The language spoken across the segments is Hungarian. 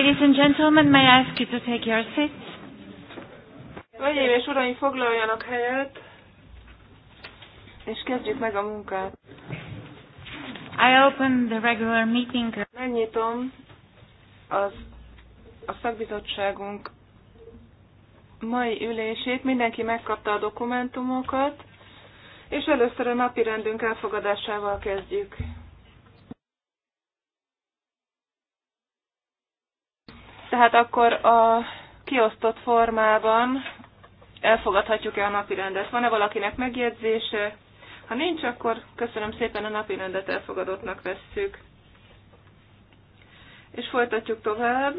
Ladies and gentlemen, may I ask you to take your seats? Hölgyeim és uraim, foglaljanak helyet, és kezdjük meg a munkát. I open the regular meeting. Megnyitom az, a szakbizottságunk mai ülését. Mindenki megkapta a dokumentumokat, és először a napi rendünk elfogadásával kezdjük. Tehát akkor a kiosztott formában elfogadhatjuk-e a napirendet. Van-e valakinek megjegyzése? Ha nincs, akkor köszönöm szépen, a napirendet elfogadottnak vesszük. És folytatjuk tovább.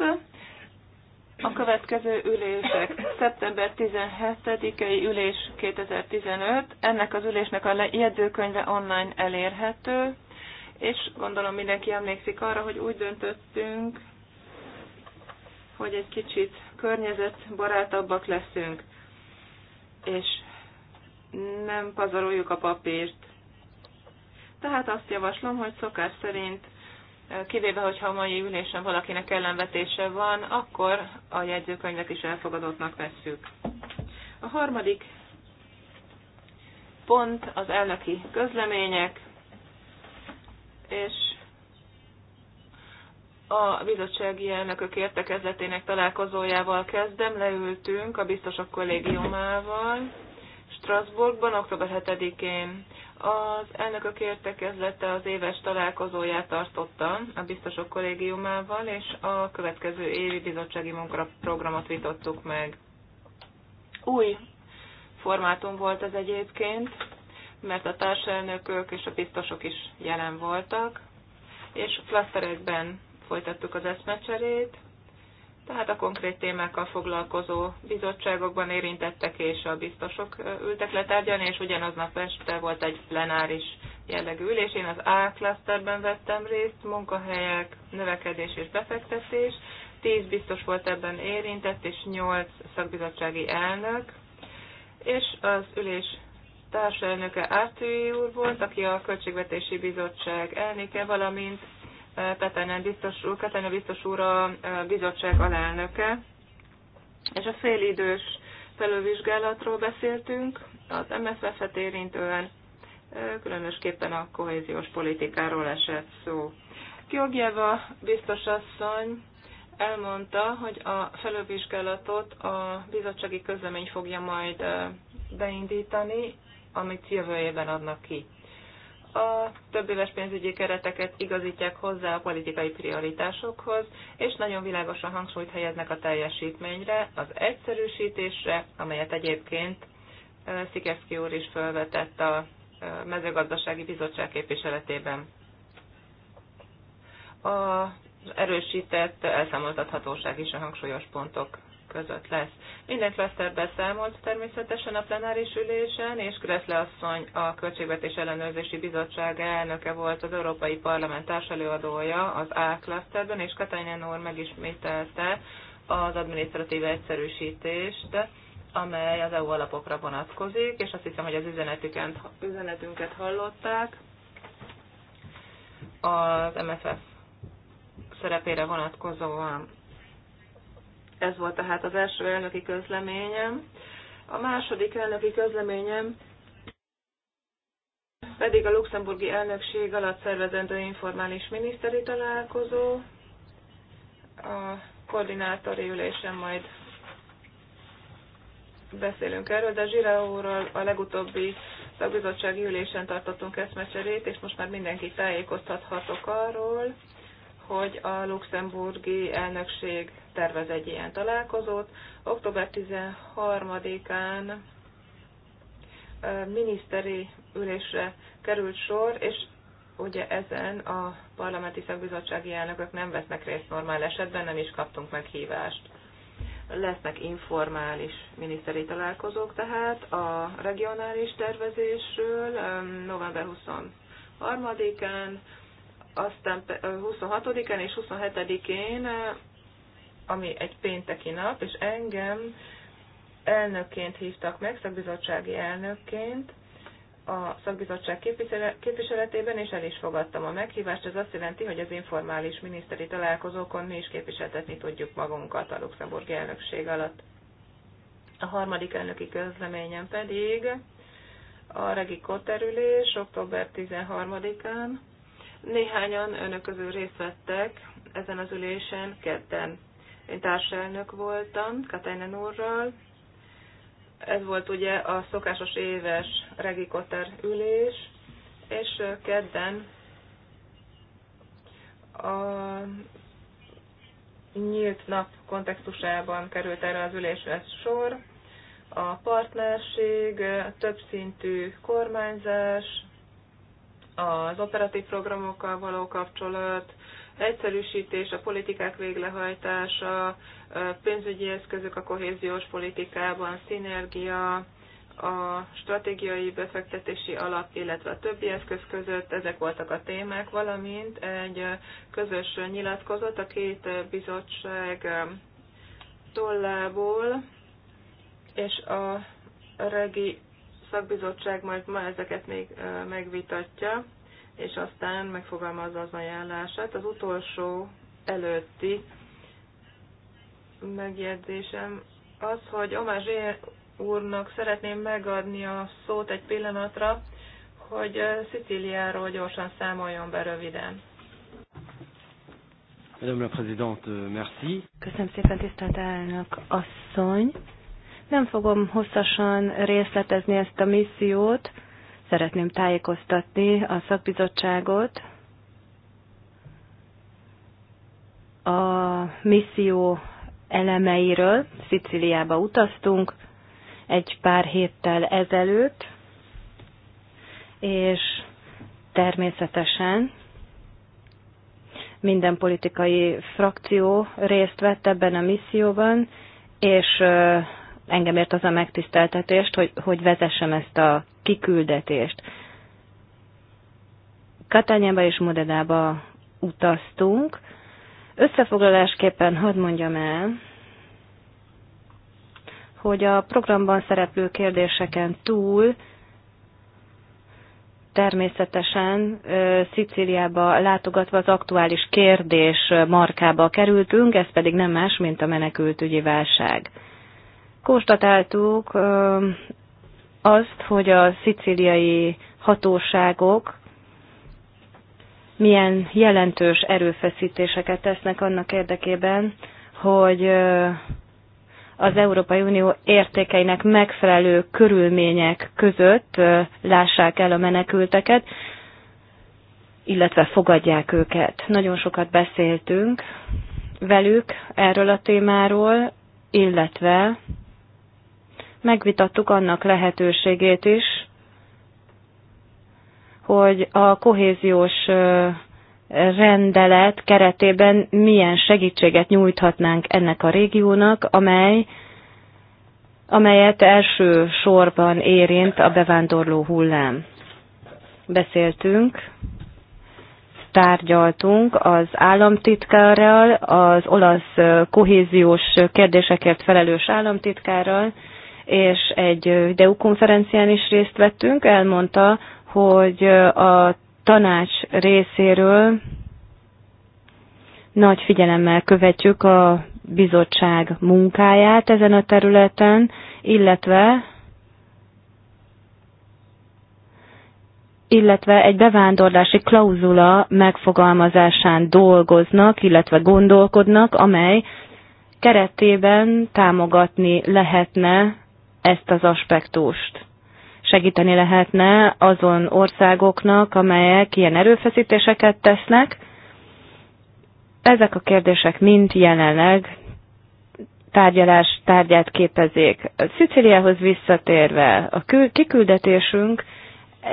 A következő ülések. Szeptember 17-i ülés 2015. Ennek az ülésnek a jegyzőkönyve online elérhető, és gondolom mindenki emlékszik arra, hogy úgy döntöttünk, hogy egy kicsit környezetbarátabbak leszünk, és nem pazaroljuk a papírt. Tehát azt javaslom, hogy szokás szerint, kivéve, hogyha a mai ülésen valakinek ellenvetése van, akkor a jegyzőkönyvet is elfogadottnak vesszük. A harmadik pont az elnöki közlemények, és a bizottsági elnökök értekezletének találkozójával kezdem. Leültünk a biztosok kollégiumával Strasbourgban október 7-én. Az elnökök értekezlete az éves találkozóját tartotta a biztosok kollégiumával, és a következő évi bizottsági munkaprogramot vitattuk meg. Új formátum volt ez egyébként, mert a társelnökök és a biztosok is jelen voltak, és klaszterekben folytattuk az eszmecserét, tehát a konkrét témákkal foglalkozó bizottságokban érintettek és a biztosok ültek le tárgyalni, és ugyanaznap este volt egy plenáris jellegű ülés. Én az A clusterben vettem részt, munkahelyek, növekedés és befektetés. Tíz biztos volt ebben érintett, és nyolc szakbizottsági elnök. És az ülés társelnöke Ártői úr volt, aki a Költségvetési Bizottság elnöke, valamint Katányan biztos úr, Katányan biztos úr a bizottság alelnöke, és a félidős felülvizsgálatról beszéltünk, az MFF-et érintően, különösképpen a kohéziós politikáról esett szó. Kiogjeva biztos asszony elmondta, hogy a felülvizsgálatot a bizottsági közlemény fogja majd beindítani, amit jövő évben adnak ki a több éves pénzügyi kereteket igazítják hozzá a politikai prioritásokhoz, és nagyon világosan hangsúlyt helyeznek a teljesítményre, az egyszerűsítésre, amelyet egyébként Szikeszki úr is felvetett a mezőgazdasági bizottság képviseletében. a erősített elszámoltathatóság is a hangsúlyos pontok között lesz. Minden klaszter beszámolt természetesen a plenáris ülésen, és Greszle asszony a Költségvetés Ellenőrzési Bizottság elnöke volt az Európai Parlament társelőadója az A klaszterben, és Katalin úr megismételte az administratív egyszerűsítést, amely az EU alapokra vonatkozik, és azt hiszem, hogy az üzenetüket, üzenetünket hallották az MFF szerepére vonatkozóan. Ez volt tehát az első elnöki közleményem. A második elnöki közleményem pedig a luxemburgi elnökség alatt szervezendő informális miniszteri találkozó. A koordinátori ülésen majd beszélünk erről, de Zsira úrral a legutóbbi szakbizottsági ülésen tartottunk eszmecserét, és most már mindenki tájékoztathatok arról, hogy a luxemburgi elnökség tervez egy ilyen találkozót. Október 13-án miniszteri ülésre került sor, és ugye ezen a parlamenti szakbizottsági elnökök nem vesznek részt normál esetben, nem is kaptunk meghívást. Lesznek informális miniszteri találkozók tehát a regionális tervezésről november 23-án, aztán 26-án és 27-én, ami egy pénteki nap, és engem elnökként hívtak meg, szakbizottsági elnökként, a szakbizottság képviseletében, és el is fogadtam a meghívást. Ez azt jelenti, hogy az informális miniszteri találkozókon mi is képviseltetni tudjuk magunkat a luxemburgi elnökség alatt. A harmadik elnöki közleményem pedig a Regi terülés október 13-án, Néhányan önök közül részt vettek ezen az ülésen kedden. Én társelnök voltam Katainen úrral. Ez volt ugye a szokásos éves regikoter ülés, és kedden a nyílt nap kontextusában került erre az ülésre sor. A partnerség, a többszintű kormányzás, az operatív programokkal való kapcsolat, egyszerűsítés, a politikák véglehajtása, pénzügyi eszközök a kohéziós politikában, szinergia, a stratégiai befektetési alap, illetve a többi eszköz között ezek voltak a témák, valamint egy közös nyilatkozat a két bizottság tollából, és a regi szakbizottság majd ma ezeket még megvitatja, és aztán megfogalmazza az ajánlását. Az utolsó előtti megjegyzésem az, hogy Omás úrnak szeretném megadni a szót egy pillanatra, hogy Szicíliáról gyorsan számoljon be röviden. Madame la Présidente, euh, merci. Köszönöm szépen, tisztelt elnök asszony. Nem fogom hosszasan részletezni ezt a missziót, szeretném tájékoztatni a szakbizottságot a misszió elemeiről. Sziciliába utaztunk egy pár héttel ezelőtt, és természetesen minden politikai frakció részt vett ebben a misszióban, és engem ért az a megtiszteltetést, hogy, hogy vezessem ezt a kiküldetést. Katányába és Modedába utaztunk. Összefoglalásképpen hadd mondjam el, hogy a programban szereplő kérdéseken túl természetesen Szicíliába látogatva az aktuális kérdés markába kerültünk, ez pedig nem más, mint a menekültügyi válság. Konstatáltuk azt, hogy a szicíliai hatóságok milyen jelentős erőfeszítéseket tesznek annak érdekében, hogy az Európai Unió értékeinek megfelelő körülmények között lássák el a menekülteket, illetve fogadják őket. Nagyon sokat beszéltünk velük erről a témáról, illetve megvitattuk annak lehetőségét is, hogy a kohéziós rendelet keretében milyen segítséget nyújthatnánk ennek a régiónak, amely, amelyet első sorban érint a bevándorló hullám. Beszéltünk, tárgyaltunk az államtitkárral, az olasz kohéziós kérdésekért felelős államtitkárral, és egy DEU konferencián is részt vettünk, elmondta, hogy a tanács részéről nagy figyelemmel követjük a bizottság munkáját ezen a területen, illetve illetve egy bevándorlási klauzula megfogalmazásán dolgoznak, illetve gondolkodnak, amely keretében támogatni lehetne ezt az aspektust. Segíteni lehetne azon országoknak, amelyek ilyen erőfeszítéseket tesznek. Ezek a kérdések mind jelenleg tárgyalás tárgyát képezik. Sziciliához visszatérve, a kiküldetésünk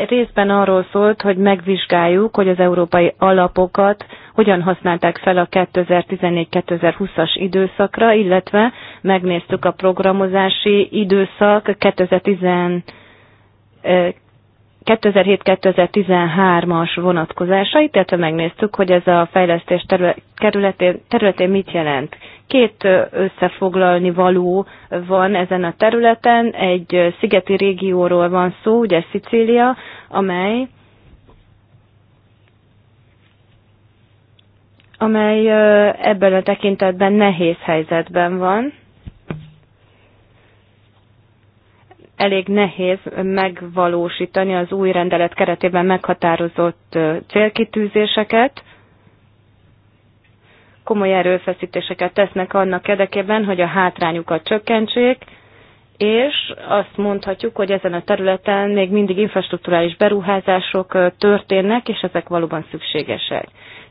részben arról szólt, hogy megvizsgáljuk, hogy az európai alapokat hogyan használták fel a 2014-2020-as időszakra, illetve megnéztük a programozási időszak 2007-2013-as vonatkozásait, illetve megnéztük, hogy ez a fejlesztés területén, területén mit jelent. Két összefoglalni való van ezen a területen. Egy szigeti régióról van szó, ugye Szicília, amely amely ebben a tekintetben nehéz helyzetben van. Elég nehéz megvalósítani az új rendelet keretében meghatározott célkitűzéseket. Komoly erőfeszítéseket tesznek annak érdekében, hogy a hátrányukat csökkentsék, és azt mondhatjuk, hogy ezen a területen még mindig infrastruktúrális beruházások történnek, és ezek valóban szükségesek.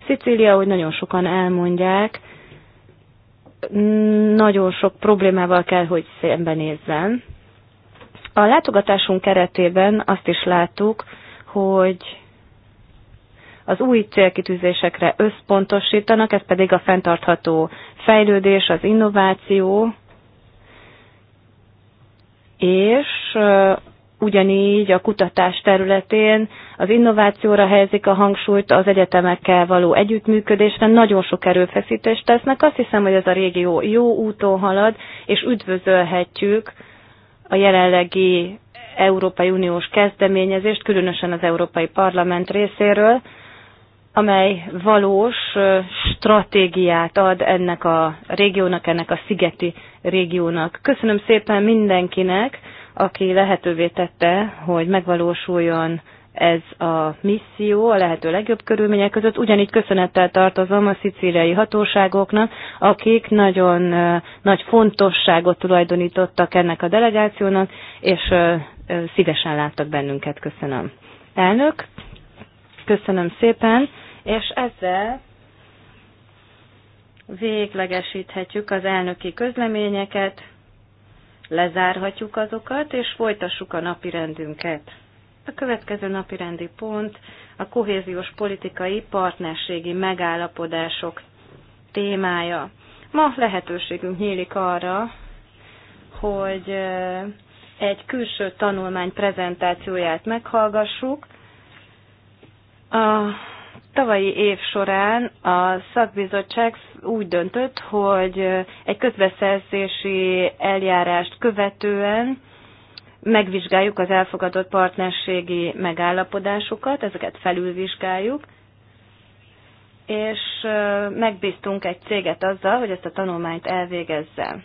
Szicília, hogy nagyon sokan elmondják, nagyon sok problémával kell, hogy szembenézzen. A látogatásunk keretében azt is láttuk, hogy az új célkitűzésekre összpontosítanak, ez pedig a fenntartható fejlődés, az innováció, és ugyanígy a kutatás területén az innovációra helyezik a hangsúlyt, az egyetemekkel való együttműködésre, nagyon sok erőfeszítést tesznek. Azt hiszem, hogy ez a régió jó úton halad, és üdvözölhetjük a jelenlegi Európai Uniós kezdeményezést, különösen az Európai Parlament részéről, amely valós stratégiát ad ennek a régiónak, ennek a szigeti régiónak. Köszönöm szépen mindenkinek, aki lehetővé tette, hogy megvalósuljon ez a misszió a lehető legjobb körülmények között. Ugyanígy köszönettel tartozom a szicíliai hatóságoknak, akik nagyon nagy fontosságot tulajdonítottak ennek a delegációnak, és szívesen láttak bennünket. Köszönöm. Elnök, köszönöm szépen, és ezzel véglegesíthetjük az elnöki közleményeket lezárhatjuk azokat, és folytassuk a napi rendünket. A következő napi rendi pont a kohéziós politikai partnerségi megállapodások témája. Ma lehetőségünk nyílik arra, hogy egy külső tanulmány prezentációját meghallgassuk. A tavalyi év során a szakbizottság úgy döntött, hogy egy közbeszerzési eljárást követően megvizsgáljuk az elfogadott partnerségi megállapodásokat, ezeket felülvizsgáljuk, és megbíztunk egy céget azzal, hogy ezt a tanulmányt elvégezze.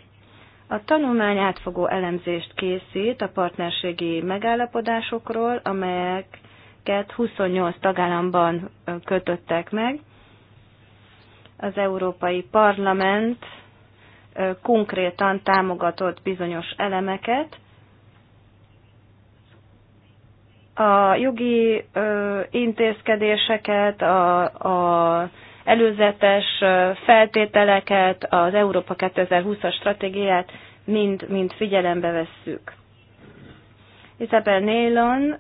A tanulmány átfogó elemzést készít a partnerségi megállapodásokról, amelyek amelyeket 28 tagállamban kötöttek meg. Az Európai Parlament konkrétan támogatott bizonyos elemeket. A jogi intézkedéseket, a, a előzetes feltételeket, az Európa 2020-as stratégiát mind, mind figyelembe vesszük. Isabel Nélon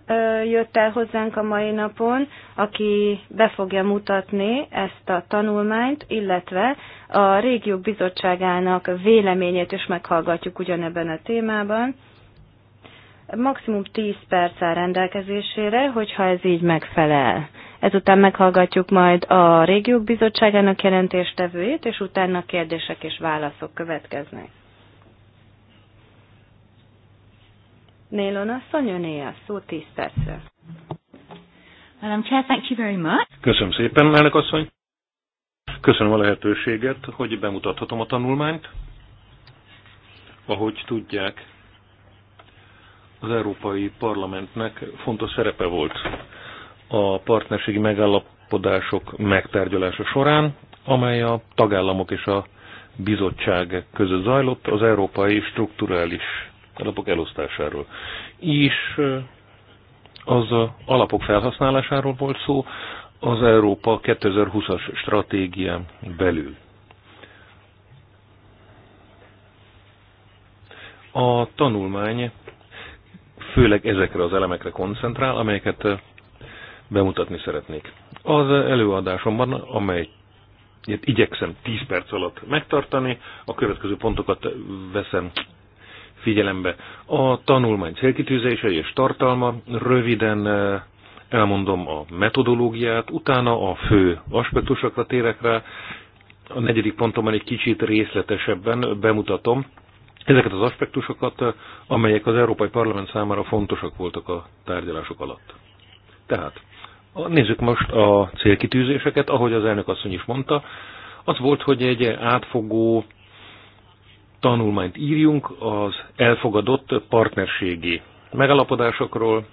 jött el hozzánk a mai napon, aki be fogja mutatni ezt a tanulmányt, illetve a Régiók Bizottságának véleményét is meghallgatjuk ugyanebben a témában. Maximum 10 perc áll rendelkezésére, hogyha ez így megfelel. Ezután meghallgatjuk majd a Régiók Bizottságának jelentéstevőjét, és utána kérdések és válaszok következnek. Nélon asszony, öné a szó 10 percre. Madam Chair, thank you very much. Köszönöm szépen, elnök asszony. Köszönöm a lehetőséget, hogy bemutathatom a tanulmányt. Ahogy tudják, az Európai Parlamentnek fontos szerepe volt a partnerségi megállapodások megtárgyalása során, amely a tagállamok és a bizottság között zajlott az európai strukturális alapok elosztásáról És az alapok felhasználásáról volt szó az Európa 2020-as stratégián belül. A tanulmány főleg ezekre az elemekre koncentrál, amelyeket bemutatni szeretnék. Az előadásomban, amely igyekszem 10 perc alatt megtartani, a következő pontokat veszem figyelembe. A tanulmány célkitűzése és tartalma, röviden eh, elmondom a metodológiát, utána a fő aspektusokra térek rá, a negyedik pontomban egy kicsit részletesebben bemutatom ezeket az aspektusokat, eh, amelyek az Európai Parlament számára fontosak voltak a tárgyalások alatt. Tehát nézzük most a célkitűzéseket, ahogy az elnök asszony is mondta, az volt, hogy egy átfogó tanulmányt írjunk az elfogadott partnerségi megalapodásokról,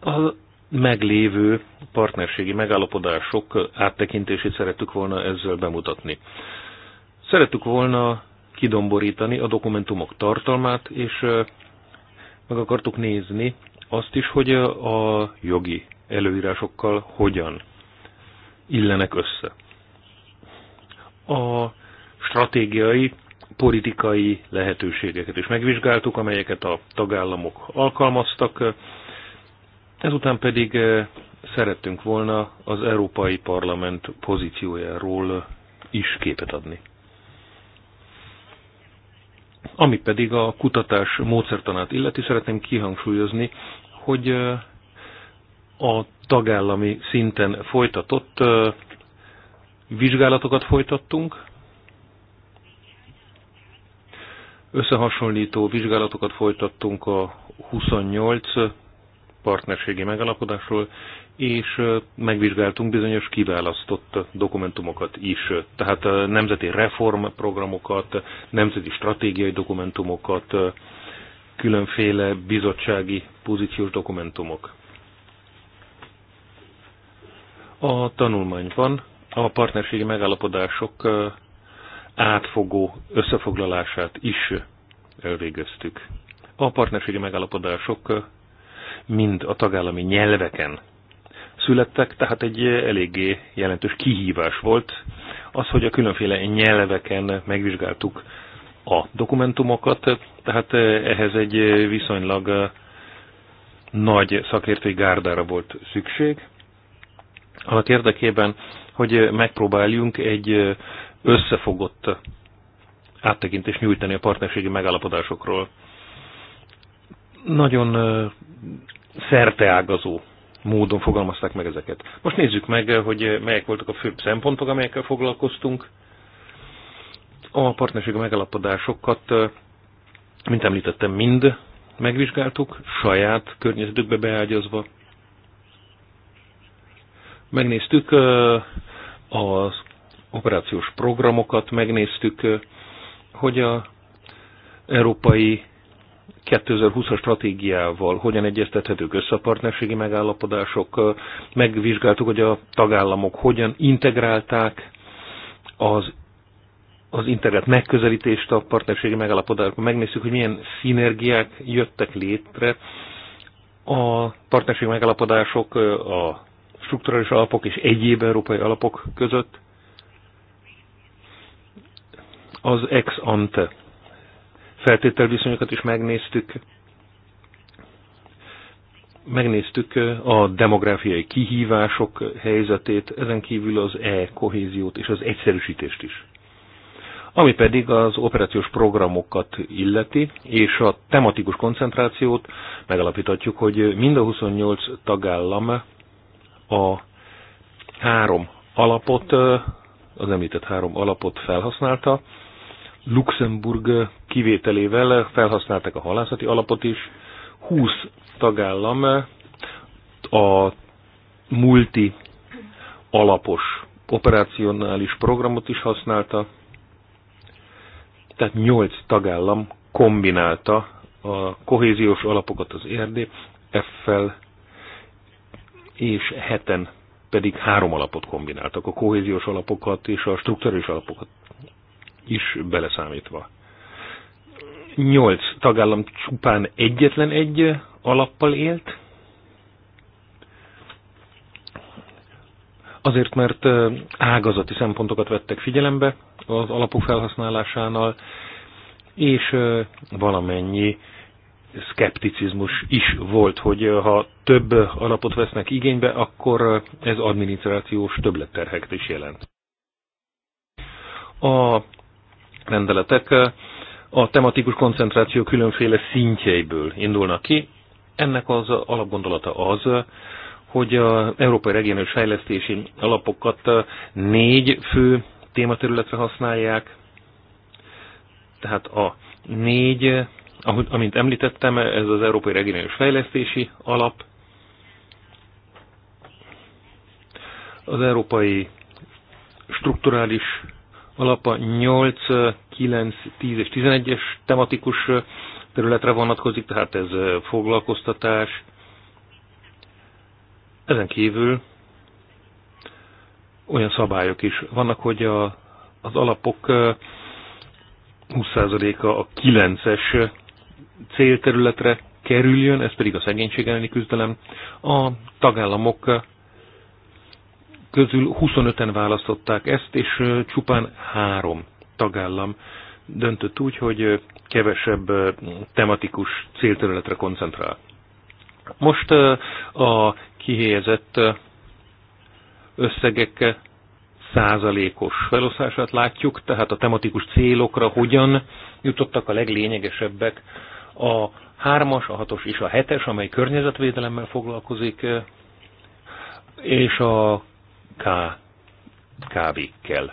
a meglévő partnerségi megállapodások áttekintését szerettük volna ezzel bemutatni. Szerettük volna kidomborítani a dokumentumok tartalmát, és meg akartuk nézni azt is, hogy a jogi előírásokkal hogyan illenek össze. A stratégiai, politikai lehetőségeket is megvizsgáltuk, amelyeket a tagállamok alkalmaztak. Ezután pedig eh, szerettünk volna az Európai Parlament pozíciójáról is képet adni. Ami pedig a kutatás módszertanát illeti, szeretném kihangsúlyozni, hogy eh, a tagállami szinten folytatott eh, vizsgálatokat folytattunk, Összehasonlító vizsgálatokat folytattunk a 28 partnerségi megalapodásról, és megvizsgáltunk bizonyos kiválasztott dokumentumokat is, tehát nemzeti reformprogramokat, nemzeti stratégiai dokumentumokat, különféle bizottsági pozíciós dokumentumok. A tanulmányban a partnerségi megállapodások átfogó összefoglalását is elvégeztük. A partnerségi megállapodások mind a tagállami nyelveken születtek, tehát egy eléggé jelentős kihívás volt az, hogy a különféle nyelveken megvizsgáltuk a dokumentumokat, tehát ehhez egy viszonylag nagy szakértői gárdára volt szükség. Annak érdekében, hogy megpróbáljunk egy összefogott áttekintést nyújtani a partnerségi megállapodásokról. Nagyon szerteágazó módon fogalmazták meg ezeket. Most nézzük meg, hogy melyek voltak a főbb szempontok, amelyekkel foglalkoztunk. A partnerségi megállapodásokat, mint említettem, mind megvizsgáltuk, saját környezetükbe beágyazva. Megnéztük az operációs programokat, megnéztük, hogy a európai 2020-as stratégiával hogyan egyeztethetők össze a partnerségi megállapodások, megvizsgáltuk, hogy a tagállamok hogyan integrálták az, az internet megközelítést a partnerségi megállapodásban, megnéztük, hogy milyen szinergiák jöttek létre a partnerségi megállapodások, a strukturális alapok és egyéb európai alapok között, az ex ante feltételviszonyokat is megnéztük, megnéztük a demográfiai kihívások helyzetét, ezen kívül az e-kohéziót és az egyszerűsítést is. Ami pedig az operációs programokat illeti, és a tematikus koncentrációt, megalapíthatjuk, hogy mind a 28 tagállam a három alapot, az említett három alapot felhasználta, Luxemburg kivételével felhasználták a halászati alapot is. 20 tagállam a multi alapos operacionális programot is használta, tehát 8 tagállam kombinálta a kohéziós alapokat az f fel és heten pedig három alapot kombináltak, a kohéziós alapokat és a strukturális alapokat is beleszámítva. Nyolc tagállam csupán egyetlen egy alappal élt, azért, mert ágazati szempontokat vettek figyelembe az alapok felhasználásánál, és valamennyi szkepticizmus is volt, hogy ha több alapot vesznek igénybe, akkor ez adminisztrációs többletterheket is jelent. A rendeletek a tematikus koncentráció különféle szintjeiből indulnak ki. Ennek az alapgondolata az, hogy a Európai Regionális Fejlesztési Alapokat négy fő tématerületre használják, tehát a négy, amint említettem, ez az Európai Regionális Fejlesztési Alap, az Európai Strukturális alapa 8, 9, 10 és 11-es tematikus területre vonatkozik, tehát ez foglalkoztatás. Ezen kívül olyan szabályok is vannak, hogy a, az alapok 20%-a a 9-es célterületre kerüljön, ez pedig a szegénység elleni küzdelem. A tagállamok közül 25-en választották ezt, és csupán három tagállam döntött úgy, hogy kevesebb tematikus célterületre koncentrál. Most a kihelyezett összegek százalékos feloszását látjuk, tehát a tematikus célokra hogyan jutottak a leglényegesebbek a hármas, a hatos és a hetes, amely környezetvédelemmel foglalkozik, és a K, kávékkel.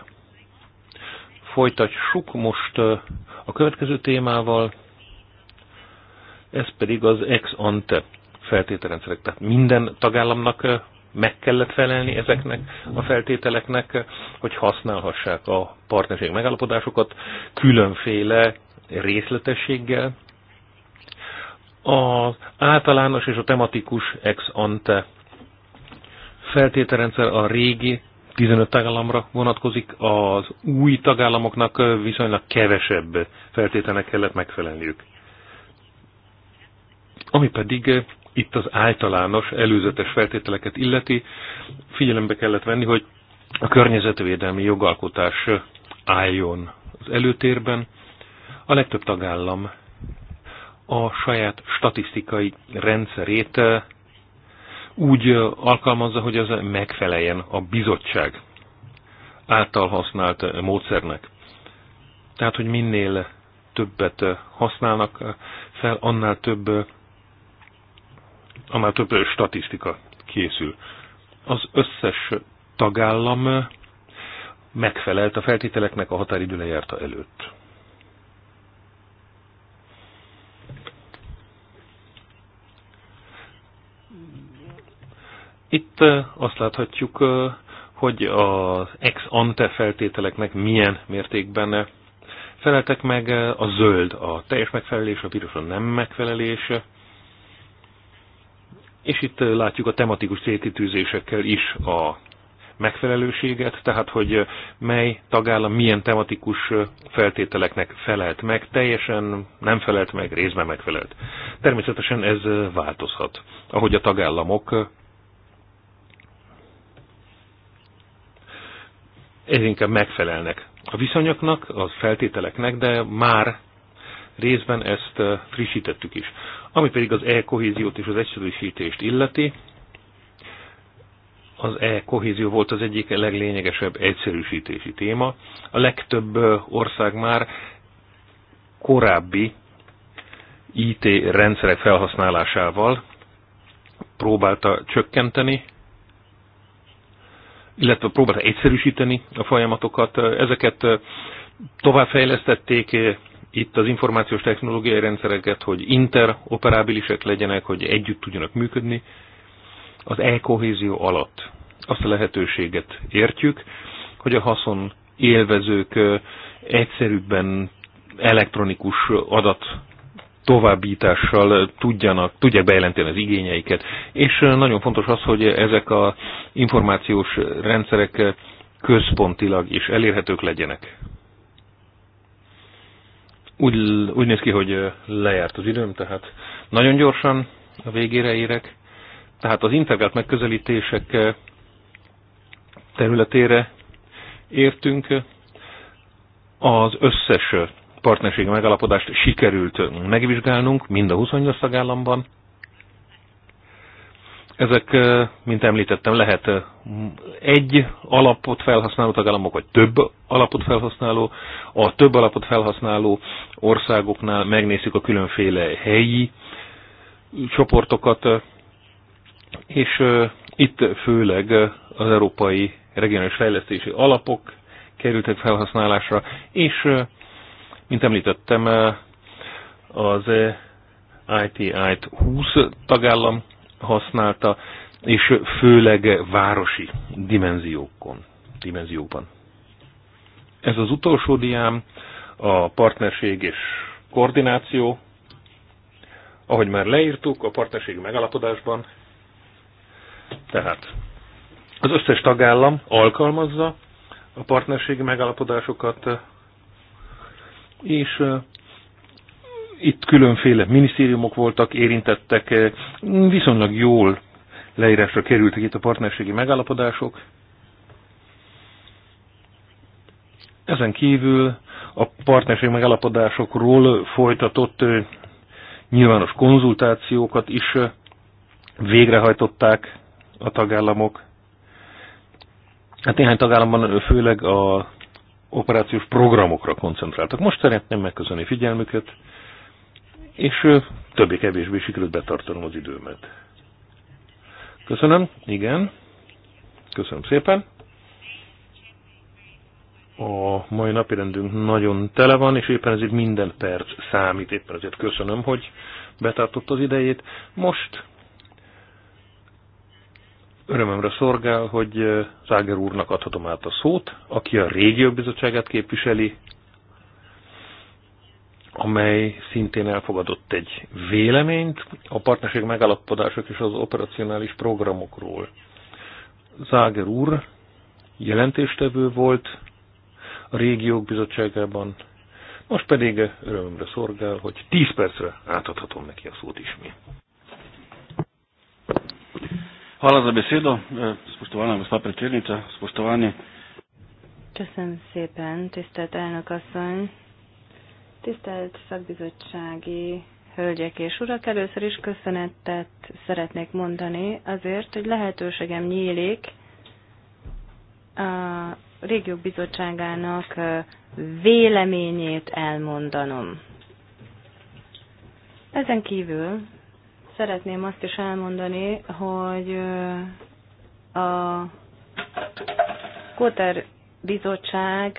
Folytassuk most a következő témával, ez pedig az ex ante feltételrendszerek. Tehát minden tagállamnak meg kellett felelni ezeknek a feltételeknek, hogy használhassák a partnerség megállapodásokat különféle részletességgel. Az általános és a tematikus ex ante feltételrendszer a régi 15 tagállamra vonatkozik, az új tagállamoknak viszonylag kevesebb feltételnek kellett megfelelniük. Ami pedig itt az általános előzetes feltételeket illeti, figyelembe kellett venni, hogy a környezetvédelmi jogalkotás álljon az előtérben. A legtöbb tagállam a saját statisztikai rendszerét úgy alkalmazza, hogy ez megfeleljen a bizottság által használt módszernek. Tehát, hogy minél többet használnak fel, annál több, annál több statisztika készül. Az összes tagállam megfelelt a feltételeknek a határidő lejárta előtt. Itt azt láthatjuk, hogy az ex ante feltételeknek milyen mértékben feleltek meg a zöld, a teljes megfelelés, a piros a nem megfelelés, és itt látjuk a tematikus célkitűzésekkel is a megfelelőséget, tehát hogy mely tagállam milyen tematikus feltételeknek felelt meg, teljesen nem felelt meg, részben megfelelt. Természetesen ez változhat, ahogy a tagállamok ez inkább megfelelnek a viszonyoknak, a feltételeknek, de már részben ezt frissítettük is. Ami pedig az e-kohéziót és az egyszerűsítést illeti, az e-kohézió volt az egyik leglényegesebb egyszerűsítési téma. A legtöbb ország már korábbi IT rendszerek felhasználásával próbálta csökkenteni illetve próbálta egyszerűsíteni a folyamatokat. Ezeket továbbfejlesztették itt az információs technológiai rendszereket, hogy interoperábilisek legyenek, hogy együtt tudjanak működni. Az e-kohézió alatt azt a lehetőséget értjük, hogy a haszon élvezők egyszerűbben elektronikus adat továbbítással tudjanak, tudják bejelenteni az igényeiket. És nagyon fontos az, hogy ezek a információs rendszerek központilag is elérhetők legyenek. Úgy, úgy néz ki, hogy lejárt az időm, tehát nagyon gyorsan a végére érek. Tehát az integrált megközelítések területére értünk. Az összes partnerségi megalapodást sikerült megvizsgálnunk, mind a 28 tagállamban. Ezek, mint említettem, lehet egy alapot felhasználó tagállamok, vagy több alapot felhasználó. A több alapot felhasználó országoknál megnézzük a különféle helyi csoportokat, és itt főleg az európai regionális fejlesztési alapok kerültek felhasználásra, és mint említettem, eh, az ITI-t 20 tagállam használta, és főleg városi dimenziókon, dimenzióban. Ez az utolsó diám, a partnerség és koordináció. Ahogy már leírtuk, a partnerség megalapodásban, tehát az összes tagállam alkalmazza a partnerségi megalapodásokat, és itt különféle minisztériumok voltak, érintettek, viszonylag jól leírásra kerültek itt a partnerségi megállapodások. Ezen kívül a partnerségi megállapodásokról folytatott nyilvános konzultációkat is végrehajtották a tagállamok. Hát néhány tagállamban, főleg a operációs programokra koncentráltak. Most szeretném megköszönni figyelmüket, és többé-kevésbé sikerült betartanom az időmet. Köszönöm, igen. Köszönöm szépen. A mai rendünk nagyon tele van, és éppen ezért minden perc számít. Éppen ezért köszönöm, hogy betartott az idejét. Most örömömre szorgál, hogy Záger úrnak adhatom át a szót, aki a régió bizottságát képviseli, amely szintén elfogadott egy véleményt a partnerség megállapodások és az operacionális programokról. Záger úr jelentéstevő volt a régiók bizottságában, most pedig örömömre szorgál, hogy 10 percre átadhatom neki a szót ismét. Hvala za besedo, eh, spoštovana gospa predsednica, spoštovani. sem sepen, tisztelt elnök asszony, tisztelt szakbizottsági hölgyek és urak, először is köszönetet szeretnék mondani azért, hogy lehetőségem nyílik a régiók bizottságának eh, véleményét elmondanom. Ezen kívül szeretném azt is elmondani, hogy a Kóter bizottság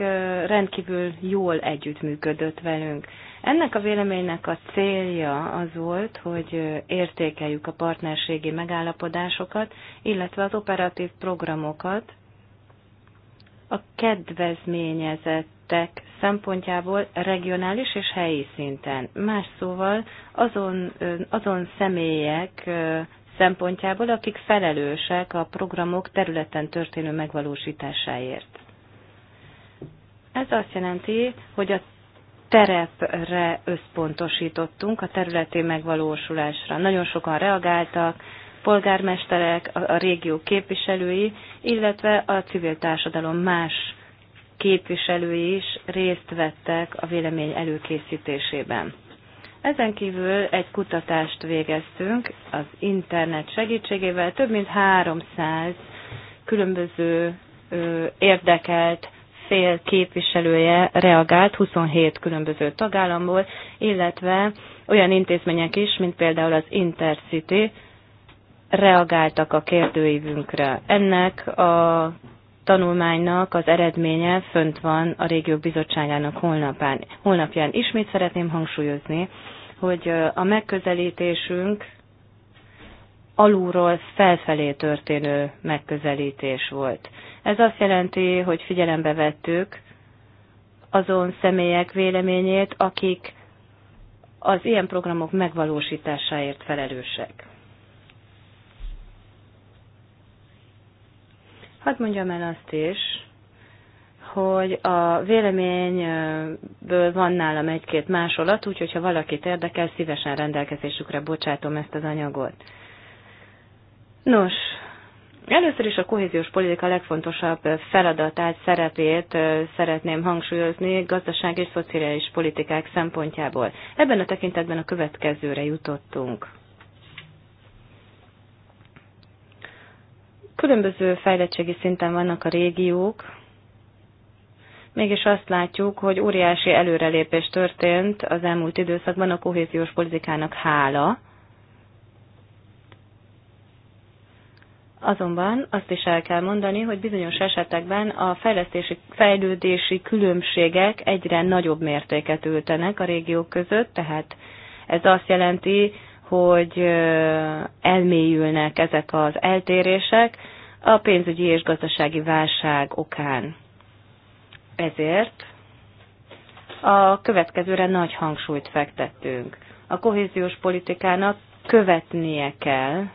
rendkívül jól együttműködött velünk. Ennek a véleménynek a célja az volt, hogy értékeljük a partnerségi megállapodásokat, illetve az operatív programokat, a kedvezményezettek szempontjából regionális és helyi szinten. Más szóval azon, azon személyek szempontjából, akik felelősek a programok területen történő megvalósításáért. Ez azt jelenti, hogy a terepre összpontosítottunk, a területi megvalósulásra. Nagyon sokan reagáltak, polgármesterek, a, régió képviselői, illetve a civil társadalom más képviselői is részt vettek a vélemény előkészítésében. Ezen kívül egy kutatást végeztünk az internet segítségével, több mint 300 különböző ö, érdekelt fél képviselője reagált 27 különböző tagállamból, illetve olyan intézmények is, mint például az Intercity, reagáltak a kérdőívünkre. Ennek a tanulmánynak az eredménye fönt van a régió bizottságának holnapán. holnapján. Ismét szeretném hangsúlyozni, hogy a megközelítésünk alulról felfelé történő megközelítés volt. Ez azt jelenti, hogy figyelembe vettük azon személyek véleményét, akik az ilyen programok megvalósításáért felelősek. Hadd mondjam el azt is, hogy a véleményből van nálam egy-két másolat, úgyhogy ha valakit érdekel, szívesen rendelkezésükre bocsátom ezt az anyagot. Nos, először is a kohéziós politika legfontosabb feladatát, szerepét szeretném hangsúlyozni gazdaság és szociális politikák szempontjából. Ebben a tekintetben a következőre jutottunk. Különböző fejlettségi szinten vannak a régiók, mégis azt látjuk, hogy óriási előrelépés történt az elmúlt időszakban a kohéziós politikának hála. Azonban azt is el kell mondani, hogy bizonyos esetekben a fejlesztési, fejlődési különbségek egyre nagyobb mértéket ültenek a régiók között, tehát ez azt jelenti, hogy elmélyülnek ezek az eltérések, a pénzügyi és gazdasági válság okán. Ezért a következőre nagy hangsúlyt fektettünk. A kohéziós politikának követnie kell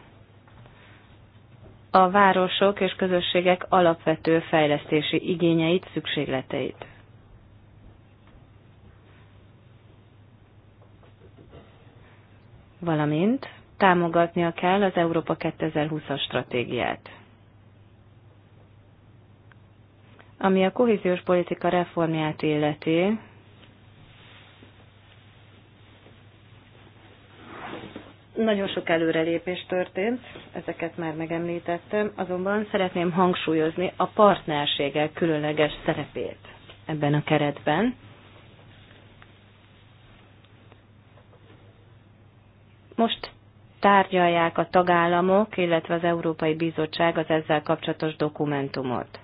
a városok és közösségek alapvető fejlesztési igényeit, szükségleteit. Valamint támogatnia kell az Európa 2020-as stratégiát. Ami a kohéziós politika reformját illeti, nagyon sok előrelépés történt, ezeket már megemlítettem, azonban szeretném hangsúlyozni a partnerségek különleges szerepét ebben a keretben. Most tárgyalják a tagállamok, illetve az Európai Bizottság az ezzel kapcsolatos dokumentumot.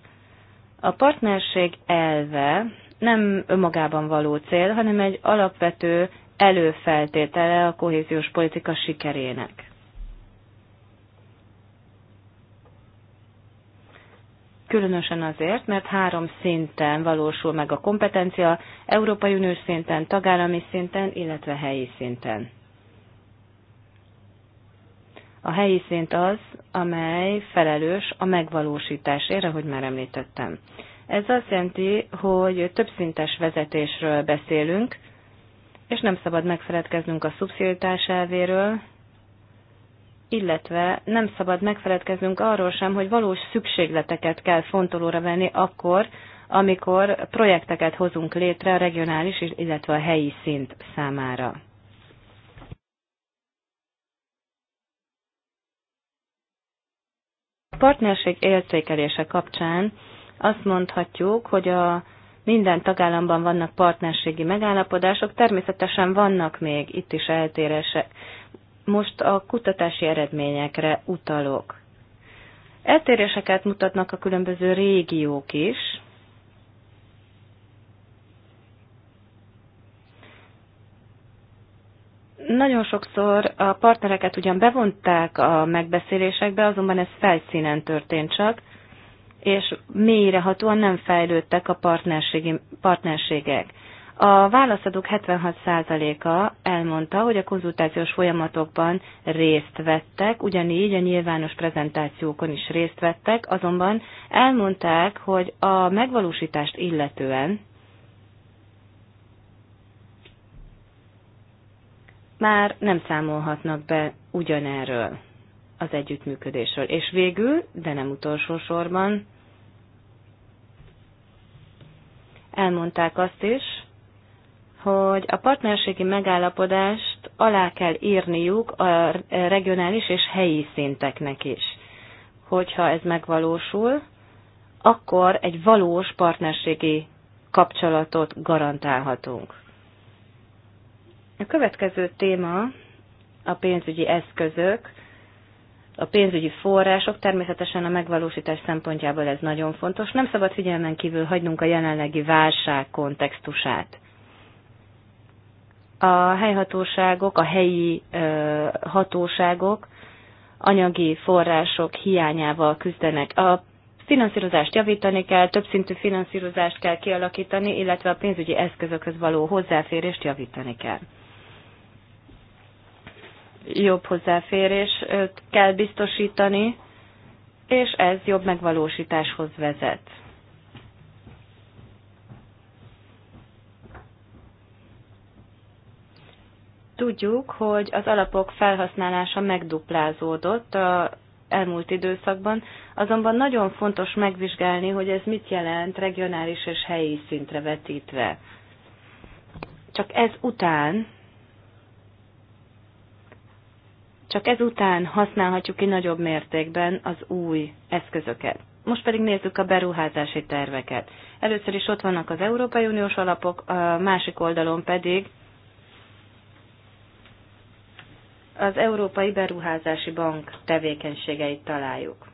A partnerség elve nem önmagában való cél, hanem egy alapvető előfeltétele a kohéziós politika sikerének. Különösen azért, mert három szinten valósul meg a kompetencia, Európai Uniós szinten, tagállami szinten, illetve helyi szinten. A helyi szint az, amely felelős a megvalósításért, ahogy már említettem. Ez azt jelenti, hogy többszintes vezetésről beszélünk, és nem szabad megfeledkeznünk a szubszilitás elvéről, illetve nem szabad megfeledkeznünk arról sem, hogy valós szükségleteket kell fontolóra venni akkor, amikor projekteket hozunk létre a regionális, illetve a helyi szint számára. A partnerség értékelése kapcsán azt mondhatjuk, hogy a minden tagállamban vannak partnerségi megállapodások, természetesen vannak még itt is eltérések. Most a kutatási eredményekre utalok. Eltéréseket mutatnak a különböző régiók is, Nagyon sokszor a partnereket ugyan bevonták a megbeszélésekbe, azonban ez felszínen történt csak, és mélyrehatóan nem fejlődtek a partnerségek. A válaszadók 76%-a elmondta, hogy a konzultációs folyamatokban részt vettek, ugyanígy a nyilvános prezentációkon is részt vettek, azonban elmondták, hogy a megvalósítást illetően már nem számolhatnak be ugyanerről az együttműködésről. És végül, de nem utolsó sorban, elmondták azt is, hogy a partnerségi megállapodást alá kell írniuk a regionális és helyi szinteknek is. Hogyha ez megvalósul, akkor egy valós partnerségi kapcsolatot garantálhatunk. A következő téma a pénzügyi eszközök, a pénzügyi források, természetesen a megvalósítás szempontjából ez nagyon fontos. Nem szabad figyelmen kívül hagynunk a jelenlegi válság kontextusát. A helyhatóságok, a helyi ö, hatóságok anyagi források hiányával küzdenek. A finanszírozást javítani kell, többszintű finanszírozást kell kialakítani, illetve a pénzügyi eszközökhöz való hozzáférést javítani kell jobb hozzáférés kell biztosítani, és ez jobb megvalósításhoz vezet. Tudjuk, hogy az alapok felhasználása megduplázódott a elmúlt időszakban, azonban nagyon fontos megvizsgálni, hogy ez mit jelent regionális és helyi szintre vetítve. Csak ez után Csak ezután használhatjuk ki nagyobb mértékben az új eszközöket. Most pedig nézzük a beruházási terveket. Először is ott vannak az Európai Uniós alapok, a másik oldalon pedig az Európai Beruházási Bank tevékenységeit találjuk.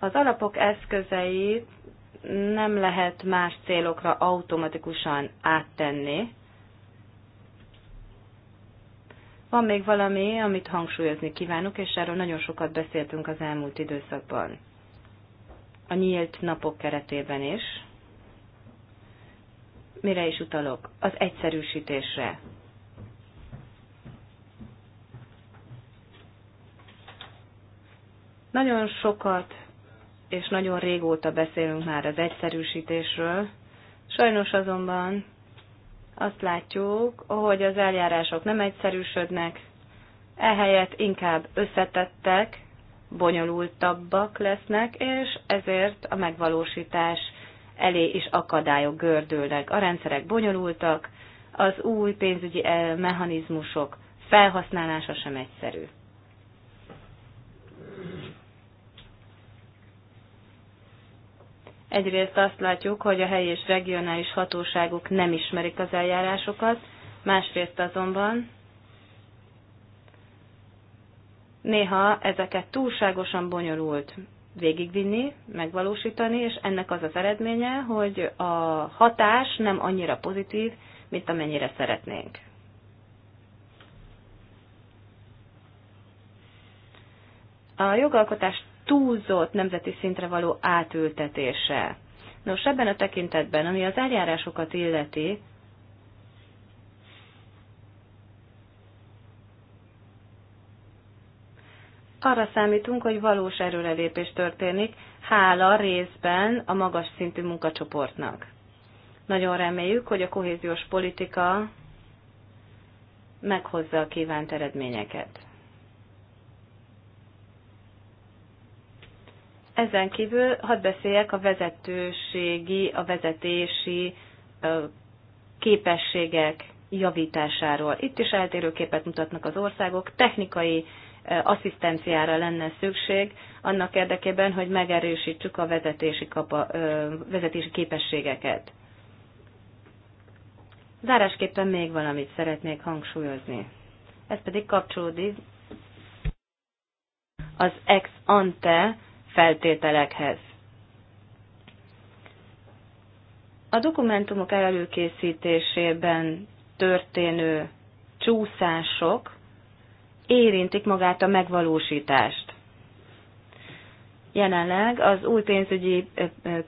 Az alapok eszközei nem lehet más célokra automatikusan áttenni, Van még valami, amit hangsúlyozni kívánok, és erről nagyon sokat beszéltünk az elmúlt időszakban. A nyílt napok keretében is. Mire is utalok? Az egyszerűsítésre. Nagyon sokat és nagyon régóta beszélünk már az egyszerűsítésről, sajnos azonban azt látjuk, hogy az eljárások nem egyszerűsödnek, ehelyett inkább összetettek, bonyolultabbak lesznek, és ezért a megvalósítás elé is akadályok gördülnek. A rendszerek bonyolultak, az új pénzügyi eh, mechanizmusok felhasználása sem egyszerű. Egyrészt azt látjuk, hogy a helyi és regionális hatóságok nem ismerik az eljárásokat, másrészt azonban néha ezeket túlságosan bonyolult végigvinni, megvalósítani, és ennek az az eredménye, hogy a hatás nem annyira pozitív, mint amennyire szeretnénk. A jogalkotás túlzott nemzeti szintre való átültetése. Nos, ebben a tekintetben, ami az eljárásokat illeti, arra számítunk, hogy valós erőrelépés történik, hála részben a magas szintű munkacsoportnak. Nagyon reméljük, hogy a kohéziós politika meghozza a kívánt eredményeket. Ezen kívül hadd beszéljek a vezetőségi, a vezetési képességek javításáról. Itt is eltérő képet mutatnak az országok. Technikai asszisztenciára lenne szükség annak érdekében, hogy megerősítsük a vezetési, kapa, vezetési képességeket. Zárásképpen még valamit szeretnék hangsúlyozni. Ez pedig kapcsolódik az ex ante feltételekhez. A dokumentumok előkészítésében történő csúszások érintik magát a megvalósítást. Jelenleg az új pénzügyi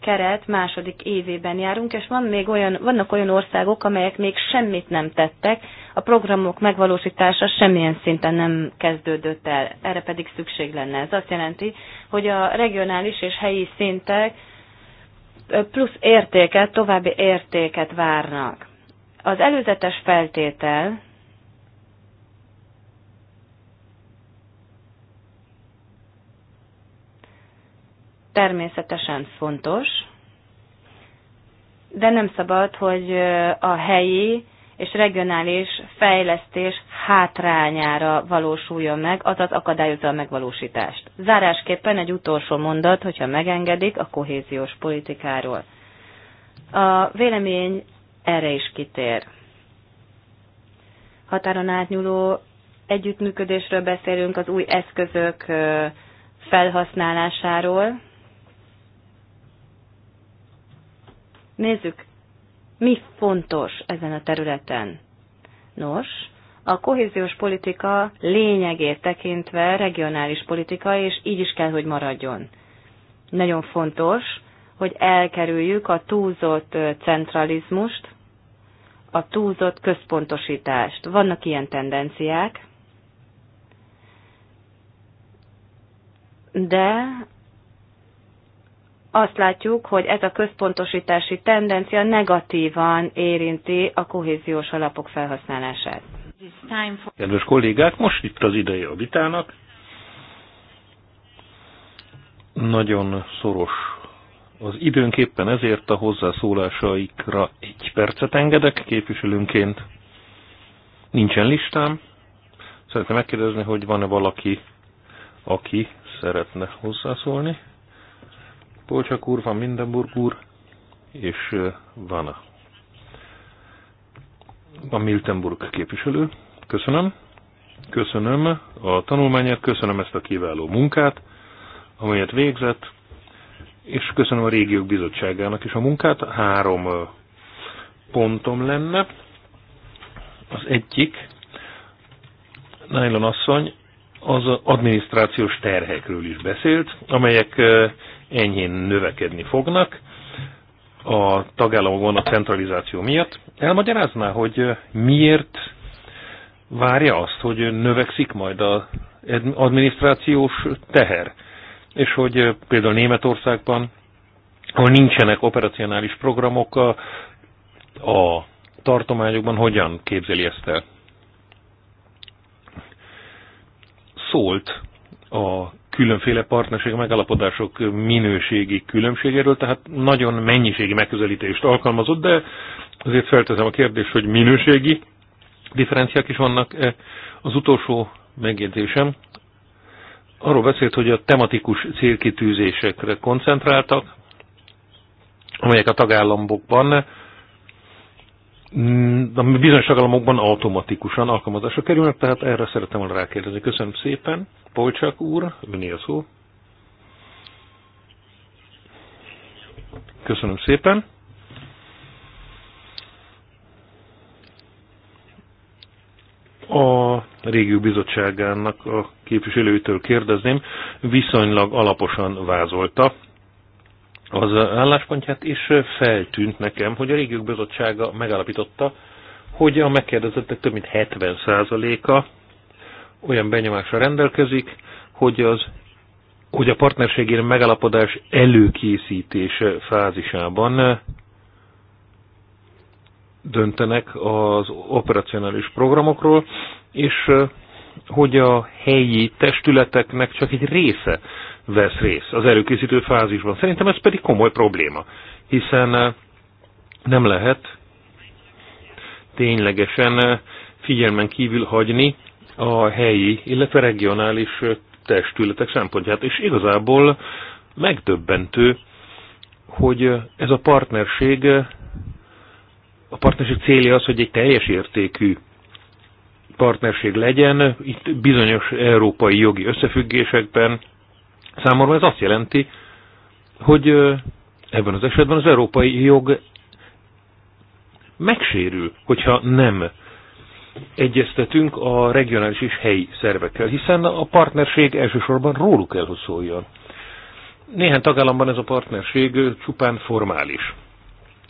keret második évében járunk, és van még olyan, vannak olyan országok, amelyek még semmit nem tettek, a programok megvalósítása semmilyen szinten nem kezdődött el, erre pedig szükség lenne. Ez azt jelenti, hogy a regionális és helyi szintek plusz értéket, további értéket várnak. Az előzetes feltétel, természetesen fontos, de nem szabad, hogy a helyi és regionális fejlesztés hátrányára valósuljon meg, azaz akadályozza a megvalósítást. Zárásképpen egy utolsó mondat, hogyha megengedik, a kohéziós politikáról. A vélemény erre is kitér. Határon átnyúló együttműködésről beszélünk, az új eszközök felhasználásáról, Nézzük, mi fontos ezen a területen. Nos, a kohéziós politika lényegét tekintve regionális politika, és így is kell, hogy maradjon. Nagyon fontos, hogy elkerüljük a túlzott centralizmust, a túlzott központosítást. Vannak ilyen tendenciák, de azt látjuk, hogy ez a központosítási tendencia negatívan érinti a kohéziós alapok felhasználását. Kedves kollégák, most itt az ideje a vitának. Nagyon szoros az időnképpen, ezért a hozzászólásaikra egy percet engedek képviselőnként. Nincsen listám. Szeretném megkérdezni, hogy van-e valaki, aki szeretne hozzászólni. Polcsak úr, van Mindenburg úr, és van a, a Miltenburg képviselő. Köszönöm. Köszönöm a tanulmányát, köszönöm ezt a kiváló munkát, amelyet végzett, és köszönöm a régiók bizottságának is a munkát. Három pontom lenne. Az egyik, Nylon asszony az adminisztrációs terhekről is beszélt, amelyek enyhén növekedni fognak a tagállamokban a centralizáció miatt. Elmagyarázná, hogy miért várja azt, hogy növekszik majd az adminisztrációs teher, és hogy például Németországban, ahol nincsenek operacionális programok, a, a tartományokban hogyan képzeli ezt el? Szólt a különféle partnerség megalapodások minőségi különbségéről, tehát nagyon mennyiségi megközelítést alkalmazott, de azért feltezem a kérdést, hogy minőségi differenciák is vannak. -e. Az utolsó megjegyzésem, arról beszélt, hogy a tematikus célkitűzésekre koncentráltak, amelyek a tagállamokban a mm, bizonyos tagállamokban automatikusan alkalmazásra kerülnek, tehát erre szeretem volna rákérdezni. Köszönöm szépen. Polcsák úr, öné a szó. Köszönöm szépen. A régió bizottságának a képviselőtől kérdezném, viszonylag alaposan vázolta az álláspontját, és feltűnt nekem, hogy a régiók bizottsága megállapította, hogy a megkérdezettek több mint 70%-a olyan benyomásra rendelkezik, hogy, az, hogy a partnerségére megállapodás előkészítése fázisában döntenek az operacionális programokról, és hogy a helyi testületeknek csak egy része vesz részt az előkészítő fázisban. Szerintem ez pedig komoly probléma, hiszen eh, nem lehet ténylegesen eh, figyelmen kívül hagyni a helyi, illetve regionális eh, testületek szempontját, és igazából megdöbbentő, hogy ez a partnerség, a partnerség célja az, hogy egy teljes értékű partnerség legyen, itt bizonyos európai jogi összefüggésekben, Számomra ez azt jelenti, hogy ebben az esetben az európai jog megsérül, hogyha nem egyeztetünk a regionális és helyi szervekkel, hiszen a partnerség elsősorban róluk kell, hogy szóljon. Néhány tagállamban ez a partnerség csupán formális.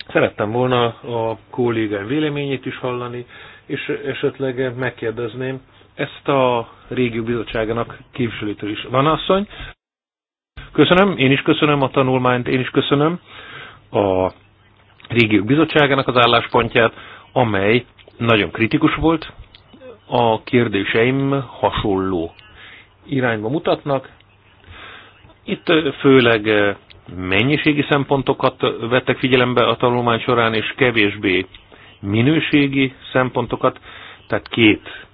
Szerettem volna a kollégám véleményét is hallani, és esetleg megkérdezném ezt a régió bizottságának képviselőtől is. Van asszony? Köszönöm, én is köszönöm a tanulmányt, én is köszönöm a régiók bizottságának az álláspontját, amely nagyon kritikus volt. A kérdéseim hasonló irányba mutatnak. Itt főleg mennyiségi szempontokat vettek figyelembe a tanulmány során, és kevésbé minőségi szempontokat, tehát két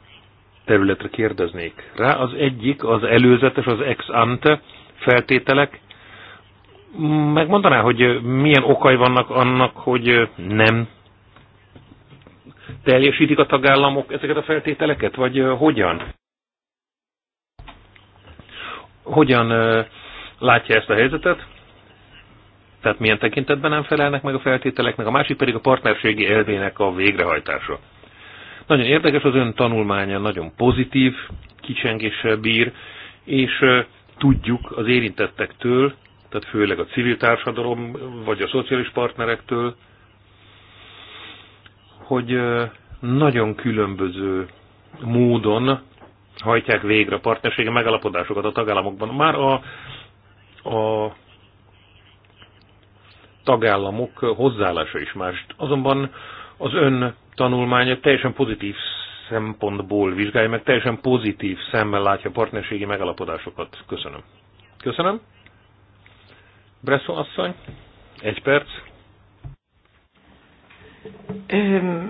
területre kérdeznék rá. Az egyik az előzetes, az ex ante feltételek. Megmondaná, hogy milyen okai vannak annak, hogy nem teljesítik a tagállamok ezeket a feltételeket, vagy hogyan? Hogyan látja ezt a helyzetet? Tehát milyen tekintetben nem felelnek meg a feltételeknek, a másik pedig a partnerségi elvének a végrehajtása. Nagyon érdekes az ön tanulmánya, nagyon pozitív, kicsengéssel bír, és tudjuk az érintettektől, tehát főleg a civil társadalom vagy a szociális partnerektől, hogy nagyon különböző módon hajtják végre a partnerségi megalapodásokat a tagállamokban. Már a, a tagállamok hozzáállása is más. Azonban az ön tanulmánya teljesen pozitív szempontból vizsgálja meg, teljesen pozitív szemmel látja a partnerségi megalapodásokat. Köszönöm. Köszönöm. Bresso asszony, egy perc. Ehm,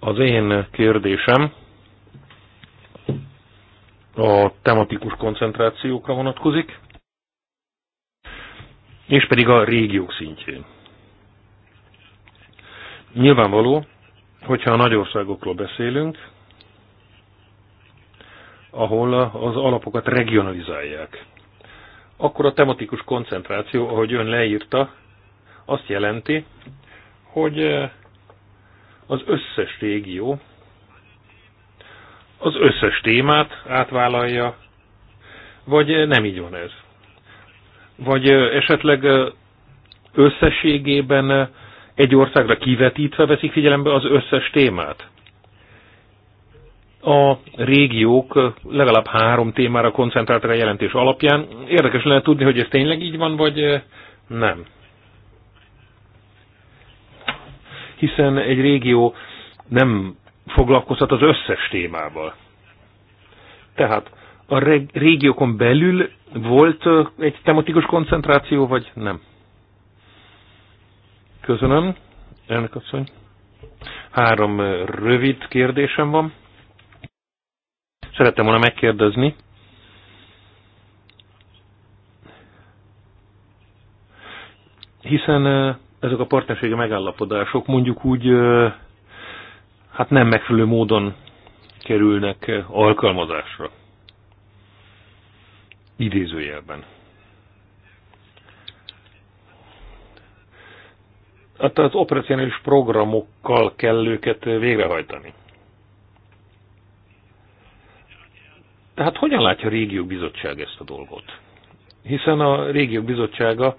Az én kérdésem a tematikus koncentrációkra vonatkozik, és pedig a régiók szintjén. Nyilvánvaló, Hogyha a nagy országokról beszélünk, ahol az alapokat regionalizálják, akkor a tematikus koncentráció, ahogy ön leírta, azt jelenti, hogy eh, az összes régió az összes témát átvállalja, vagy eh, nem így van ez. Vagy eh, esetleg összességében egy országra kivetítve veszik figyelembe az összes témát. A régiók legalább három témára koncentráltak a jelentés alapján. Érdekes lenne tudni, hogy ez tényleg így van, vagy eh, nem. Hiszen egy régió nem foglalkozhat az összes témával. Tehát a régiókon belül volt eh, egy tematikus koncentráció, vagy nem? Köszönöm, elnök asszony. Három rövid kérdésem van. Szerettem volna megkérdezni, hiszen ezek a partnerségi megállapodások mondjuk úgy hát nem megfelelő módon kerülnek alkalmazásra. Idézőjelben. Hát az operacionális programokkal kell őket végrehajtani. Tehát hogyan látja a régiók bizottság ezt a dolgot? Hiszen a régiók bizottsága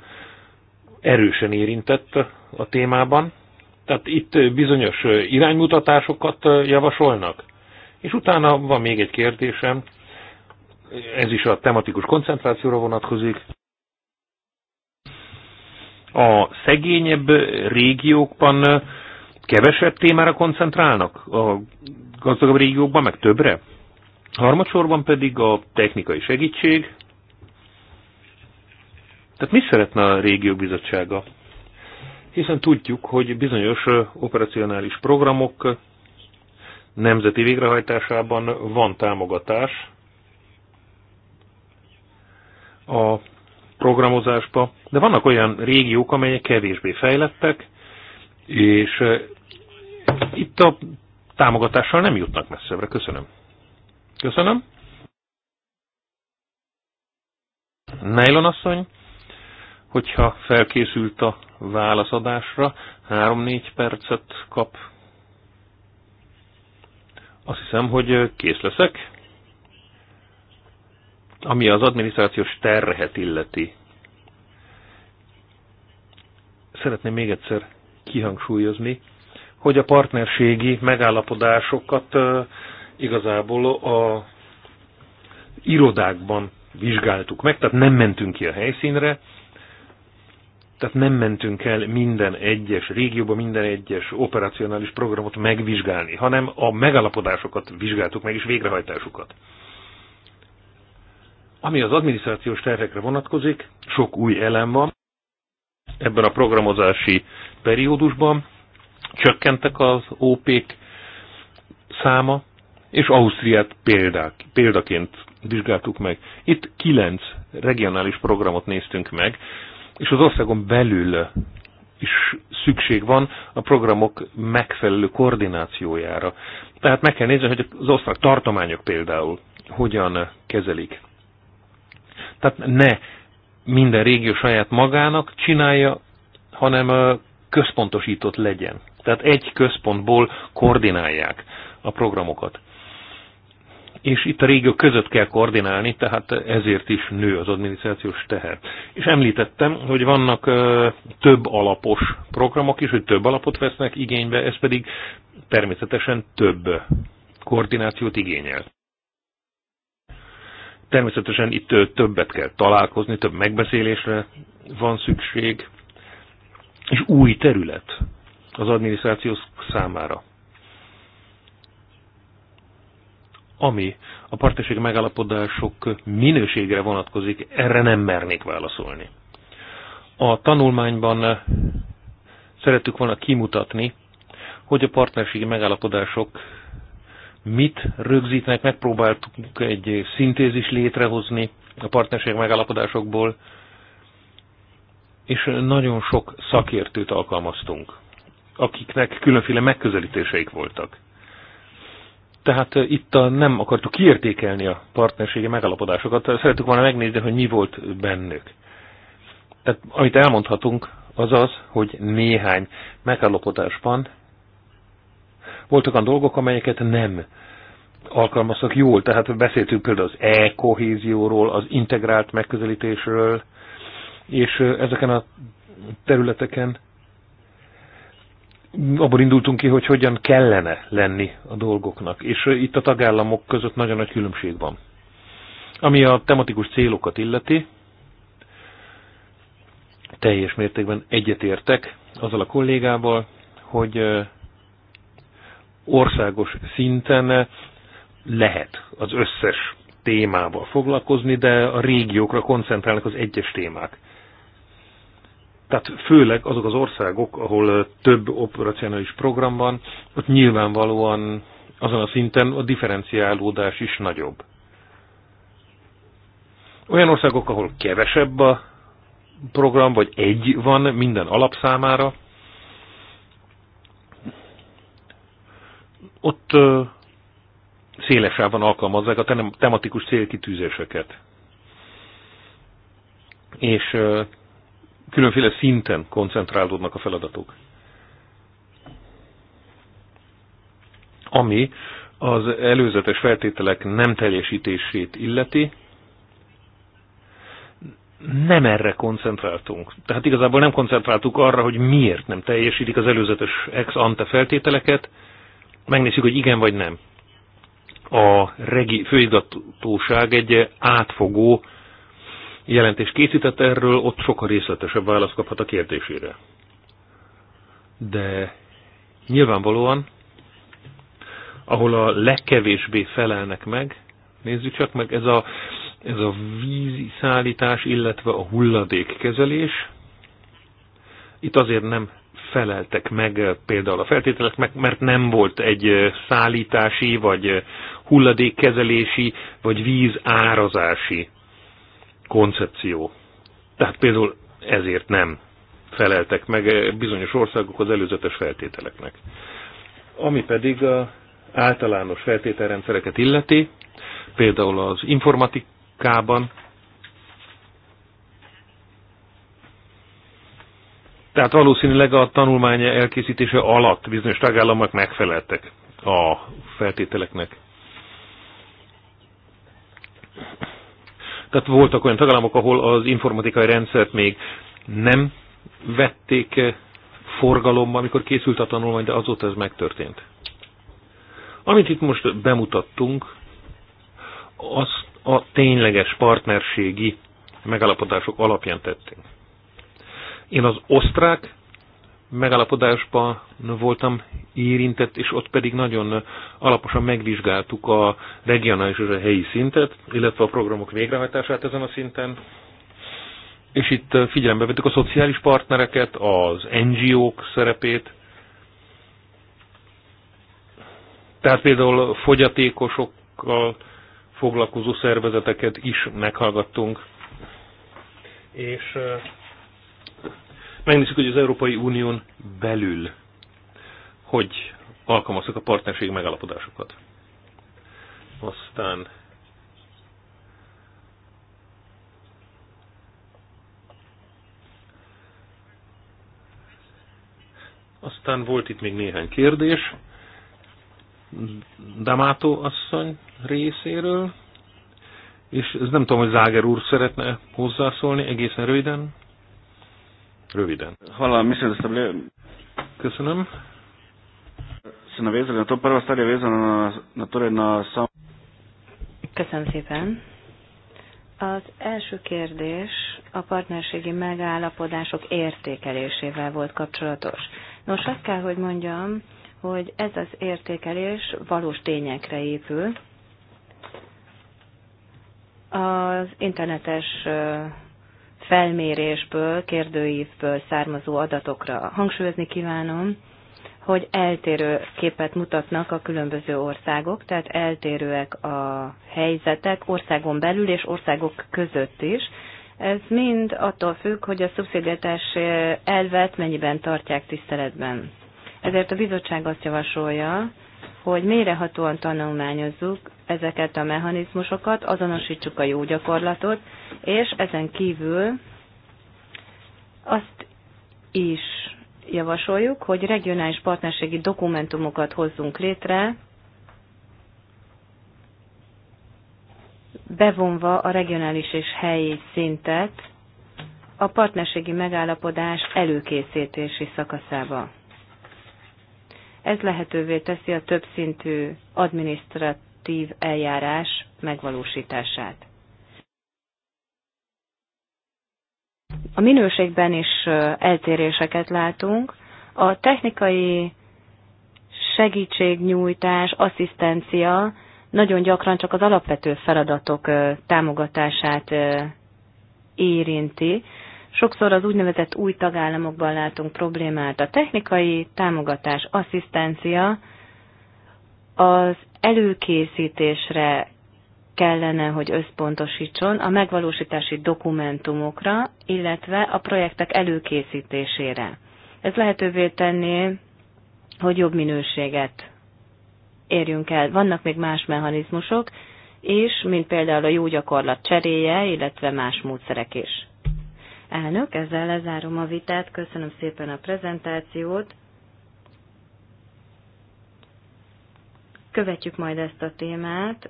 erősen érintett a témában, tehát itt bizonyos iránymutatásokat javasolnak. És utána van még egy kérdésem, ez is a tematikus koncentrációra vonatkozik a szegényebb régiókban kevesebb témára koncentrálnak, a gazdagabb régiókban meg többre. Harmadsorban pedig a technikai segítség. Tehát mit szeretne a régiók bizottsága? Hiszen tudjuk, hogy bizonyos operacionális programok nemzeti végrehajtásában van támogatás. A programozásba, de vannak olyan régiók, amelyek kevésbé fejlettek, és eh, itt a támogatással nem jutnak messzebbre. Köszönöm. Köszönöm. Nejlon asszony, hogyha felkészült a válaszadásra, 3-4 percet kap. Azt hiszem, hogy eh, kész leszek ami az adminisztrációs terhet illeti. Szeretném még egyszer kihangsúlyozni, hogy a partnerségi megállapodásokat igazából a irodákban vizsgáltuk meg, tehát nem mentünk ki a helyszínre, tehát nem mentünk el minden egyes régióba, minden egyes operacionális programot megvizsgálni, hanem a megalapodásokat vizsgáltuk meg, és végrehajtásukat. Ami az adminisztrációs tervekre vonatkozik, sok új elem van. Ebben a programozási periódusban csökkentek az OP-k száma, és Ausztriát példák, példaként vizsgáltuk meg. Itt kilenc regionális programot néztünk meg, és az országon belül is szükség van a programok megfelelő koordinációjára. Tehát meg kell nézni, hogy az osztrák tartományok például hogyan kezelik tehát ne minden régió saját magának csinálja, hanem központosított legyen. Tehát egy központból koordinálják a programokat. És itt a régió között kell koordinálni, tehát ezért is nő az adminisztrációs teher. És említettem, hogy vannak több alapos programok is, hogy több alapot vesznek igénybe, ez pedig természetesen több koordinációt igényel. Természetesen itt többet kell találkozni, több megbeszélésre van szükség, és új terület az adminisztráció számára. Ami a partnerségi megállapodások minőségre vonatkozik, erre nem mernék válaszolni. A tanulmányban szerettük volna kimutatni, hogy a partnerségi megállapodások mit rögzítnek, megpróbáltuk egy szintézis létrehozni a partnerség megállapodásokból, és nagyon sok szakértőt alkalmaztunk, akiknek különféle megközelítéseik voltak. Tehát eh, itt a, nem akartuk kiértékelni a partnerségi megalapodásokat, szerettük volna megnézni, hogy mi volt bennük. Tehát amit elmondhatunk, az az, hogy néhány megalapodásban voltak olyan dolgok, amelyeket nem alkalmaztak jól. Tehát beszéltünk például az e-kohézióról, az integrált megközelítésről, és ezeken a területeken abból indultunk ki, hogy hogyan kellene lenni a dolgoknak. És itt a tagállamok között nagyon nagy különbség van. Ami a tematikus célokat illeti, teljes mértékben egyetértek azzal a kollégával, hogy országos szinten lehet az összes témával foglalkozni, de a régiókra koncentrálnak az egyes témák. Tehát főleg azok az országok, ahol több operacionális program van, ott nyilvánvalóan azon a szinten a differenciálódás is nagyobb. Olyan országok, ahol kevesebb a program, vagy egy van minden alapszámára, Ott szélesában alkalmazzák a tematikus célkitűzéseket. És különféle szinten koncentrálódnak a feladatok. Ami az előzetes feltételek nem teljesítését illeti, nem erre koncentráltunk. Tehát igazából nem koncentráltuk arra, hogy miért nem teljesítik az előzetes ex ante feltételeket, megnézzük, hogy igen vagy nem. A regi főigazgatóság egy átfogó jelentést készített erről, ott sokkal részletesebb választ kaphat a kérdésére. De nyilvánvalóan, ahol a legkevésbé felelnek meg, nézzük csak meg, ez a, ez a szállítás, illetve a hulladékkezelés, itt azért nem feleltek meg eh, például a feltételek, mert nem volt egy eh, szállítási, vagy eh, hulladékkezelési, vagy vízárazási koncepció. Tehát például ezért nem feleltek meg bizonyos országok az előzetes feltételeknek. Ami pedig a általános feltételrendszereket illeti, például az informatikában Tehát valószínűleg a tanulmánya elkészítése alatt bizonyos tagállamok megfeleltek a feltételeknek. Tehát voltak olyan tagállamok, ahol az informatikai rendszert még nem vették forgalomba, amikor készült a tanulmány, de azóta ez megtörtént. Amit itt most bemutattunk, az a tényleges partnerségi megalapodások alapján tettünk. Én az osztrák megállapodásban voltam érintett, és ott pedig nagyon alaposan megvizsgáltuk a regionális és a helyi szintet, illetve a programok végrehajtását ezen a szinten. És itt figyelembe vettük a szociális partnereket, az NGO-k szerepét. Tehát például fogyatékosokkal foglalkozó szervezeteket is meghallgattunk. És megnézzük, hogy az Európai Unión belül hogy alkalmazzuk a partnerség megalapodásokat. Aztán Aztán volt itt még néhány kérdés. Damato asszony részéről, és ez nem tudom, hogy Záger úr szeretne hozzászólni egészen röviden. Röviden. Hvala, mislim da ste bili... Köszönöm. Se navezali na to, prva stvar je vezana na, na, torej na sam... Köszönöm szépen. Az első kérdés a partnerségi megállapodások értékelésével volt kapcsolatos. Nos, azt kell, hogy mondjam, hogy ez az értékelés valós tényekre épül. Az internetes felmérésből, kérdőívből származó adatokra. Hangsúlyozni kívánom, hogy eltérő képet mutatnak a különböző országok, tehát eltérőek a helyzetek országon belül és országok között is. Ez mind attól függ, hogy a szubszidiatás elvet mennyiben tartják tiszteletben. Ezért a bizottság azt javasolja, hogy mélyrehatóan tanulmányozzuk ezeket a mechanizmusokat, azonosítsuk a jó gyakorlatot, és ezen kívül azt is javasoljuk, hogy regionális partnerségi dokumentumokat hozzunk létre, bevonva a regionális és helyi szintet a partnerségi megállapodás előkészítési szakaszába. Ez lehetővé teszi a többszintű adminisztratív eljárás megvalósítását. A minőségben is eltéréseket látunk. A technikai segítségnyújtás, asszisztencia nagyon gyakran csak az alapvető feladatok támogatását érinti, Sokszor az úgynevezett új tagállamokban látunk problémát. A technikai támogatás, asszisztencia az előkészítésre kellene, hogy összpontosítson a megvalósítási dokumentumokra, illetve a projektek előkészítésére. Ez lehetővé tenné, hogy jobb minőséget érjünk el. Vannak még más mechanizmusok is, mint például a jó gyakorlat cseréje, illetve más módszerek is. Elnök, ezzel lezárom a vitát. Köszönöm szépen a prezentációt. Követjük majd ezt a témát,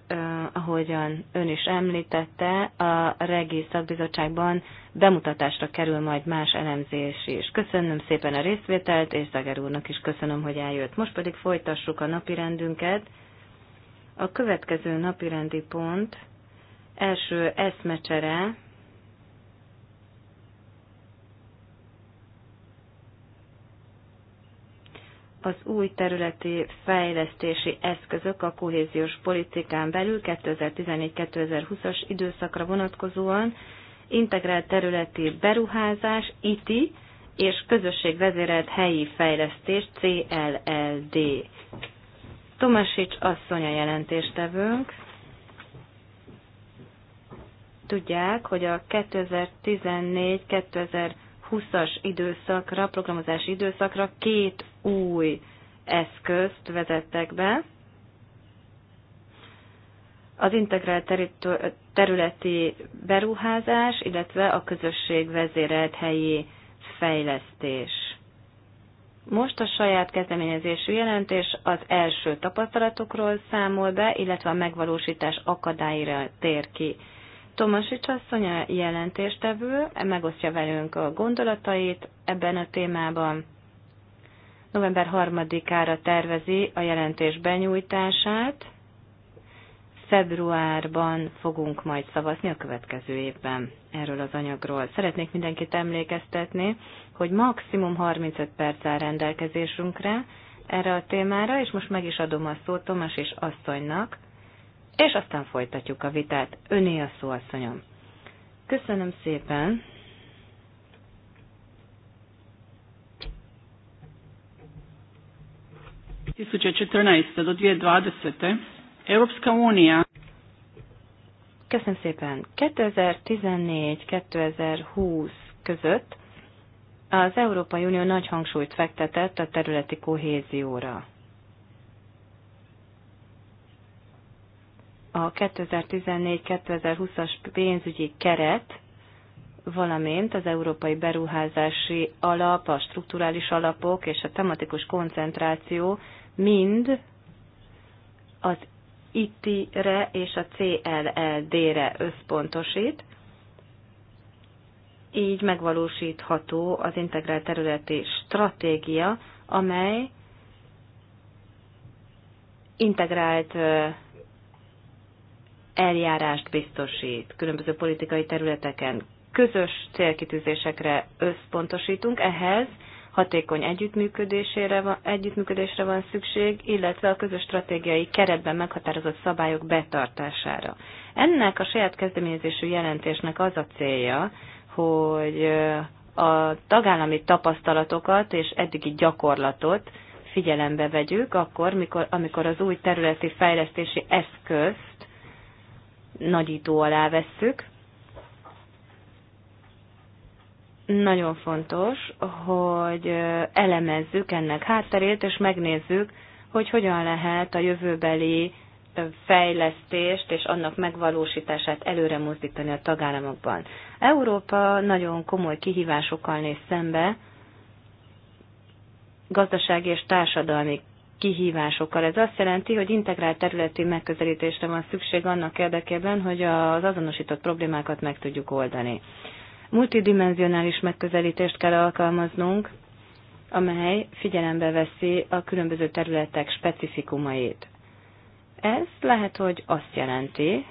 ahogyan ön is említette, a Regi Szakbizottságban bemutatásra kerül majd más elemzés is. Köszönöm szépen a részvételt, és Zager úrnak is köszönöm, hogy eljött. Most pedig folytassuk a napirendünket. A következő napirendi pont első eszmecsere az új területi fejlesztési eszközök a kohéziós politikán belül 2014-2020-as időszakra vonatkozóan integrált területi beruházás, ITI, és közösségvezérelt helyi fejlesztés, CLLD. Tomasics asszony a jelentéstevőnk. Tudják, hogy a 2014-2020 20-as időszakra, programozási időszakra két új eszközt vezettek be. Az integrált területi beruházás, illetve a közösség vezérelt helyi fejlesztés. Most a saját kezdeményezésű jelentés az első tapasztalatokról számol be, illetve a megvalósítás akadályra tér ki. Tomasics asszony a jelentéstevő, megosztja velünk a gondolatait ebben a témában. November 3-ára tervezi a jelentés benyújtását. Februárban fogunk majd szavazni a következő évben erről az anyagról. Szeretnék mindenkit emlékeztetni, hogy maximum 35 perc áll rendelkezésünkre erre a témára, és most meg is adom a szót Tomas és asszonynak, és aztán folytatjuk a vitát. Öné a szó, asszonyom. Köszönöm szépen. Európska Unió. Köszönöm szépen. 2014-2020 között az Európai Unió nagy hangsúlyt fektetett a területi kohézióra. a 2014-2020-as pénzügyi keret, valamint az Európai Beruházási Alap, a strukturális alapok és a tematikus koncentráció mind az IT-re és a CLLD-re e összpontosít, így megvalósítható az integrált területi stratégia, amely integrált eljárást biztosít különböző politikai területeken. Közös célkitűzésekre összpontosítunk, ehhez hatékony együttműködésére van, együttműködésre van szükség, illetve a közös stratégiai keretben meghatározott szabályok betartására. Ennek a saját kezdeményezésű jelentésnek az a célja, hogy a tagállami tapasztalatokat és eddigi gyakorlatot figyelembe vegyük, akkor, mikor, amikor az új területi fejlesztési eszközt nagyító alá vesszük. Nagyon fontos, hogy elemezzük ennek hátterét, és megnézzük, hogy hogyan lehet a jövőbeli fejlesztést és annak megvalósítását előre mozdítani a tagállamokban. Európa nagyon komoly kihívásokkal néz szembe, gazdasági és társadalmi kihívásokkal. Ez azt jelenti, hogy integrált területi megközelítésre van szükség annak érdekében, hogy az azonosított problémákat meg tudjuk oldani. Multidimensionális megközelítést kell alkalmaznunk, amely figyelembe veszi a különböző területek specifikumait. Ez lehet, hogy azt jelenti,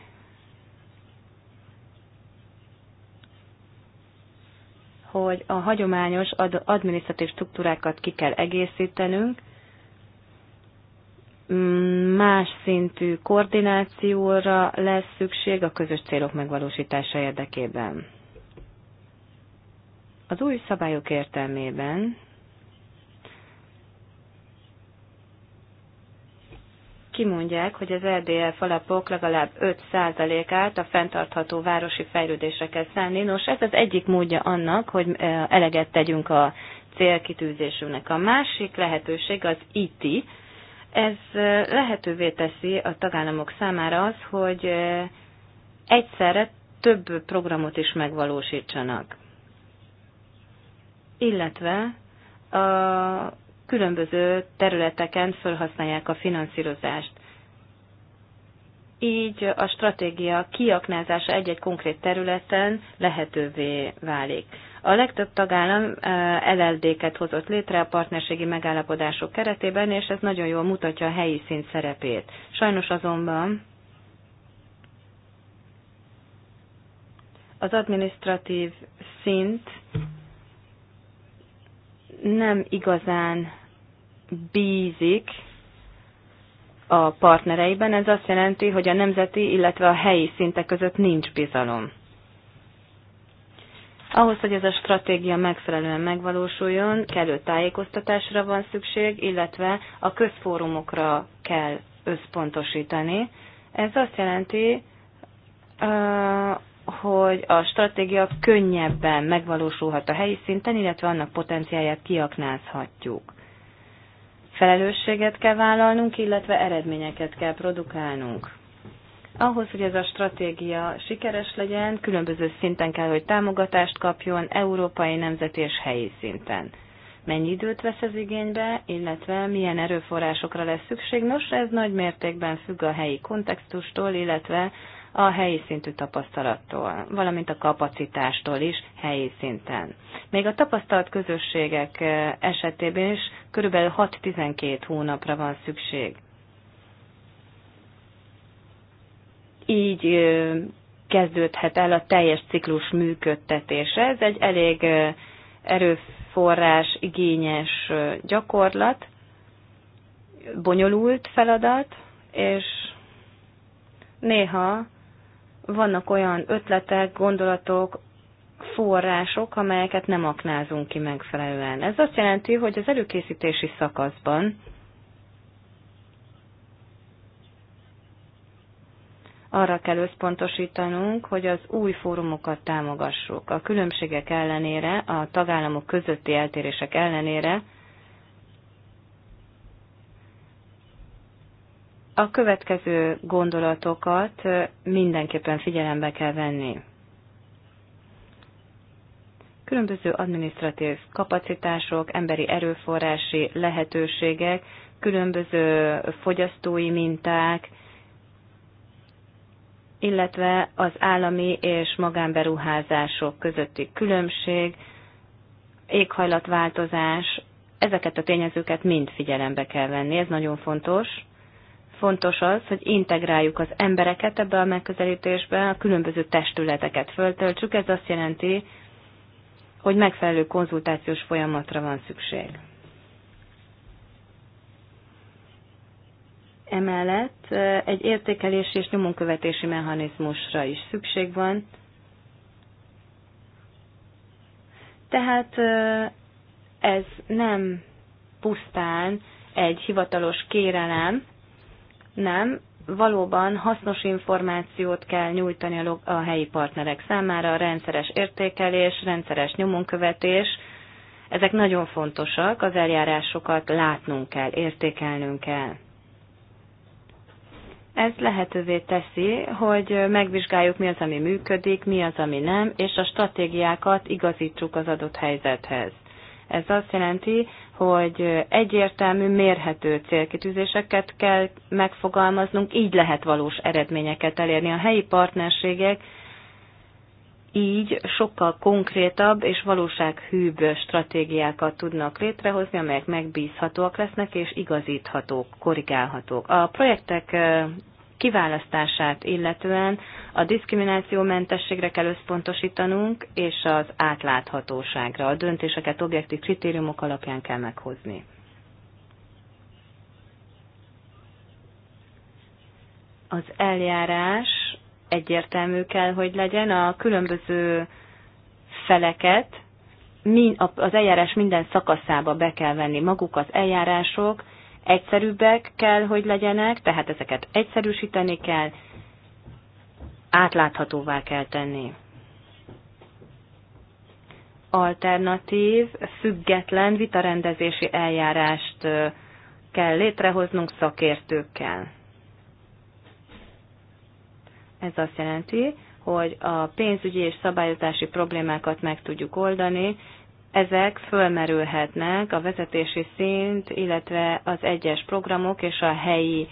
hogy a hagyományos adminisztratív struktúrákat ki kell egészítenünk, más szintű koordinációra lesz szükség a közös célok megvalósítása érdekében. Az új szabályok értelmében kimondják, hogy az LDF e alapok legalább 5%-át a fenntartható városi fejlődésre kell szállni. Nos, ez az egyik módja annak, hogy eleget tegyünk a célkitűzésünknek. A másik lehetőség az IT, ez lehetővé teszi a tagállamok számára az, hogy egyszerre több programot is megvalósítsanak. Illetve a különböző területeken felhasználják a finanszírozást. Így a stratégia kiaknázása egy-egy konkrét területen lehetővé válik. A legtöbb tagállam LLD-ket hozott létre a partnerségi megállapodások keretében, és ez nagyon jól mutatja a helyi szint szerepét. Sajnos azonban az administratív szint nem igazán bízik a partnereiben, ez azt jelenti, hogy a nemzeti, illetve a helyi szintek között nincs bizalom. Ahhoz, hogy ez a stratégia megfelelően megvalósuljon, kellő tájékoztatásra van szükség, illetve a közfórumokra kell összpontosítani. Ez azt jelenti, hogy a stratégia könnyebben megvalósulhat a helyi szinten, illetve annak potenciáját kiaknázhatjuk. Felelősséget kell vállalnunk, illetve eredményeket kell produkálnunk. Ahhoz, hogy ez a stratégia sikeres legyen, különböző szinten kell, hogy támogatást kapjon, európai, nemzeti és helyi szinten. Mennyi időt vesz ez igénybe, illetve milyen erőforrásokra lesz szükség? Nos, ez nagy mértékben függ a helyi kontextustól, illetve a helyi szintű tapasztalattól, valamint a kapacitástól is helyi szinten. Még a tapasztalt közösségek eh, esetében is kb. 6-12 hónapra van szükség. így kezdődhet el a teljes ciklus működtetése. Ez egy elég erőforrás igényes gyakorlat, bonyolult feladat, és néha vannak olyan ötletek, gondolatok, források, amelyeket nem aknázunk ki megfelelően. Ez azt jelenti, hogy az előkészítési szakaszban arra kell összpontosítanunk, hogy az új fórumokat támogassuk. A különbségek ellenére, a tagállamok közötti eltérések ellenére a következő gondolatokat mindenképpen figyelembe kell venni. Különböző adminisztratív kapacitások, emberi erőforrási lehetőségek, különböző fogyasztói minták, illetve az állami és magánberuházások közötti különbség, éghajlatváltozás, ezeket a tényezőket mind figyelembe kell venni, ez nagyon fontos. Fontos az, hogy integráljuk az embereket ebbe a megközelítésbe, a különböző testületeket föltöltsük, ez azt jelenti, hogy megfelelő konzultációs folyamatra van szükség. Emellett egy értékelési és nyomonkövetési mechanizmusra is szükség van. Tehát ez nem pusztán egy hivatalos kérelem, nem, valóban hasznos információt kell nyújtani a, a helyi partnerek számára, a rendszeres értékelés, rendszeres nyomonkövetés, ezek nagyon fontosak, az eljárásokat látnunk kell, értékelnünk kell. Ez lehetővé teszi, hogy megvizsgáljuk, mi az, ami működik, mi az, ami nem, és a stratégiákat igazítsuk az adott helyzethez. Ez azt jelenti, hogy egyértelmű, mérhető célkitűzéseket kell megfogalmaznunk, így lehet valós eredményeket elérni. A helyi partnerségek így sokkal konkrétabb és valósághűbb stratégiákat tudnak létrehozni, amelyek megbízhatóak lesznek és igazíthatók, korrigálhatók. A projektek kiválasztását illetően a diszkriminációmentességre kell összpontosítanunk, és az átláthatóságra. A döntéseket objektív kritériumok alapján kell meghozni. Az eljárás egyértelmű kell, hogy legyen a különböző feleket, az eljárás minden szakaszába be kell venni maguk az eljárások, egyszerűbbek kell, hogy legyenek, tehát ezeket egyszerűsíteni kell, átláthatóvá kell tenni. Alternatív, független vitarendezési eljárást kell létrehoznunk szakértőkkel. Ez azt jelenti, hogy a pénzügyi és szabályozási problémákat meg tudjuk oldani, ezek fölmerülhetnek a vezetési szint, illetve az egyes programok és a helyi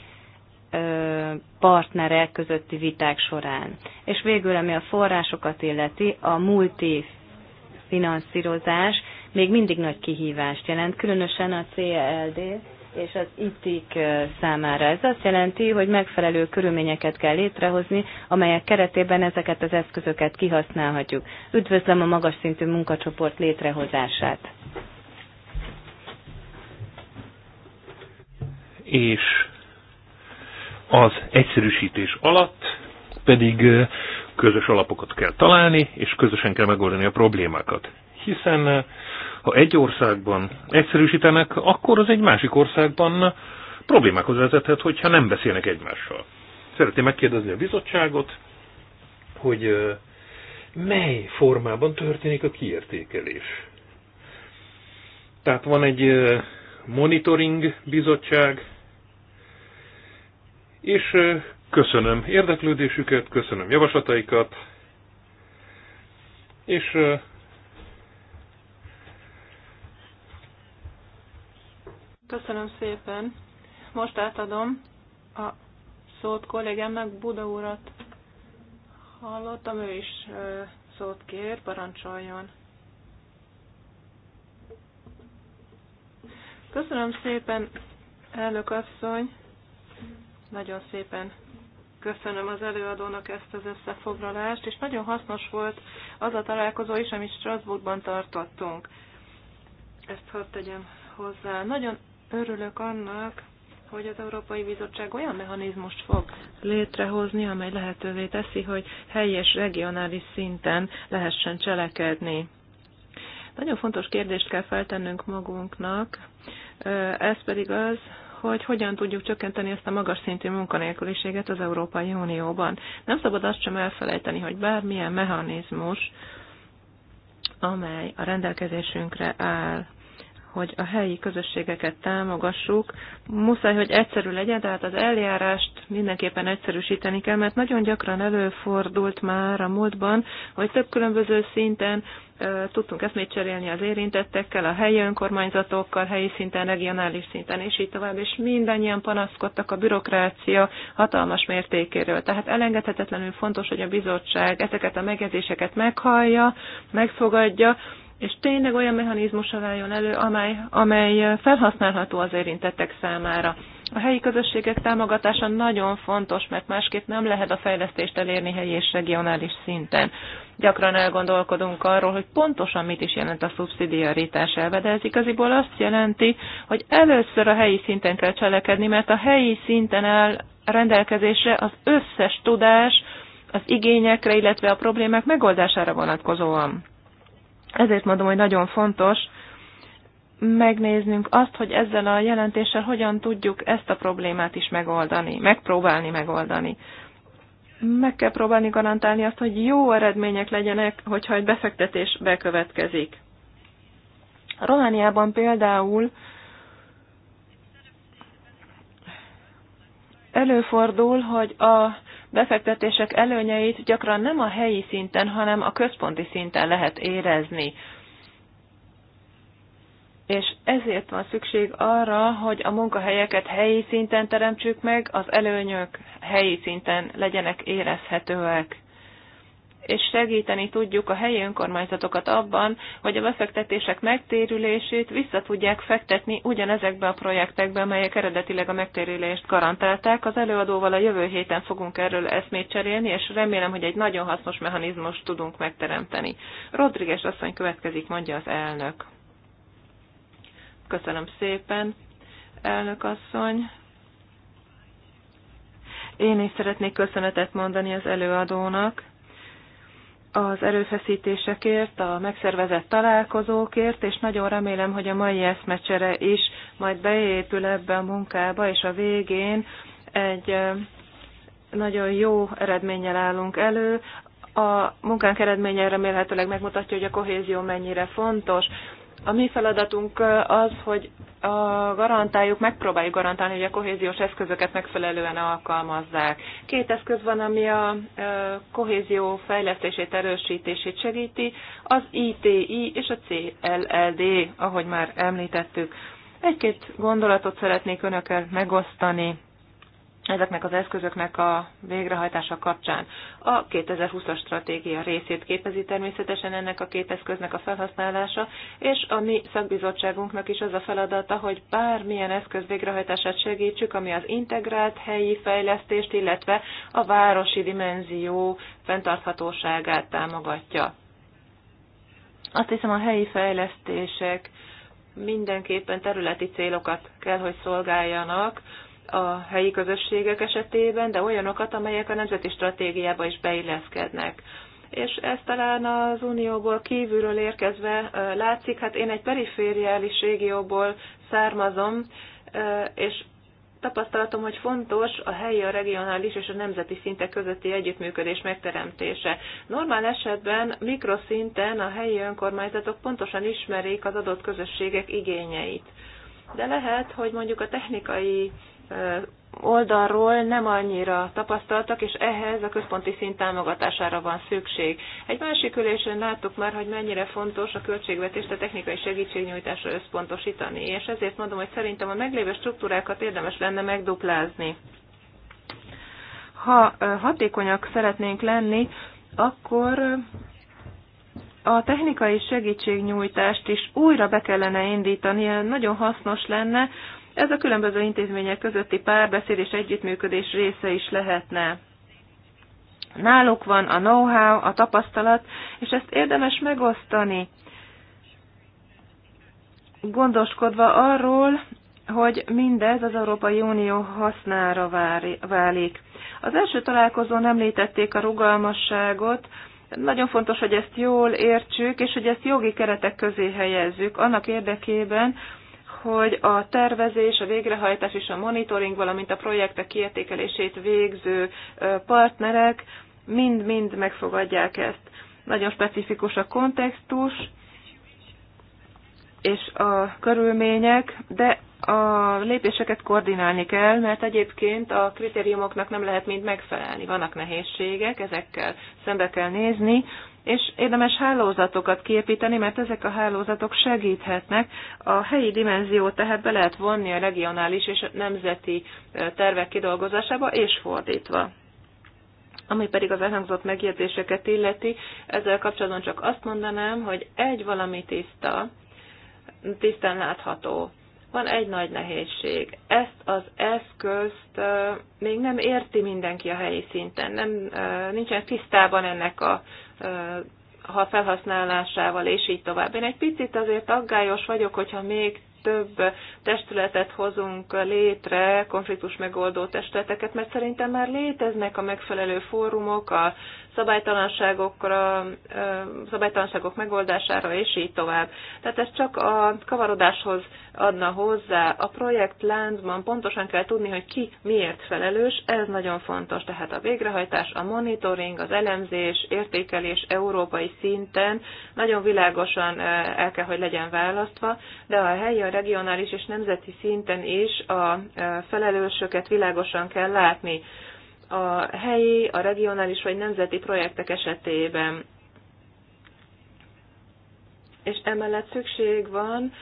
partnerek közötti viták során. És végül, ami a forrásokat illeti, a multifinanszírozás még mindig nagy kihívást jelent, különösen a CLD e és az ITIK számára. Ez azt jelenti, hogy megfelelő körülményeket kell létrehozni, amelyek keretében ezeket az eszközöket kihasználhatjuk. Üdvözlöm a magas szintű munkacsoport létrehozását. És az egyszerűsítés alatt pedig közös alapokat kell találni, és közösen kell megoldani a problémákat. Hiszen ha egy országban egyszerűsítenek, akkor az egy másik országban problémákhoz vezethet, hogyha nem beszélnek egymással. Szeretném megkérdezni a bizottságot, hogy mely formában történik a kiértékelés. Tehát van egy monitoring bizottság, és köszönöm érdeklődésüket, köszönöm javaslataikat, és Köszönöm szépen. Most átadom a szót kollégámnak, Buda urat hallottam, ő is szót kér, parancsoljon. Köszönöm szépen, elnök asszony. Nagyon szépen köszönöm az előadónak ezt az összefoglalást, és nagyon hasznos volt az a találkozó is, amit Strasbourgban tartottunk. Ezt hadd tegyem hozzá. Nagyon Örülök annak, hogy az Európai Bizottság olyan mechanizmust fog létrehozni, amely lehetővé teszi, hogy helyi és regionális szinten lehessen cselekedni. Nagyon fontos kérdést kell feltennünk magunknak, ez pedig az, hogy hogyan tudjuk csökkenteni ezt a magas szintű munkanélküliséget az Európai Unióban. Nem szabad azt sem elfelejteni, hogy bármilyen mechanizmus, amely a rendelkezésünkre áll, hogy a helyi közösségeket támogassuk. Muszáj, hogy egyszerű legyen, tehát az eljárást mindenképpen egyszerűsíteni kell, mert nagyon gyakran előfordult már a múltban, hogy több különböző szinten tudtunk, tudtunk eszmét cserélni az érintettekkel, a helyi önkormányzatokkal, helyi szinten, regionális szinten, és így tovább, és mindannyian panaszkodtak a bürokrácia hatalmas mértékéről. Tehát elengedhetetlenül fontos, hogy a bizottság ezeket a megjegyzéseket meghallja, megfogadja, és tényleg olyan mechanizmusa váljon elő, amely, amely felhasználható az érintettek számára. A helyi közösségek támogatása nagyon fontos, mert másképp nem lehet a fejlesztést elérni helyi és regionális szinten. Gyakran elgondolkodunk arról, hogy pontosan mit is jelent a szubszidiaritás elve, de ez igaziból azt jelenti, hogy először a helyi szinten kell cselekedni, mert a helyi szinten áll rendelkezésre az összes tudás az igényekre, illetve a problémák megoldására vonatkozóan. Ezért mondom, hogy nagyon fontos megnéznünk azt, hogy ezzel a jelentéssel hogyan tudjuk ezt a problémát is megoldani, megpróbálni megoldani. Meg kell próbálni garantálni azt, hogy jó eredmények legyenek, hogyha egy befektetés bekövetkezik. A Romániában például előfordul, hogy a befektetések előnyeit gyakran nem a helyi szinten, hanem a központi szinten lehet érezni. És ezért van szükség arra, hogy a munkahelyeket helyi szinten teremtsük meg, az előnyök helyi szinten legyenek érezhetőek és segíteni tudjuk a helyi önkormányzatokat abban, hogy a befektetések megtérülését vissza tudják fektetni ugyanezekbe a projektekbe, amelyek eredetileg a megtérülést garantálták. Az előadóval a jövő héten fogunk erről eszmét cserélni, és remélem, hogy egy nagyon hasznos mechanizmust tudunk megteremteni. Rodriguez asszony következik, mondja az elnök. Köszönöm szépen, elnök asszony. Én is szeretnék köszönetet mondani az előadónak az erőfeszítésekért, a megszervezett találkozókért, és nagyon remélem, hogy a mai eszmecsere is majd beépül ebbe a munkába, és a végén egy nagyon jó eredménnyel állunk elő. A munkánk eredménye remélhetőleg megmutatja, hogy a kohézió mennyire fontos, a mi feladatunk az, hogy a garantáljuk, megpróbáljuk garantálni, hogy a kohéziós eszközöket megfelelően alkalmazzák. Két eszköz van, ami a kohézió fejlesztését, erősítését segíti, az ITI és a CLLD, ahogy már említettük. Egy-két gondolatot szeretnék önökkel megosztani ezeknek az eszközöknek a végrehajtása kapcsán. A 2020-as stratégia részét képezi természetesen ennek a két eszköznek a felhasználása, és a mi szakbizottságunknak is az a feladata, hogy bármilyen eszköz végrehajtását segítsük, ami az integrált helyi fejlesztést, illetve a városi dimenzió fenntarthatóságát támogatja. Azt hiszem a helyi fejlesztések mindenképpen területi célokat kell, hogy szolgáljanak, a helyi közösségek esetében, de olyanokat, amelyek a nemzeti stratégiába is beilleszkednek. És ez talán az unióból kívülről érkezve látszik, hát én egy perifériális régióból származom, és tapasztalatom, hogy fontos a helyi, a regionális és a nemzeti szintek közötti együttműködés megteremtése. Normál esetben mikroszinten a helyi önkormányzatok pontosan ismerik az adott közösségek igényeit. De lehet, hogy mondjuk a technikai oldalról nem annyira tapasztaltak, és ehhez a központi szint támogatására van szükség. Egy másik ülésen láttuk már, hogy mennyire fontos a költségvetést a technikai segítségnyújtásra összpontosítani, és ezért mondom, hogy szerintem a meglévő struktúrákat érdemes lenne megduplázni. Ha hatékonyak szeretnénk lenni, akkor a technikai segítségnyújtást is újra be kellene indítani, nagyon hasznos lenne, ez a különböző intézmények közötti párbeszéd és együttműködés része is lehetne. Náluk van a know-how, a tapasztalat, és ezt érdemes megosztani, gondoskodva arról, hogy mindez az Európai Unió hasznára válik. Az első találkozón említették a rugalmasságot, nagyon fontos, hogy ezt jól értsük, és hogy ezt jogi keretek közé helyezzük, annak érdekében, hogy a tervezés, a végrehajtás és a monitoring, valamint a projektek kiértékelését végző partnerek mind-mind megfogadják ezt. Nagyon specifikus a kontextus és a körülmények, de a lépéseket koordinálni kell, mert egyébként a kritériumoknak nem lehet mind megfelelni. Vannak nehézségek, ezekkel szembe kell nézni, és érdemes hálózatokat kiépíteni, mert ezek a hálózatok segíthetnek. A helyi dimenziót tehát be lehet vonni a regionális és nemzeti tervek kidolgozásába, és fordítva. Ami pedig az elhangzott megjegyzéseket illeti, ezzel kapcsolatban csak azt mondanám, hogy egy valami tiszta, tisztán látható. Van egy nagy nehézség. Ezt az eszközt még nem érti mindenki a helyi szinten. Nem, nincsen tisztában ennek a ha felhasználásával, és így tovább. Én egy picit azért aggályos vagyok, hogyha még több testületet hozunk létre, konfliktus megoldó testületeket, mert szerintem már léteznek a megfelelő fórumok, a szabálytalanságokra, szabálytalanságok megoldására, és így tovább. Tehát ez csak a kavarodáshoz adna hozzá. A projekt láncban pontosan kell tudni, hogy ki miért felelős, ez nagyon fontos. Tehát a végrehajtás, a monitoring, az elemzés, értékelés európai szinten nagyon világosan el kell, hogy legyen választva, de a helyi, a regionális és nemzeti szinten is a felelősöket világosan kell látni a helyi, a regionális vagy nemzeti projektek esetében. És emellett szükség van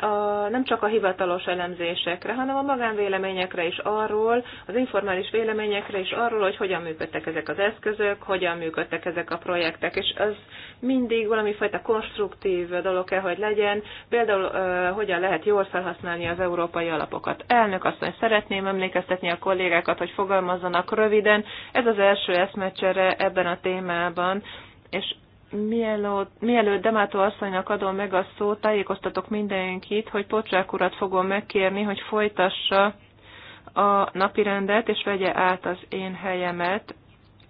a, nem csak a hivatalos elemzésekre, hanem a magánvéleményekre is arról, az informális véleményekre is arról, hogy hogyan működtek ezek az eszközök, hogyan működtek ezek a projektek, és az mindig valami fajta konstruktív dolog kell, hogy legyen, például uh, hogyan lehet jól felhasználni az európai alapokat. Elnök asszony, szeretném emlékeztetni a kollégákat, hogy fogalmazzanak röviden, ez az első eszmecsere ebben a témában, és Mielőtt, mielőtt Demátó asszonynak adom meg a szót, tájékoztatok mindenkit, hogy Pocsák urat fogom megkérni, hogy folytassa a napirendet, és vegye át az én helyemet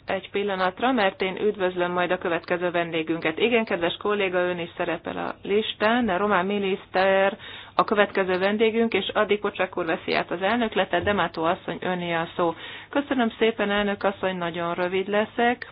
egy pillanatra, mert én üdvözlöm majd a következő vendégünket. Igen, kedves kolléga, ön is szerepel a listán, a román miniszter a következő vendégünk, és addig Pocsák úr veszi át az elnökletet, Demátó asszony öné a szó. Köszönöm szépen, elnök asszony, nagyon rövid leszek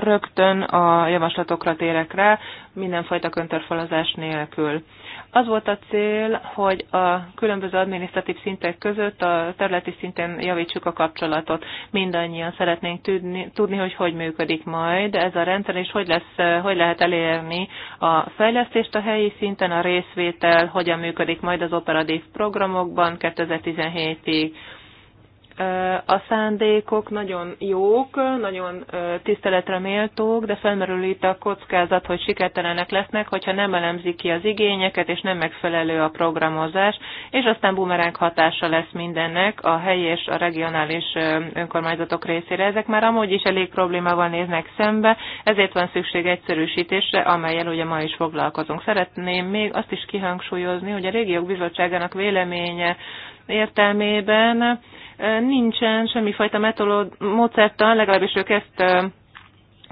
rögtön a javaslatokra térek rá, mindenfajta köntörfalazás nélkül. Az volt a cél, hogy a különböző adminisztratív szintek között a területi szinten javítsuk a kapcsolatot. Mindannyian szeretnénk tudni, tudni hogy hogy működik majd ez a rendszer, és hogy, lesz, hogy lehet elérni a fejlesztést a helyi szinten, a részvétel, hogyan működik majd az operatív programokban 2017-ig a szándékok nagyon jók, nagyon tiszteletre méltók, de felmerül itt a kockázat, hogy sikertelenek lesznek, hogyha nem elemzik ki az igényeket, és nem megfelelő a programozás, és aztán bumeránk hatása lesz mindennek a helyi és a regionális önkormányzatok részére. Ezek már amúgy is elég problémával néznek szembe, ezért van szükség egyszerűsítésre, amelyel ugye ma is foglalkozunk. Szeretném még azt is kihangsúlyozni, hogy a régiók bizottságának véleménye értelmében nincsen semmifajta módszertan, legalábbis ők ezt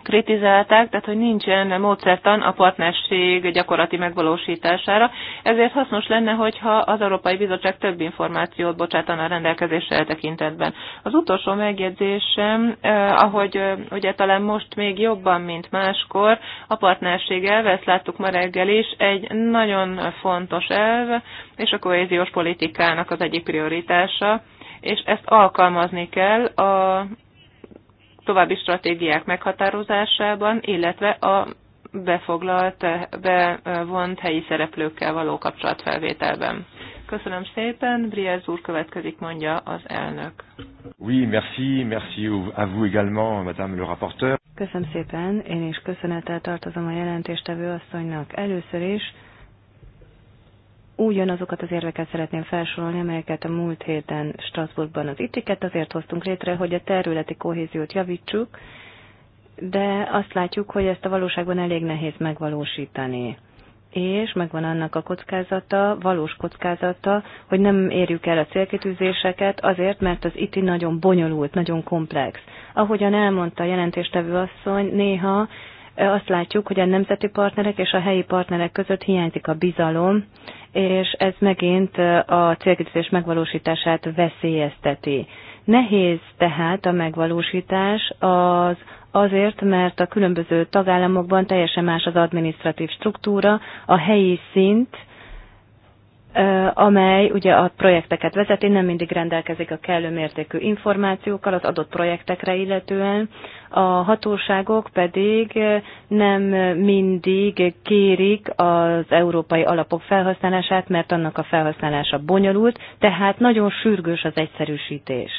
kritizálták, tehát hogy nincsen módszertan a partnerség gyakorlati megvalósítására, ezért hasznos lenne, hogyha az Európai Bizottság több információt bocsátana a rendelkezésre a tekintetben. Az utolsó megjegyzésem, eh, ahogy eh, ugye talán most még jobban, mint máskor, a partnerség elve, ezt láttuk ma reggel is, egy nagyon fontos elv, és a kohéziós politikának az egyik prioritása és ezt alkalmazni kell a további stratégiák meghatározásában, illetve a befoglalt, bevont helyi szereplőkkel való kapcsolatfelvételben. Köszönöm szépen, Briez úr következik, mondja az elnök. Oui, merci, merci à vous également, madame le rapporteur. Köszönöm szépen, én is köszönettel tartozom a jelentéstevő asszonynak. Először is újon azokat az érveket szeretném felsorolni, amelyeket a múlt héten Strasbourgban az itiket azért hoztunk létre, hogy a területi kohéziót javítsuk, de azt látjuk, hogy ezt a valóságban elég nehéz megvalósítani. És megvan annak a kockázata, valós kockázata, hogy nem érjük el a célkitűzéseket azért, mert az ITI nagyon bonyolult, nagyon komplex. Ahogyan elmondta a jelentéstevő asszony, néha azt látjuk, hogy a nemzeti partnerek és a helyi partnerek között hiányzik a bizalom, és ez megint a célkitűzés megvalósítását veszélyezteti. Nehéz tehát a megvalósítás az azért, mert a különböző tagállamokban teljesen más az adminisztratív struktúra, a helyi szint, amely ugye a projekteket vezeti, nem mindig rendelkezik a kellő mértékű információkkal az adott projektekre illetően a hatóságok pedig nem mindig kérik az európai alapok felhasználását, mert annak a felhasználása bonyolult, tehát nagyon sürgős az egyszerűsítés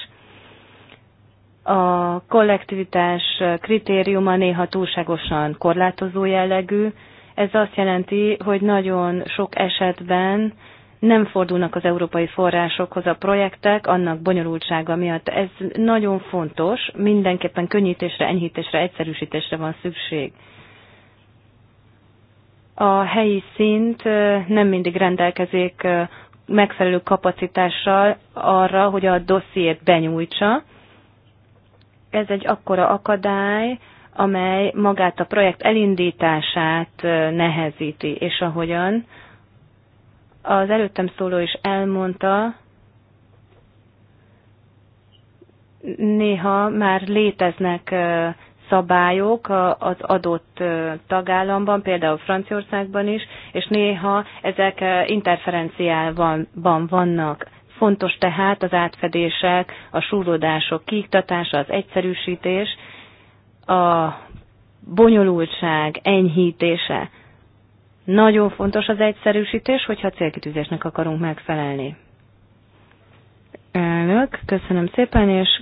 a kollektivitás kritériuma néha túlságosan korlátozó jellegű. Ez azt jelenti, hogy nagyon sok esetben nem fordulnak az európai forrásokhoz a projektek, annak bonyolultsága miatt. Ez nagyon fontos, mindenképpen könnyítésre, enyhítésre, egyszerűsítésre van szükség. A helyi szint nem mindig rendelkezik megfelelő kapacitással arra, hogy a dossziét benyújtsa. Ez egy akkora akadály, amely magát a projekt elindítását nehezíti, és ahogyan az előttem szóló is elmondta, néha már léteznek szabályok az adott tagállamban, például Franciaországban is, és néha ezek interferenciában vannak. Fontos tehát az átfedések, a súrodások kiiktatása, az egyszerűsítés, a bonyolultság enyhítése. Nagyon fontos az egyszerűsítés, hogyha célkitűzésnek akarunk megfelelni. Elnök, köszönöm szépen, és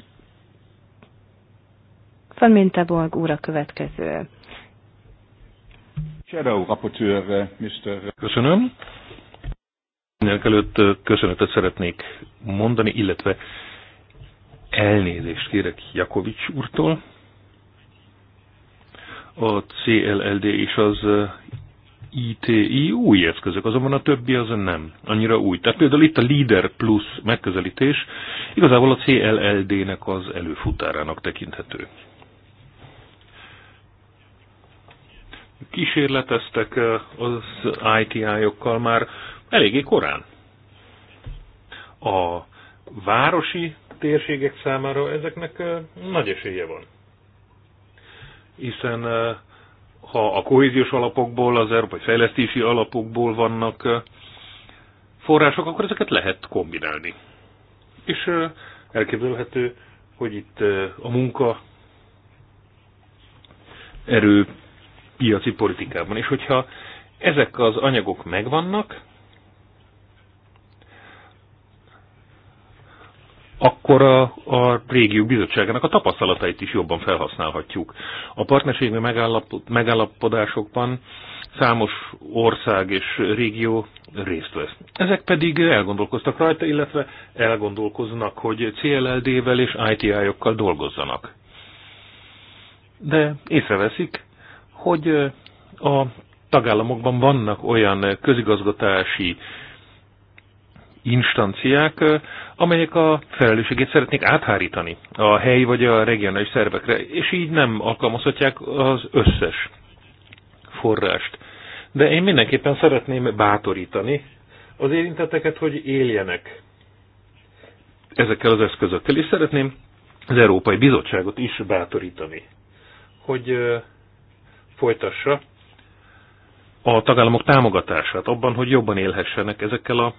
Van Minteborg úr a következő. Shadow Rapporteur, eh, Mr. Köszönöm. Mindenek előtt eh, köszönetet szeretnék mondani, illetve elnézést kérek Jakovics úrtól. A CLLD és az eh, ITI új eszközök, azonban a többi az nem annyira új. Tehát például itt a Leader Plus megközelítés igazából a CLLD-nek az előfutárának tekinthető. Kísérleteztek eh, az ITI-okkal már eléggé korán. A városi térségek számára ezeknek eh, nagy esélye van. Hiszen eh, ha a kohéziós alapokból, az európai fejlesztési alapokból vannak források, akkor ezeket lehet kombinálni. És elképzelhető, hogy itt a munka erő piaci politikában. És hogyha ezek az anyagok megvannak, akkor a, a régió bizottságának a tapasztalatait is jobban felhasználhatjuk. A partnerségi megállapodásokban számos ország és régió részt vesz. Ezek pedig elgondolkoztak rajta, illetve elgondolkoznak, hogy CLLD-vel és ITI-okkal dolgozzanak. De észreveszik, hogy a tagállamokban vannak olyan közigazgatási instanciák, amelyek a felelősségét szeretnék áthárítani a helyi vagy a regionális szervekre, és így nem alkalmazhatják az összes forrást. De én mindenképpen szeretném bátorítani az érintetteket, hogy éljenek ezekkel az eszközökkel, és szeretném az Európai Bizottságot is bátorítani, hogy folytassa a tagállamok támogatását abban, hogy jobban élhessenek ezekkel a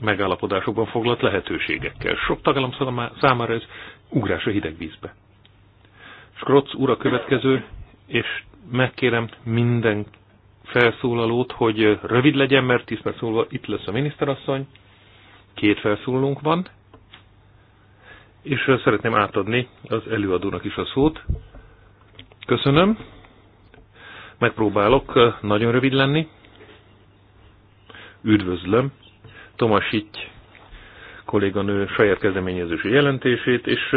megállapodásokban foglalt lehetőségekkel. Sok tagállam számára ez ugrás a hideg vízbe. Skrotz úr a következő, és megkérem minden felszólalót, hogy rövid legyen, mert tíz perc múlva itt lesz a miniszterasszony. Két felszólalónk van, és szeretném átadni az előadónak is a szót. Köszönöm. Megpróbálok eh, nagyon rövid lenni. Üdvözlöm Tomasics kolléganő saját kezdeményezősi jelentését, és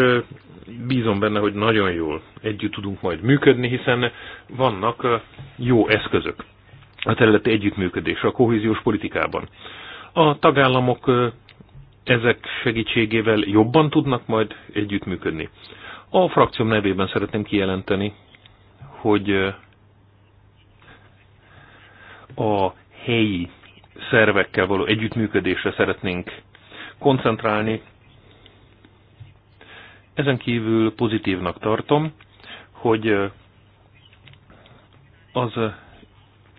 bízom benne, hogy nagyon jól együtt tudunk majd működni, hiszen vannak jó eszközök a területi együttműködésre a kohéziós politikában. A tagállamok ezek segítségével jobban tudnak majd együttműködni. A frakcióm nevében szeretném kijelenteni, hogy a helyi szervekkel való együttműködésre szeretnénk koncentrálni. Ezen kívül pozitívnak tartom, hogy az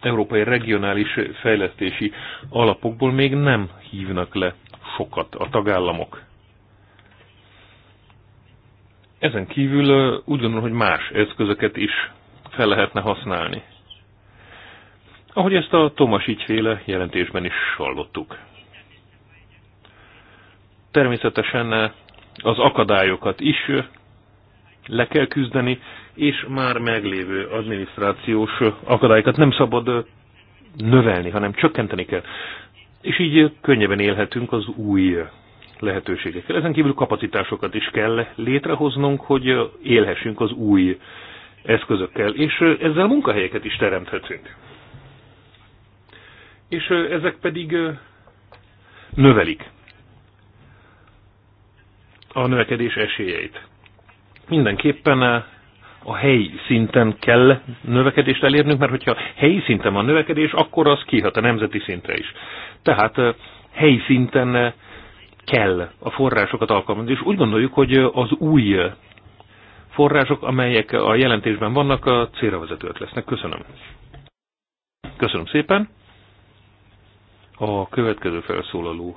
európai regionális fejlesztési alapokból még nem hívnak le sokat a tagállamok. Ezen kívül úgy gondolom, hogy más eszközöket is fel lehetne használni. Ahogy ezt a Tomas ígyféle jelentésben is hallottuk. Természetesen az akadályokat is le kell küzdeni, és már meglévő adminisztrációs akadályokat nem szabad növelni, hanem csökkenteni kell. És így könnyebben élhetünk az új lehetőségekkel. Ezen kívül kapacitásokat is kell létrehoznunk, hogy élhessünk az új eszközökkel, és ezzel munkahelyeket is teremthetünk és ezek pedig növelik a növekedés esélyeit. Mindenképpen a helyi szinten kell növekedést elérnünk, mert hogyha helyi szinten van növekedés, akkor az kihat a nemzeti szintre is. Tehát helyi szinten kell a forrásokat alkalmazni, és úgy gondoljuk, hogy az új források, amelyek a jelentésben vannak, a célra vezetőt lesznek. Köszönöm. Köszönöm szépen. A következő felszólaló.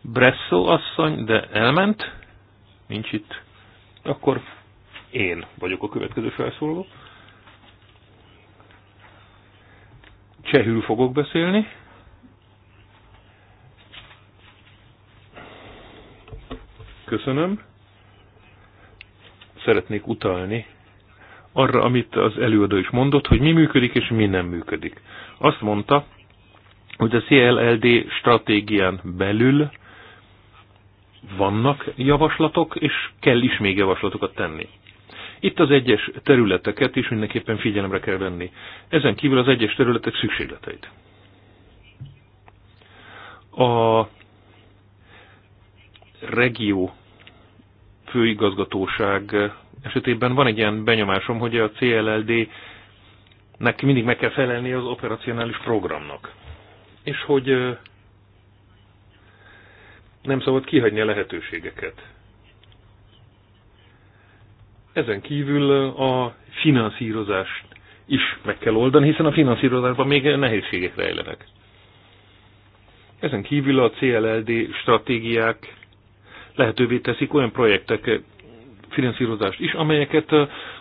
Bresszó asszony, de elment, nincs itt. Akkor én vagyok a következő felszólaló. Csehül fogok beszélni. Köszönöm. Szeretnék utalni arra, amit az előadó is mondott, hogy mi működik és mi nem működik. Azt mondta, hogy a CLLD stratégián belül vannak javaslatok, és kell is még javaslatokat tenni. Itt az egyes területeket is mindenképpen figyelemre kell venni. Ezen kívül az egyes területek szükségleteit. A regió főigazgatóság esetében van egy ilyen benyomásom, hogy a CLLD neki mindig meg kell felelni az operacionális programnak. És hogy nem szabad kihagyni a lehetőségeket. Ezen kívül a finanszírozást is meg kell oldani, hiszen a finanszírozásban még nehézségek rejlenek. Ezen kívül a CLLD stratégiák lehetővé teszik olyan projektek finanszírozást is, amelyeket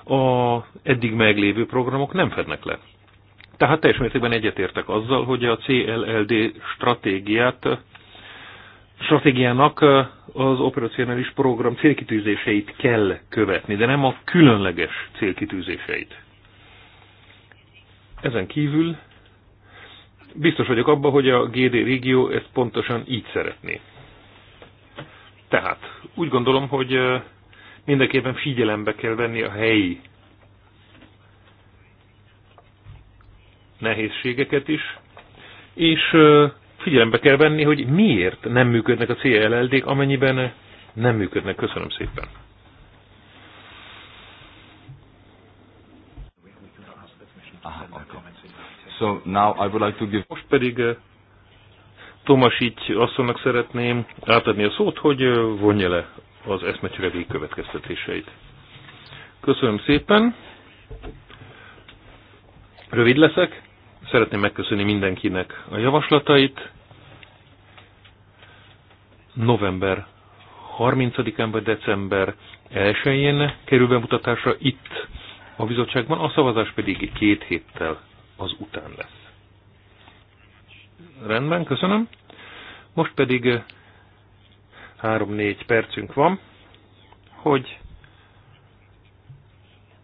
a eddig meglévő programok nem fednek le. Tehát teljes mértékben egyetértek azzal, hogy a CLLD stratégiát, stratégiának az operacionális program célkitűzéseit kell követni, de nem a különleges célkitűzéseit. Ezen kívül biztos vagyok abban, hogy a GD régió ezt pontosan így szeretné. Tehát úgy gondolom, hogy mindenképpen figyelembe kell venni a helyi nehézségeket is, és figyelembe kell venni, hogy miért nem működnek a CLLD-k, amennyiben nem működnek. Köszönöm szépen. So now I would like to give... Most pedig Tomasics asszonynak szeretném átadni a szót, hogy vonja le az eszmecsere végkövetkeztetéseit. Köszönöm szépen! Rövid leszek. Szeretném megköszönni mindenkinek a javaslatait. November 30-án vagy december 1-én kerül bemutatásra itt a bizottságban, a szavazás pedig két héttel az után lesz. Rendben, köszönöm. Most pedig 3-4 percünk van, hogy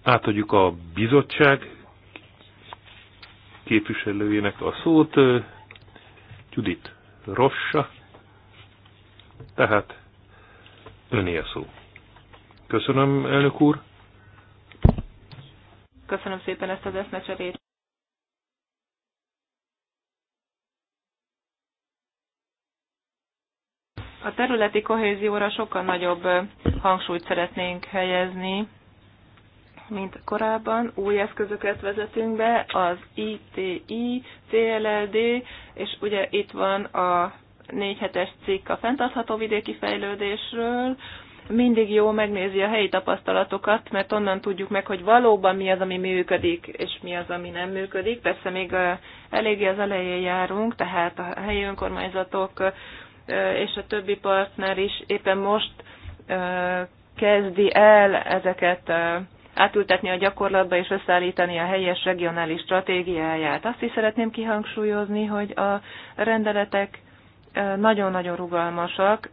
átadjuk a bizottság képviselőjének a szót, Judit Rossa, tehát öné a szó. Köszönöm, elnök úr. Köszönöm szépen ezt az eszmecserét, területi kohézióra sokkal nagyobb hangsúlyt szeretnénk helyezni, mint korábban. Új eszközöket vezetünk be, az ITI, CLLD, és ugye itt van a 4 hetes cikk a fenntartható vidéki fejlődésről, mindig jó megnézi a helyi tapasztalatokat, mert onnan tudjuk meg, hogy valóban mi az, ami működik, és mi az, ami nem működik. Persze még eléggé az elején járunk, tehát a helyi önkormányzatok és a többi partner is éppen most kezdi el ezeket átültetni a gyakorlatba és összeállítani a helyes regionális stratégiáját. Azt is szeretném kihangsúlyozni, hogy a rendeletek nagyon-nagyon rugalmasak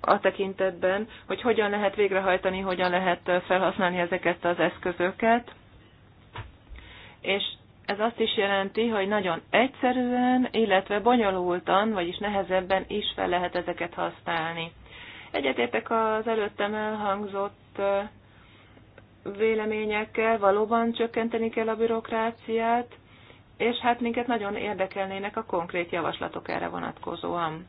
a tekintetben, hogy hogyan lehet végrehajtani, hogyan lehet felhasználni ezeket az eszközöket, és ez azt is jelenti, hogy nagyon egyszerűen, illetve bonyolultan, vagyis nehezebben is fel lehet ezeket használni. Egyetértek az előttem elhangzott véleményekkel, valóban csökkenteni kell a bürokráciát, és hát minket nagyon érdekelnének a konkrét javaslatok erre vonatkozóan.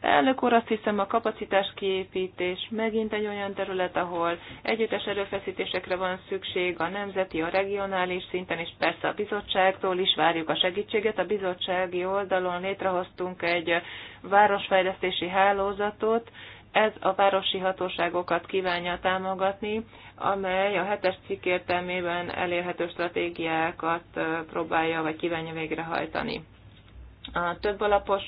Elnök úr, azt hiszem a kapacitás kiépítés megint egy olyan terület, ahol együttes erőfeszítésekre van szükség a nemzeti, a regionális szinten, és persze a bizottságtól is várjuk a segítséget. A bizottsági oldalon létrehoztunk egy városfejlesztési hálózatot, ez a városi hatóságokat kívánja támogatni, amely a hetes cikk értelmében elérhető stratégiákat próbálja vagy kívánja végrehajtani. A több alapos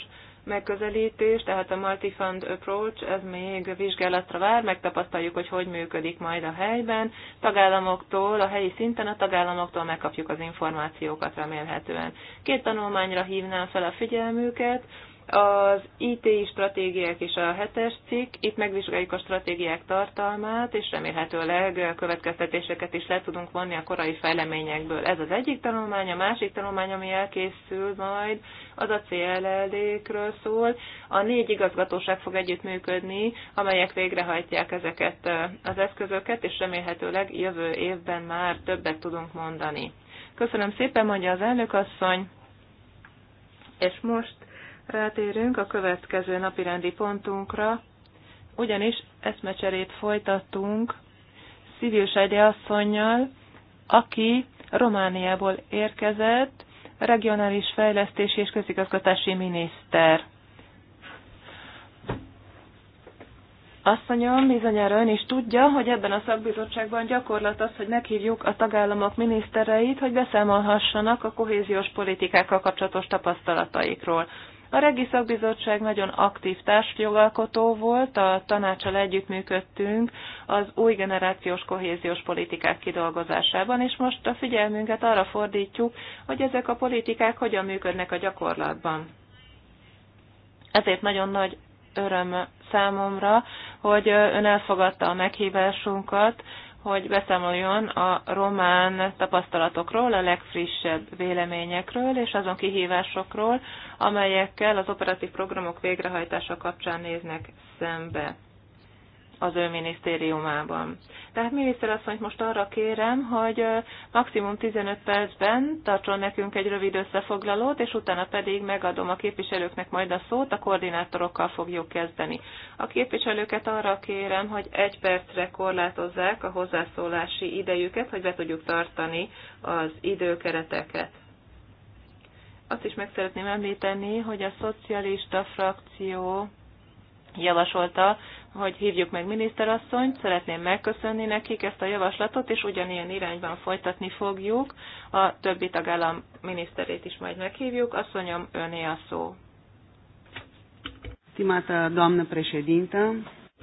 megközelítés, tehát a multifund approach, ez még vizsgálatra vár, megtapasztaljuk, hogy hogy működik majd a helyben. Tagállamoktól, a helyi szinten a tagállamoktól megkapjuk az információkat remélhetően. Két tanulmányra hívnám fel a figyelmüket. Az IT stratégiák és a hetes cikk, itt megvizsgáljuk a stratégiák tartalmát, és remélhetőleg következtetéseket is le tudunk vonni a korai fejleményekből. Ez az egyik tanulmány, a másik tanulmány, ami elkészül majd, az a CLLD-kről szól. A négy igazgatóság fog együttműködni, amelyek végrehajtják ezeket eh, az eszközöket, és remélhetőleg jövő évben már többet tudunk mondani. Köszönöm szépen, mondja az elnök asszony, és most Rátérünk a következő napirendi pontunkra, ugyanis eszmecserét folytattunk Szívius Egyé asszonynal, aki Romániából érkezett, regionális fejlesztési és közigazgatási miniszter. Asszonyom, bizonyára ön is tudja, hogy ebben a szakbizottságban gyakorlat az, hogy meghívjuk a tagállamok minisztereit, hogy beszámolhassanak a kohéziós politikákkal kapcsolatos tapasztalataikról. A Regi Szakbizottság nagyon aktív társjogalkotó volt, a tanácsal együttműködtünk az új generációs kohéziós politikák kidolgozásában, és most a figyelmünket arra fordítjuk, hogy ezek a politikák hogyan működnek a gyakorlatban. Ezért nagyon nagy öröm számomra, hogy ön elfogadta a meghívásunkat, hogy beszámoljon a román tapasztalatokról, a legfrissebb véleményekről és azon kihívásokról, amelyekkel az operatív programok végrehajtása kapcsán néznek szembe az ő minisztériumában. Tehát miniszterasszonyt most arra kérem, hogy maximum 15 percben tartson nekünk egy rövid összefoglalót, és utána pedig megadom a képviselőknek majd a szót, a koordinátorokkal fogjuk kezdeni. A képviselőket arra kérem, hogy egy percre korlátozzák a hozzászólási idejüket, hogy be tudjuk tartani az időkereteket. Azt is meg szeretném említeni, hogy a szocialista frakció javasolta, hogy hívjuk meg miniszterasszonyt, szeretném megköszönni nekik ezt a javaslatot, és ugyanilyen irányban folytatni fogjuk. A többi tagállam miniszterét is majd meghívjuk. Asszonyom, öné a szó. Stimata doamnă președintă.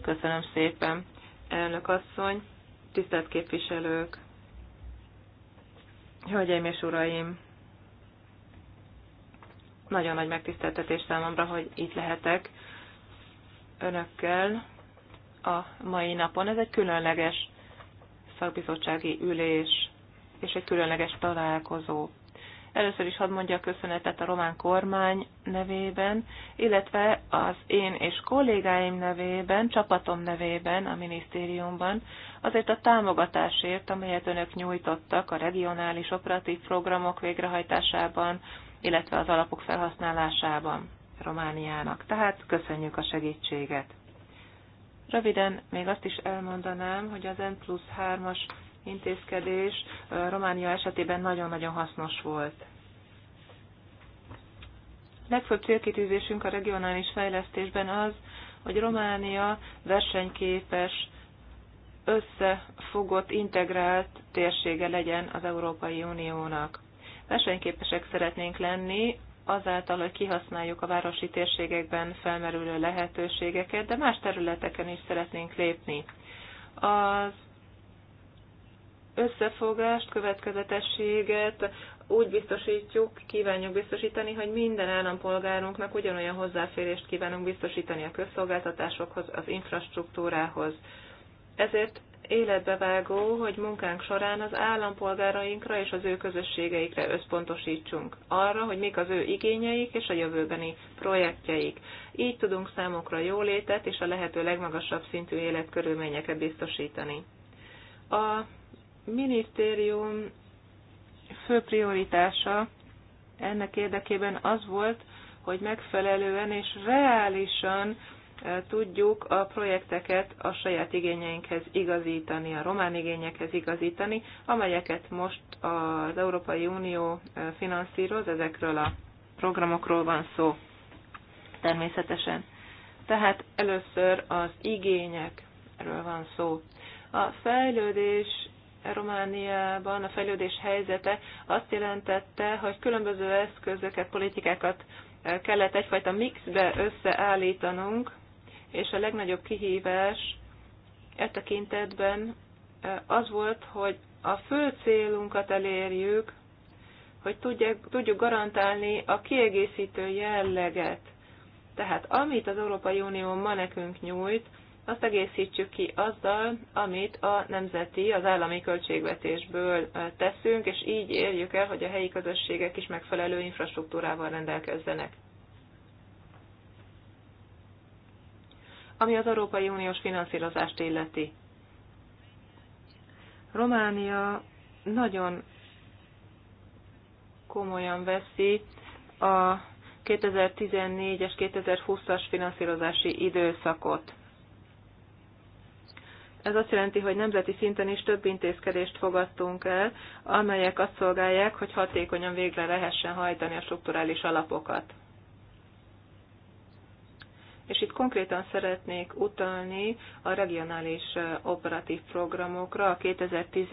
Köszönöm szépen. Elnök asszony, tisztelt képviselők, hölgyeim és uraim, nagyon nagy megtiszteltetés számomra, hogy itt lehetek önökkel, a mai napon. Ez egy különleges szakbizottsági ülés és egy különleges találkozó. Először is hadd mondja a köszönetet a román kormány nevében, illetve az én és kollégáim nevében, csapatom nevében a minisztériumban, azért a támogatásért, amelyet önök nyújtottak a regionális operatív programok végrehajtásában, illetve az alapok felhasználásában Romániának. Tehát köszönjük a segítséget! Röviden még azt is elmondanám, hogy az N plusz 3-as intézkedés Románia esetében nagyon-nagyon hasznos volt. Legfőbb célkitűzésünk a regionális fejlesztésben az, hogy Románia versenyképes, összefogott, integrált térsége legyen az Európai Uniónak. Versenyképesek szeretnénk lenni azáltal, hogy kihasználjuk a városi térségekben felmerülő lehetőségeket, de más területeken is szeretnénk lépni. Az összefogást, következetességet úgy biztosítjuk, kívánjuk biztosítani, hogy minden állampolgárunknak ugyanolyan hozzáférést kívánunk biztosítani a közszolgáltatásokhoz, az infrastruktúrához. Ezért életbevágó, hogy munkánk során az állampolgárainkra és az ő közösségeikre összpontosítsunk, arra, hogy mik az ő igényeik és a jövőbeni projektjeik. Így tudunk számukra jólétet és a lehető legmagasabb szintű életkörülményeket biztosítani. A minisztérium fő prioritása ennek érdekében az volt, hogy megfelelően és reálisan tudjuk a projekteket a saját igényeinkhez igazítani, a román igényekhez igazítani, amelyeket most az Európai Unió finanszíroz, ezekről a programokról van szó természetesen. Tehát először az igényekről van szó. A fejlődés Romániában a fejlődés helyzete azt jelentette, hogy különböző eszközöket, politikákat kellett egyfajta mixbe összeállítanunk, és a legnagyobb kihívás e tekintetben e, az volt, hogy a fő célunkat elérjük, hogy tudják, tudjuk garantálni a kiegészítő jelleget. Tehát amit az Európai Unió ma nekünk nyújt, azt egészítsük ki azzal, amit a nemzeti, az állami költségvetésből e, teszünk, és így érjük el, hogy a helyi közösségek is megfelelő infrastruktúrával rendelkezzenek. ami az Európai Uniós finanszírozást illeti. Románia nagyon komolyan veszi a 2014-es, 2020-as finanszírozási időszakot. Ez azt jelenti, hogy nemzeti szinten is több intézkedést fogadtunk el, amelyek azt szolgálják, hogy hatékonyan végre lehessen hajtani a strukturális alapokat és itt konkrétan szeretnék utalni a regionális operatív programokra a 2010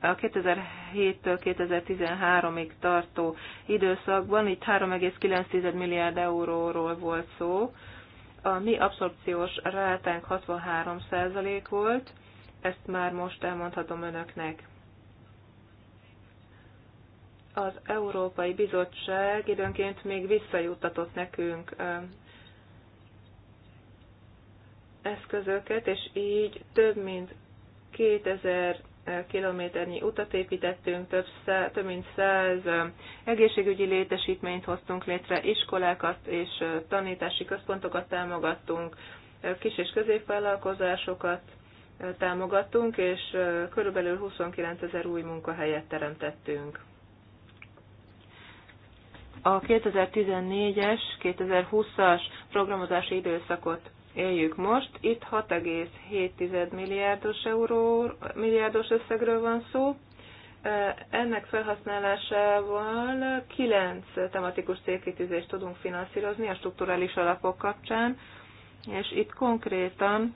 a 2007-től 2013-ig tartó időszakban, itt 3,9 milliárd euróról volt szó, a mi abszorpciós rátánk 63% volt, ezt már most elmondhatom önöknek. Az Európai Bizottság időnként még visszajuttatott nekünk eszközöket, és így több mint 2000 kilométernyi utat építettünk, több, szá, több mint száz egészségügyi létesítményt hoztunk létre, iskolákat és tanítási központokat támogattunk, kis- és középvállalkozásokat támogattunk, és körülbelül 29 ezer új munkahelyet teremtettünk. A 2014-es, 2020-as programozási időszakot éljük most. Itt 6,7 milliárdos, euró, milliárdos összegről van szó. Ennek felhasználásával 9 tematikus célkitűzést tudunk finanszírozni a strukturális alapok kapcsán, és itt konkrétan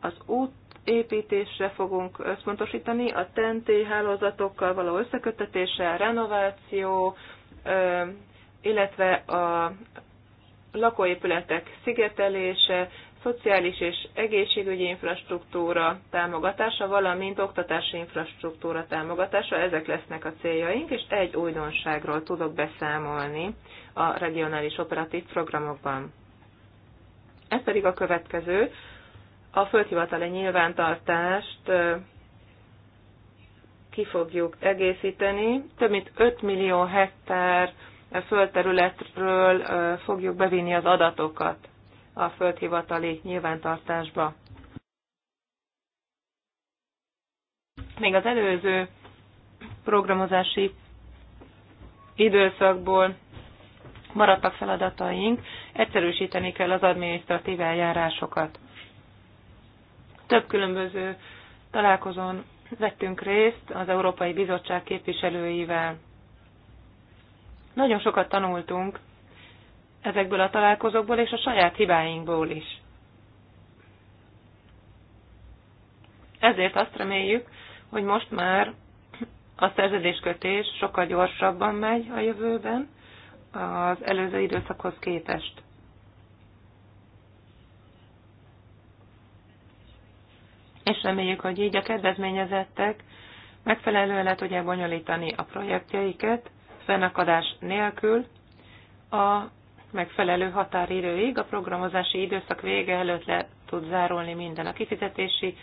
az út építésre fogunk összpontosítani, a TNT hálózatokkal való összekötetése, renováció, illetve a lakóépületek szigetelése, szociális és egészségügyi infrastruktúra támogatása, valamint oktatási infrastruktúra támogatása, ezek lesznek a céljaink, és egy újdonságról tudok beszámolni a regionális operatív programokban. Ez pedig a következő, a földhivatali nyilvántartást ki fogjuk egészíteni. Több mint 5 millió hektár földterületről fogjuk bevinni az adatokat a földhivatali nyilvántartásba. Még az előző programozási időszakból maradtak feladataink, egyszerűsíteni kell az adminisztratív eljárásokat. Több különböző találkozón vettünk részt az Európai Bizottság képviselőivel. Nagyon sokat tanultunk ezekből a találkozókból és a saját hibáinkból is. Ezért azt reméljük, hogy most már a szerződéskötés sokkal gyorsabban megy a jövőben az előző időszakhoz képest. És reméljük, hogy így a kedvezményezettek megfelelően le tudják bonyolítani a projektjeiket, fennakadás nélkül a megfelelő határidőig, a programozási időszak vége előtt le tud zárulni minden. A kifizetési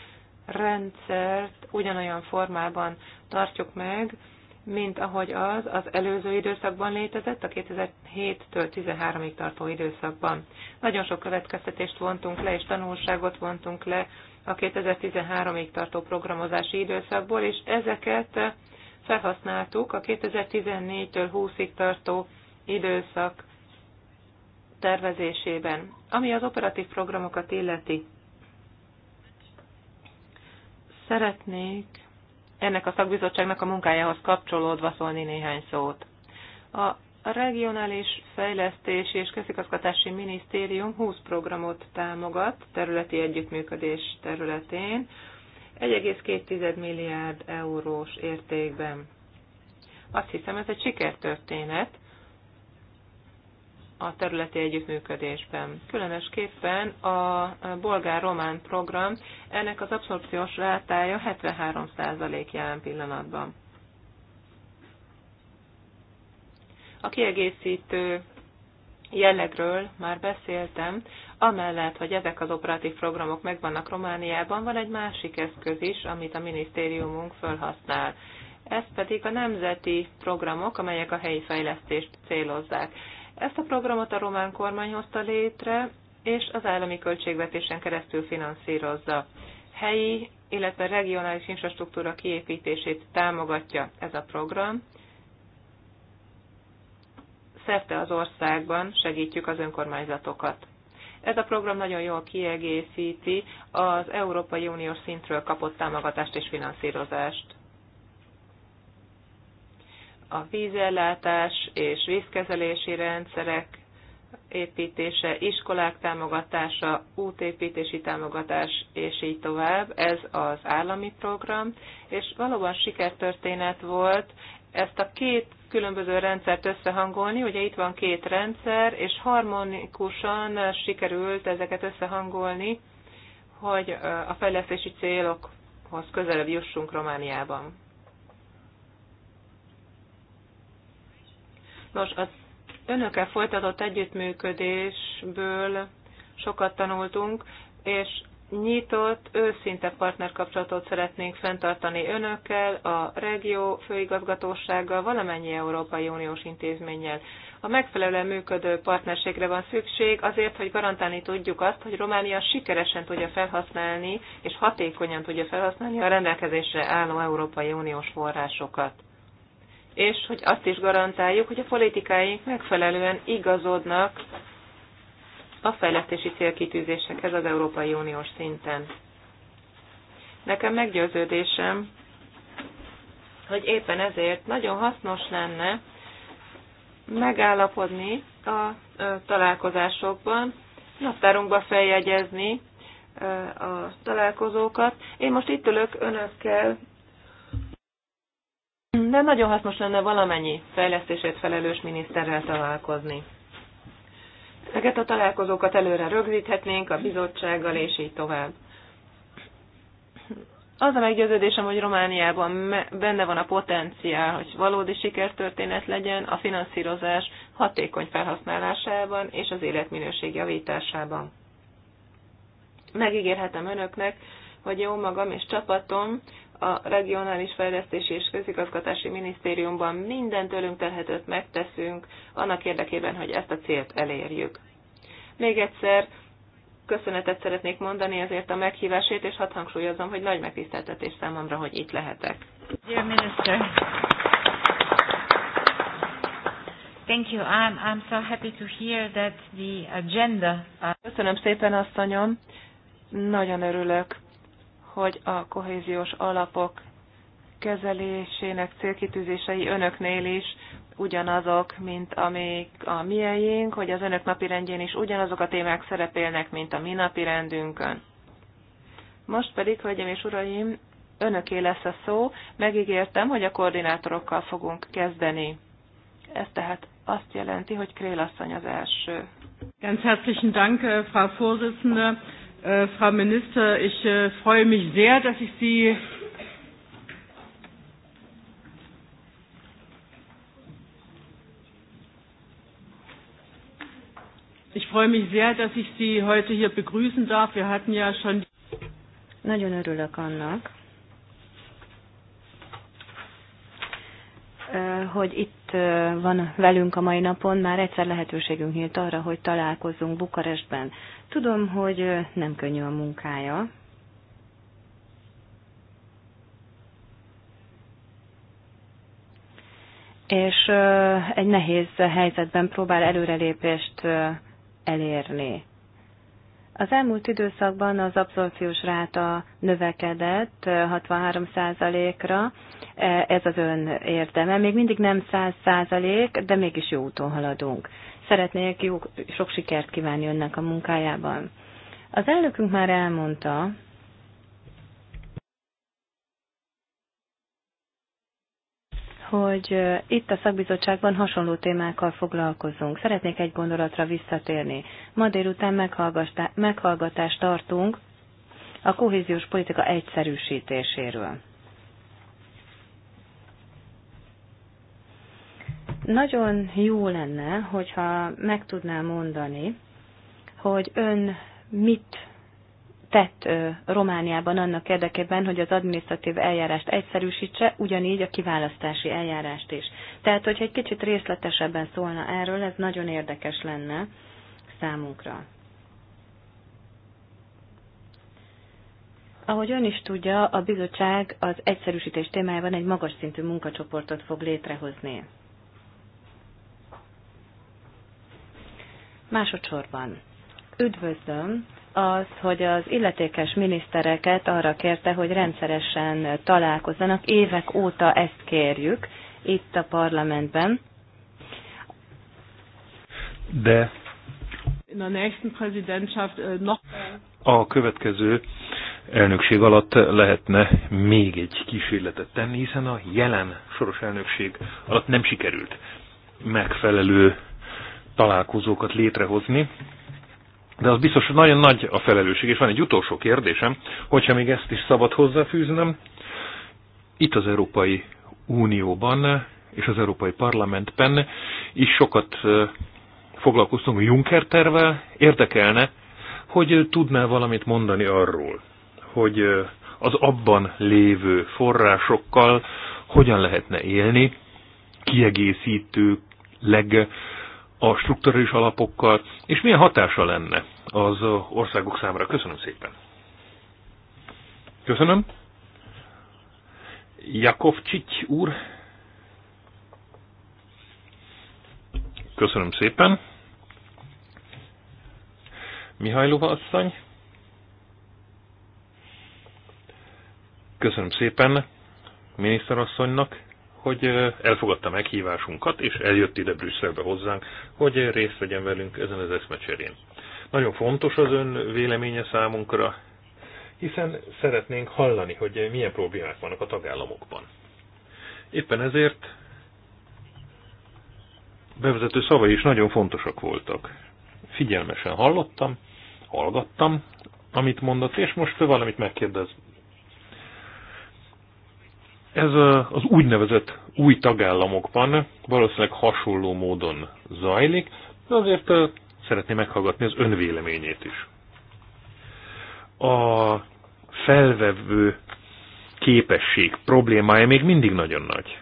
rendszert ugyanolyan formában tartjuk meg, mint ahogy az az előző időszakban létezett, a 2007-től 13-ig tartó időszakban. Nagyon sok következtetést vontunk le, és tanulságot vontunk le a 2013-ig tartó programozási időszakból, és ezeket felhasználtuk a 2014-től 20-ig tartó időszak tervezésében. Ami az operatív programokat illeti, szeretnék ennek a szakbizottságnak a munkájához kapcsolódva szólni néhány szót. A Regionális Fejlesztési és Közigazgatási Minisztérium 20 programot támogat területi együttműködés területén, 1,2 milliárd eurós értékben. Azt hiszem, ez egy sikertörténet, a területi együttműködésben. Különösképpen a bolgár-román program, ennek az abszorpciós rátája 73% jelen pillanatban. A kiegészítő jellegről már beszéltem, amellett, hogy ezek az operatív programok megvannak Romániában, van egy másik eszköz is, amit a minisztériumunk felhasznál. Ez pedig a nemzeti programok, amelyek a helyi fejlesztést célozzák. Ezt a programot a román kormány hozta létre, és az állami költségvetésen keresztül finanszírozza. Helyi, illetve regionális infrastruktúra kiépítését támogatja ez a program. Szerte az országban segítjük az önkormányzatokat. Ez a program nagyon jól kiegészíti az Európai Uniós szintről kapott támogatást és finanszírozást a vízellátás és vízkezelési rendszerek építése, iskolák támogatása, útépítési támogatás, és így tovább. Ez az állami program, és valóban sikertörténet volt ezt a két különböző rendszert összehangolni. Ugye itt van két rendszer, és harmonikusan sikerült ezeket összehangolni, hogy a fejlesztési célokhoz közelebb jussunk Romániában. Nos, az önökkel folytatott együttműködésből sokat tanultunk, és nyitott, őszinte partnerkapcsolatot szeretnénk fenntartani önökkel, a regió főigazgatósággal, valamennyi Európai Uniós intézménnyel. A megfelelően működő partnerségre van szükség azért, hogy garantálni tudjuk azt, hogy Románia sikeresen tudja felhasználni és hatékonyan tudja felhasználni a rendelkezésre álló Európai Uniós forrásokat és hogy azt is garantáljuk, hogy a politikáink megfelelően igazodnak a fejlesztési célkitűzésekhez az Európai Uniós szinten. Nekem meggyőződésem, hogy éppen ezért nagyon hasznos lenne megállapodni a találkozásokban, naptárunkba feljegyezni a találkozókat. Én most itt ülök önökkel de nagyon hasznos lenne valamennyi fejlesztését felelős miniszterrel találkozni. Ezeket a találkozókat előre rögzíthetnénk a bizottsággal, és így tovább. Az a meggyőződésem, hogy Romániában benne van a potenciál, hogy valódi sikertörténet legyen a finanszírozás hatékony felhasználásában és az életminőség javításában. Megígérhetem önöknek, hogy jó magam és csapatom a Regionális Fejlesztési és Közigazgatási Minisztériumban minden tőlünk telhetőt megteszünk annak érdekében, hogy ezt a célt elérjük. Még egyszer köszönetet szeretnék mondani ezért a meghívásért, és hadd hangsúlyozom, hogy nagy megtiszteltetés számomra, hogy itt lehetek. Dear Minister, thank you. I'm, I'm so happy to hear that the agenda... Uh, Köszönöm szépen, asszonyom. Nagyon örülök hogy a kohéziós alapok kezelésének célkitűzései önöknél is ugyanazok, mint amik a miénk, hogy az önök napirendjén is ugyanazok a témák szerepelnek, mint a mi napirendünkön. Most pedig, hölgyeim és uraim, önöké lesz a szó, megígértem, hogy a koordinátorokkal fogunk kezdeni. Ez tehát azt jelenti, hogy Krél asszony az első. Ganz herzlichen Dank, äh, Frau Vorsitzende. Äh, Frau Minister, ich äh, freue mich sehr, dass ich Sie Ich freue mich sehr, dass ich Sie heute hier begrüßen darf. Wir hatten ja schon Nagyon örülök annak, äh, hogy itt äh, van velünk a mai napon, már egyszer lehetőségünk nyílt arra, hogy találkozzunk Bukarestben. Tudom, hogy nem könnyű a munkája. És egy nehéz helyzetben próbál előrelépést elérni. Az elmúlt időszakban az abszorpciós ráta növekedett 63%-ra, e, ez az ön érdeme. Még mindig nem 100%, de mégis jó úton haladunk. Szeretnék jó, sok sikert kívánni önnek a munkájában. Az elnökünk már elmondta, hogy itt a szakbizottságban hasonló témákkal foglalkozunk. Szeretnék egy gondolatra visszatérni. Ma délután meghallgatást tartunk a kohéziós politika egyszerűsítéséről. Nagyon jó lenne, hogyha meg tudná mondani, hogy ön mit tett Romániában annak érdekében, hogy az administratív eljárást egyszerűsítse, ugyanígy a kiválasztási eljárást is. Tehát, hogyha egy kicsit részletesebben szólna erről, ez nagyon érdekes lenne számunkra. Ahogy ön is tudja, a bizottság az egyszerűsítés témájában egy magas szintű munkacsoportot fog létrehozni. Másodszorban üdvözlöm az, hogy az illetékes minisztereket arra kérte, hogy rendszeresen találkozzanak. Évek óta ezt kérjük itt a parlamentben. De äh, a következő elnökség alatt lehetne még egy kísérletet tenni, hiszen a jelen soros elnökség alatt nem sikerült megfelelő találkozókat létrehozni, de az biztos, hogy nagyon nagy a felelősség. És van egy utolsó kérdésem, hogyha még ezt is szabad hozzáfűznem. Itt az Európai Unióban és az Európai Parlamentben is sokat foglalkoztunk Juncker tervel. Érdekelne, hogy tudná valamit mondani arról, hogy az abban lévő forrásokkal hogyan lehetne élni, kiegészítő leg a strukturális alapokkal, és milyen hatása lenne az országok számára. Köszönöm szépen. Köszönöm. Csics úr. Köszönöm szépen. Mihajlova asszony. Köszönöm szépen miniszterasszonynak hogy elfogadta meghívásunkat, és eljött ide Brüsszelbe hozzánk, hogy részt vegyen velünk ezen az eszmecserén. Nagyon fontos az ön véleménye számunkra, hiszen szeretnénk hallani, hogy milyen problémák vannak a tagállamokban. Éppen ezért bevezető szavai is nagyon fontosak voltak. Figyelmesen hallottam, hallgattam, amit mondott, és most valamit megkérdez, ez az úgynevezett új tagállamokban valószínűleg hasonló módon zajlik, de azért szeretném meghallgatni az önvéleményét is. A felvevő képesség problémája még mindig nagyon nagy.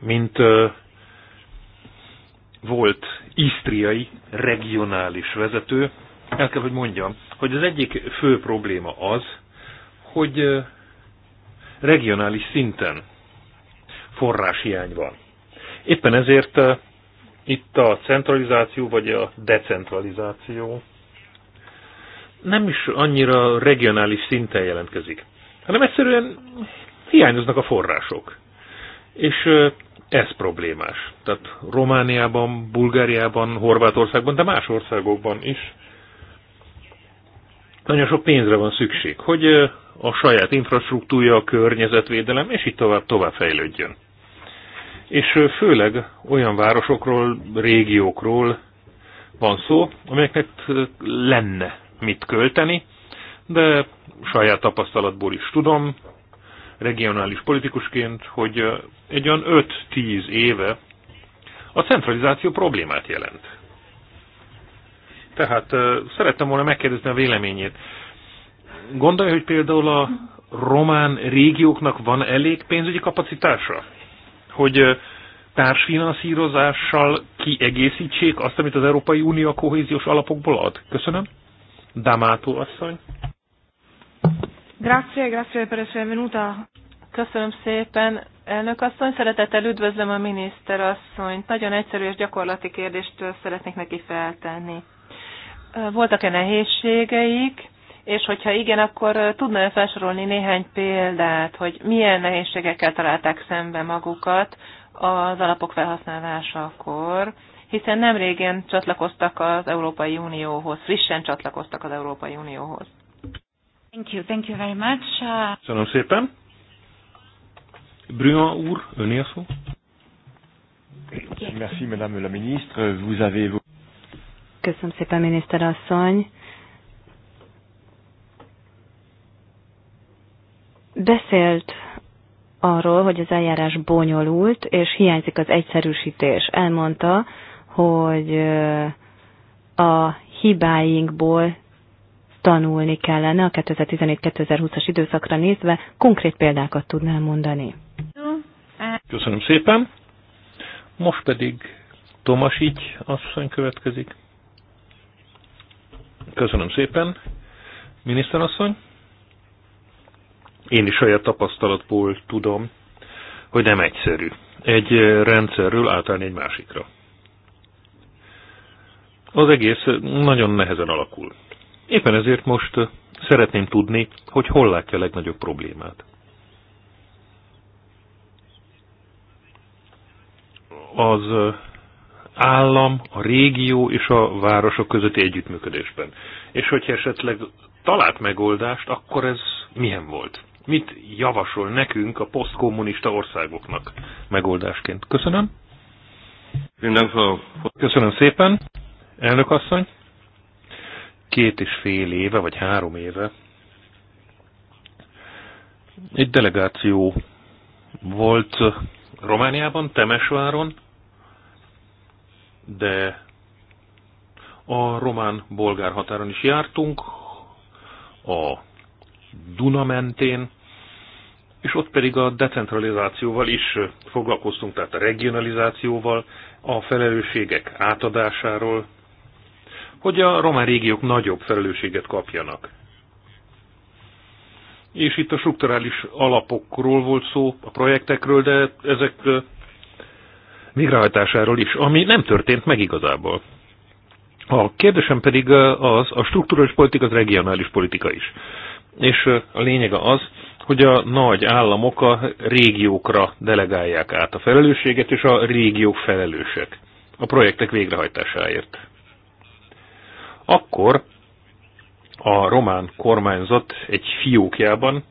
Mint volt isztriai regionális vezető, el kell, hogy mondjam, hogy az egyik fő probléma az, hogy regionális szinten forráshiány van. Éppen ezért eh, itt a centralizáció vagy a decentralizáció nem is annyira regionális szinten jelentkezik, hanem egyszerűen hiányoznak a források. És eh, ez problémás. Tehát Romániában, Bulgáriában, Horvátországban, de más országokban is nagyon sok pénzre van szükség, hogy eh, a saját infrastruktúja, a környezetvédelem, és így tovább, tovább fejlődjön. És főleg olyan városokról, régiókról van szó, amelyeknek lenne mit költeni, de saját tapasztalatból is tudom, regionális politikusként, hogy egy olyan 5-10 éve a centralizáció problémát jelent. Tehát szerettem volna megkérdezni a véleményét. Gondolja, hogy például a román régióknak van elég pénzügyi kapacitása, hogy társfinanszírozással kiegészítsék azt, amit az Európai Unió a kohéziós alapokból ad? Köszönöm. Damátó asszony. Grazie, grazie per essere venuta. Köszönöm szépen, elnök asszony. Szeretettel üdvözlöm a miniszter asszonyt. Nagyon egyszerű és gyakorlati kérdést szeretnék neki feltenni. Voltak-e nehézségeik? és hogyha igen, akkor tudna-e felsorolni néhány példát, hogy milyen nehézségekkel találták szembe magukat az alapok felhasználásakor, hiszen nem régen csatlakoztak az Európai Unióhoz, frissen csatlakoztak az Európai Unióhoz. Thank you, thank you very much. Uh, Köszönöm szépen. Bruna úr, öné a szó. Merci, madame la ministre. Vous avez... Köszönöm szépen, miniszter asszony. Beszélt arról, hogy az eljárás bonyolult, és hiányzik az egyszerűsítés. Elmondta, hogy a hibáinkból tanulni kellene a 2017-2020-as időszakra nézve. Konkrét példákat tudnál mondani. Köszönöm szépen. Most pedig Tomas így asszony következik. Köszönöm szépen. Miniszterasszony én is saját tapasztalatból tudom, hogy nem egyszerű egy eh, rendszerről átállni egy másikra. Az egész eh, nagyon nehezen alakul. Éppen ezért most eh, szeretném tudni, hogy hol látja a legnagyobb problémát. Az állam, a régió és a városok közötti együttműködésben. És hogyha esetleg talált megoldást, akkor ez milyen volt? mit javasol nekünk a posztkommunista országoknak megoldásként. Köszönöm. Köszönöm szépen, elnök asszony. Két és fél éve, vagy három éve egy delegáció volt Romániában, Temesváron, de a román-bolgár határon is jártunk, a Duna mentén, és ott pedig a decentralizációval is foglalkoztunk, tehát a regionalizációval, a felelősségek átadásáról, hogy a román régiók nagyobb felelősséget kapjanak. És itt a strukturális alapokról volt szó, a projektekről, de ezek végrehajtásáról is, ami nem történt meg igazából. A kérdésem pedig az, a strukturális politika, az regionális politika is. És a lényege az, hogy a nagy államok a régiókra delegálják át a felelősséget, és a régiók felelősek a projektek végrehajtásáért. Akkor a román kormányzat egy fiókjában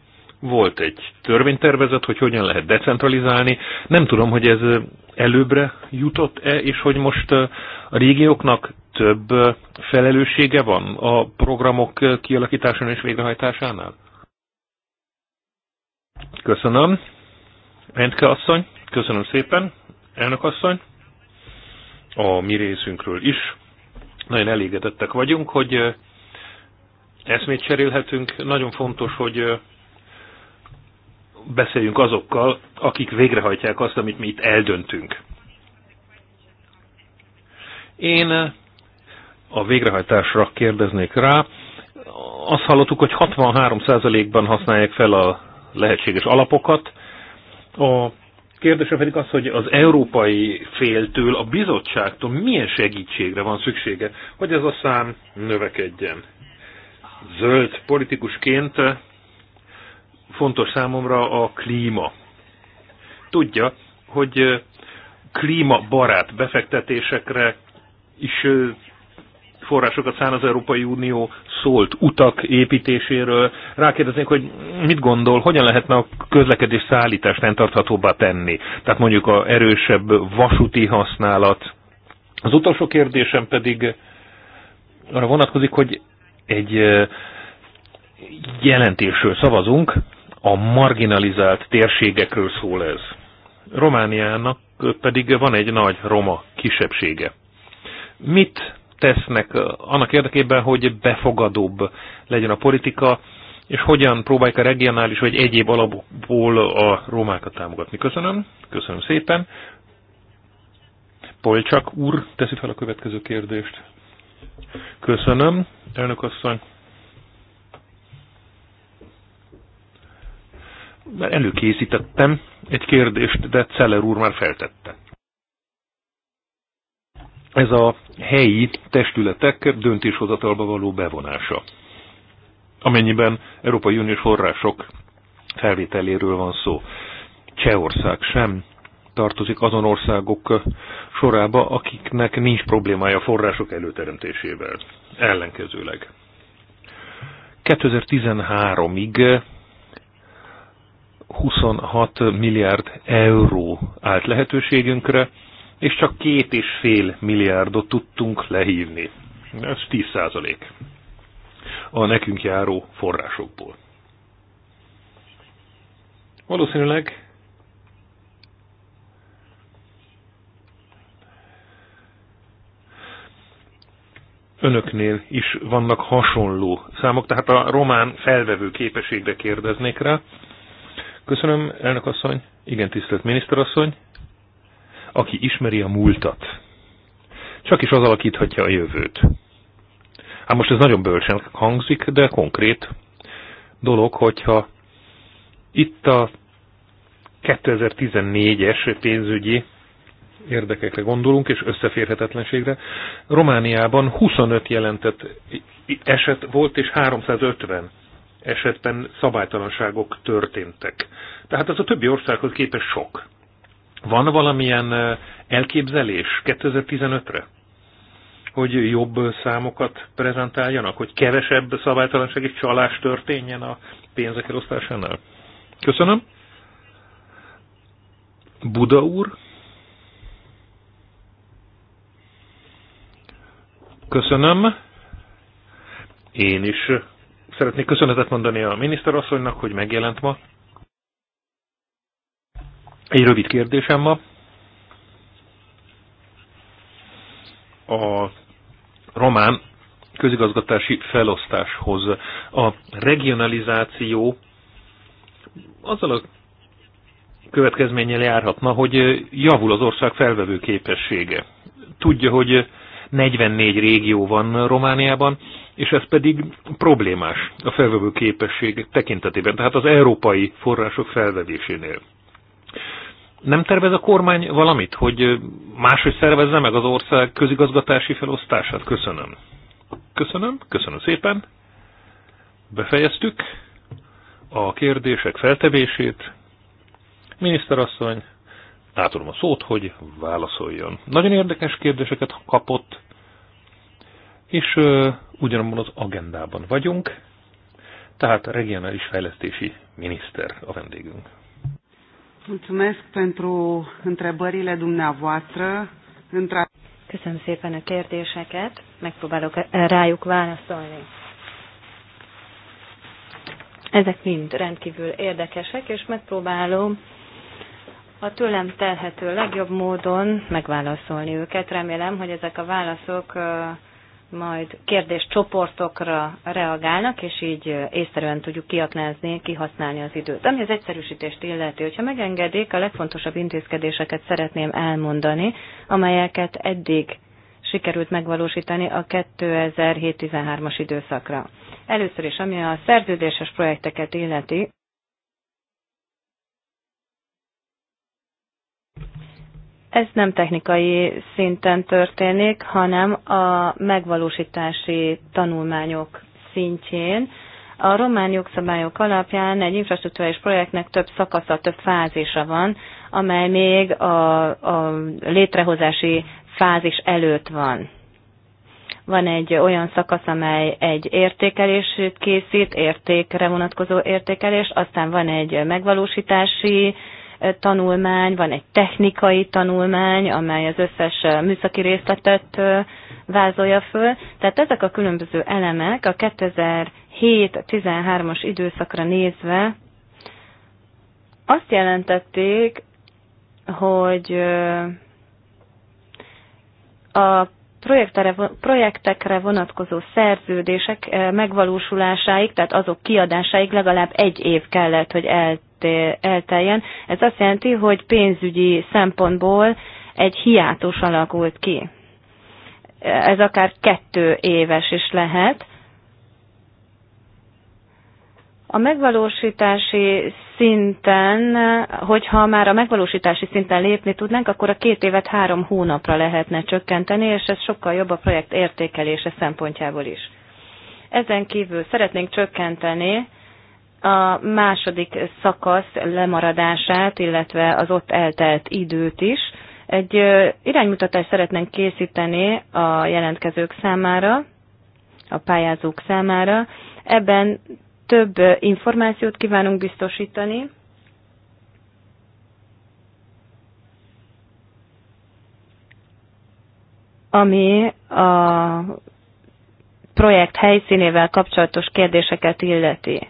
volt egy törvénytervezet, hogy hogyan lehet decentralizálni. Nem tudom, hogy ez előbbre jutott-e, és hogy most a régióknak több felelőssége van a programok kialakításán és végrehajtásánál? Köszönöm. Rendke asszony, köszönöm szépen. Elnök asszony, a mi részünkről is. Nagyon elégedettek vagyunk, hogy eszmét cserélhetünk. Nagyon fontos, hogy beszéljünk azokkal, akik végrehajtják azt, amit mi itt eldöntünk. Én eh, a végrehajtásra kérdeznék rá. Azt hallottuk, hogy 63%-ban használják fel a lehetséges alapokat. A kérdése pedig az, hogy az európai féltől, a bizottságtól milyen segítségre van szüksége, hogy ez a szám növekedjen. Zöld politikusként eh, fontos számomra a klíma. Tudja, hogy klímabarát befektetésekre is forrásokat szán az Európai Unió szólt utak építéséről. Rákérdeznék, hogy mit gondol, hogyan lehetne a közlekedés szállítást fenntarthatóbbá tenni? Tehát mondjuk a erősebb vasúti használat. Az utolsó kérdésem pedig arra vonatkozik, hogy egy jelentésről szavazunk, a marginalizált térségekről szól ez. Romániának pedig van egy nagy roma kisebbsége. Mit tesznek annak érdekében, hogy befogadóbb legyen a politika, és hogyan próbálják a regionális vagy egyéb alapból a romákat támogatni. Köszönöm, köszönöm szépen. Polcsak úr teszi fel a következő kérdést. Köszönöm, elnök asszony. Már előkészítettem egy kérdést, de Celler úr már feltette. Ez a helyi testületek döntéshozatalba való bevonása. Amennyiben Európai Uniós források felvételéről van szó. Csehország sem tartozik azon országok sorába, akiknek nincs problémája források előteremtésével. Ellenkezőleg. 2013-ig 26 milliárd euró állt lehetőségünkre, és csak két és fél milliárdot tudtunk lehívni. Ez 10 százalék a nekünk járó forrásokból. Valószínűleg önöknél is vannak hasonló számok, tehát a román felvevő képességre kérdeznék rá. Köszönöm, elnök asszony. Igen, tisztelt miniszterasszony. Aki ismeri a múltat, csak is az alakíthatja a jövőt. Hát most ez nagyon bölcsen hangzik, de konkrét dolog, hogyha itt a 2014-es pénzügyi érdekekre gondolunk, és összeférhetetlenségre. Romániában 25 jelentett eset volt, és 350 esetben szabálytalanságok történtek. Tehát ez a többi országhoz képest sok. Van valamilyen elképzelés 2015-re? Hogy jobb számokat prezentáljanak? Hogy kevesebb szabálytalanság és csalás történjen a pénzek elosztásánál? Köszönöm. Buda úr. Köszönöm. Én is Szeretnék köszönetet mondani a miniszterasszonynak, hogy megjelent ma. Egy rövid kérdésem ma. A román közigazgatási felosztáshoz. A regionalizáció azzal a következménnyel járhatna, hogy javul az ország felvevő képessége. Tudja, hogy 44 régió van Romániában, és ez pedig problémás a felvevő képesség tekintetében, tehát az európai források felvevésénél. Nem tervez a kormány valamit, hogy máshogy szervezze meg az ország közigazgatási felosztását? Köszönöm. Köszönöm, köszönöm szépen. Befejeztük a kérdések feltevését. Miniszterasszony, átadom a szót, hogy válaszoljon. Nagyon érdekes kérdéseket kapott, és ugyanabban az agendában vagyunk, tehát regionális fejlesztési miniszter a vendégünk. Mulțumesc pentru întrebările dumneavoastră. Între... Köszönöm szépen a kérdéseket, megpróbálok rájuk válaszolni. Ezek mind rendkívül érdekesek, és megpróbálom a tőlem telhető legjobb módon megválaszolni őket. Remélem, hogy ezek a válaszok majd kérdéscsoportokra reagálnak, és így észszerűen tudjuk kiaknázni, kihasználni az időt. Ami az egyszerűsítést illeti, hogyha megengedik, a legfontosabb intézkedéseket szeretném elmondani, amelyeket eddig sikerült megvalósítani a 2007-13-as időszakra. Először is, ami a szerződéses projekteket illeti, Ez nem technikai szinten történik, hanem a megvalósítási tanulmányok szintjén. A román jogszabályok alapján egy infrastruktúrális projektnek több szakasza, több fázisa van, amely még a, a létrehozási fázis előtt van. Van egy olyan szakasz, amely egy értékelését készít, értékre vonatkozó értékelés, aztán van egy megvalósítási tanulmány, van egy technikai tanulmány, amely az összes műszaki részletet vázolja föl. Tehát ezek a különböző elemek a 2007-13-as időszakra nézve azt jelentették, hogy a projektekre vonatkozó szerződések megvalósulásáig, tehát azok kiadásáig legalább egy év kellett, hogy el elteljen. Ez azt jelenti, hogy pénzügyi szempontból egy hiátus alakult ki. Ez akár kettő éves is lehet. A megvalósítási szinten, hogyha már a megvalósítási szinten lépni tudnánk, akkor a két évet három hónapra lehetne csökkenteni, és ez sokkal jobb a projekt értékelése szempontjából is. Ezen kívül szeretnénk csökkenteni a második szakasz lemaradását, illetve az ott eltelt időt is. Egy iránymutatást szeretnénk készíteni a jelentkezők számára, a pályázók számára. Ebben több információt kívánunk biztosítani. ami a projekt helyszínével kapcsolatos kérdéseket illeti.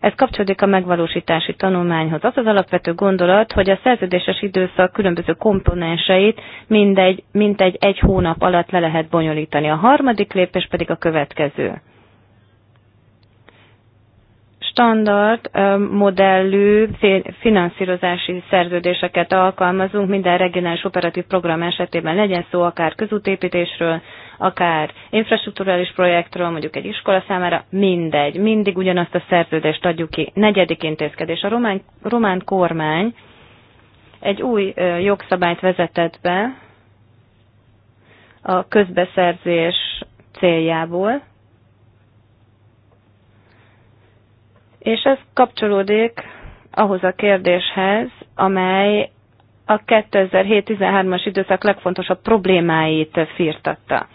Ez kapcsolódik a megvalósítási tanulmányhoz. Az az alapvető gondolat, hogy a szerződéses időszak különböző komponenseit mindegy, mintegy egy hónap alatt le lehet bonyolítani. A harmadik lépés pedig a következő. Standard modellű finanszírozási szerződéseket alkalmazunk minden regionális operatív program esetében, legyen szó akár közútépítésről, akár infrastruktúrális projektről, mondjuk egy iskola számára, mindegy. Mindig ugyanazt a szerződést adjuk ki. Negyedik intézkedés. A román, román kormány egy új jogszabályt vezetett be a közbeszerzés céljából, és ez kapcsolódik ahhoz a kérdéshez, amely a 2007-13-as időszak legfontosabb problémáit firtatta.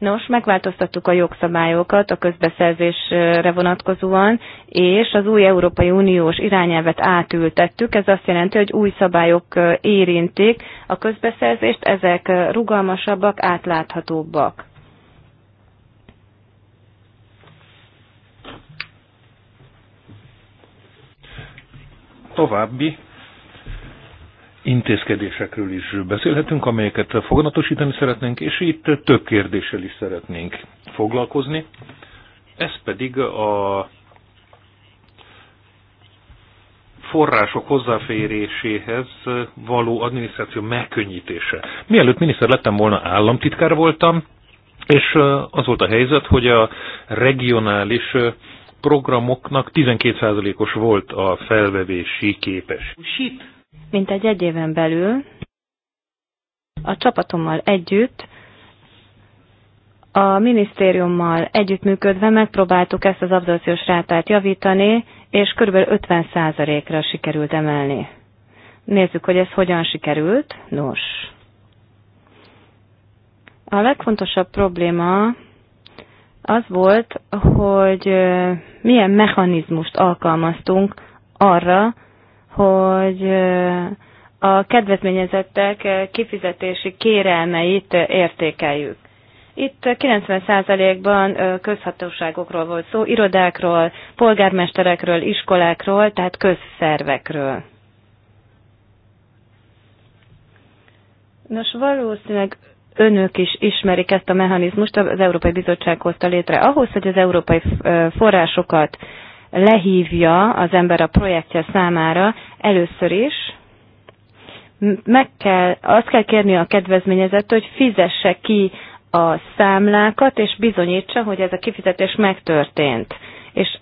Nos, megváltoztattuk a jogszabályokat a közbeszerzésre vonatkozóan, és az új Európai Uniós irányelvet átültettük. Ez azt jelenti, hogy új szabályok érintik a közbeszerzést, ezek rugalmasabbak, átláthatóbbak. További intézkedésekről is beszélhetünk, amelyeket foganatosítani szeretnénk, és itt több kérdéssel is szeretnénk foglalkozni. Ez pedig a források hozzáféréséhez való adminisztráció megkönnyítése. Mielőtt miniszter lettem volna, államtitkár voltam, és az volt a helyzet, hogy a regionális programoknak 12%-os volt a felvevési képes mintegy egy éven belül a csapatommal együtt, a minisztériummal együttműködve megpróbáltuk ezt az abdolciós rátát javítani, és kb. 50%-ra sikerült emelni. Nézzük, hogy ez hogyan sikerült. Nos. A legfontosabb probléma az volt, hogy milyen mechanizmust alkalmaztunk arra, hogy a kedvezményezettek kifizetési kérelmeit értékeljük. Itt 90%-ban közhatóságokról volt szó, irodákról, polgármesterekről, iskolákról, tehát közszervekről. Nos, valószínűleg önök is ismerik ezt a mechanizmust, az Európai Bizottság hozta létre ahhoz, hogy az európai forrásokat lehívja az ember a projektje számára először is, meg kell, azt kell kérni a kedvezményezettől, hogy fizesse ki a számlákat, és bizonyítsa, hogy ez a kifizetés megtörtént. És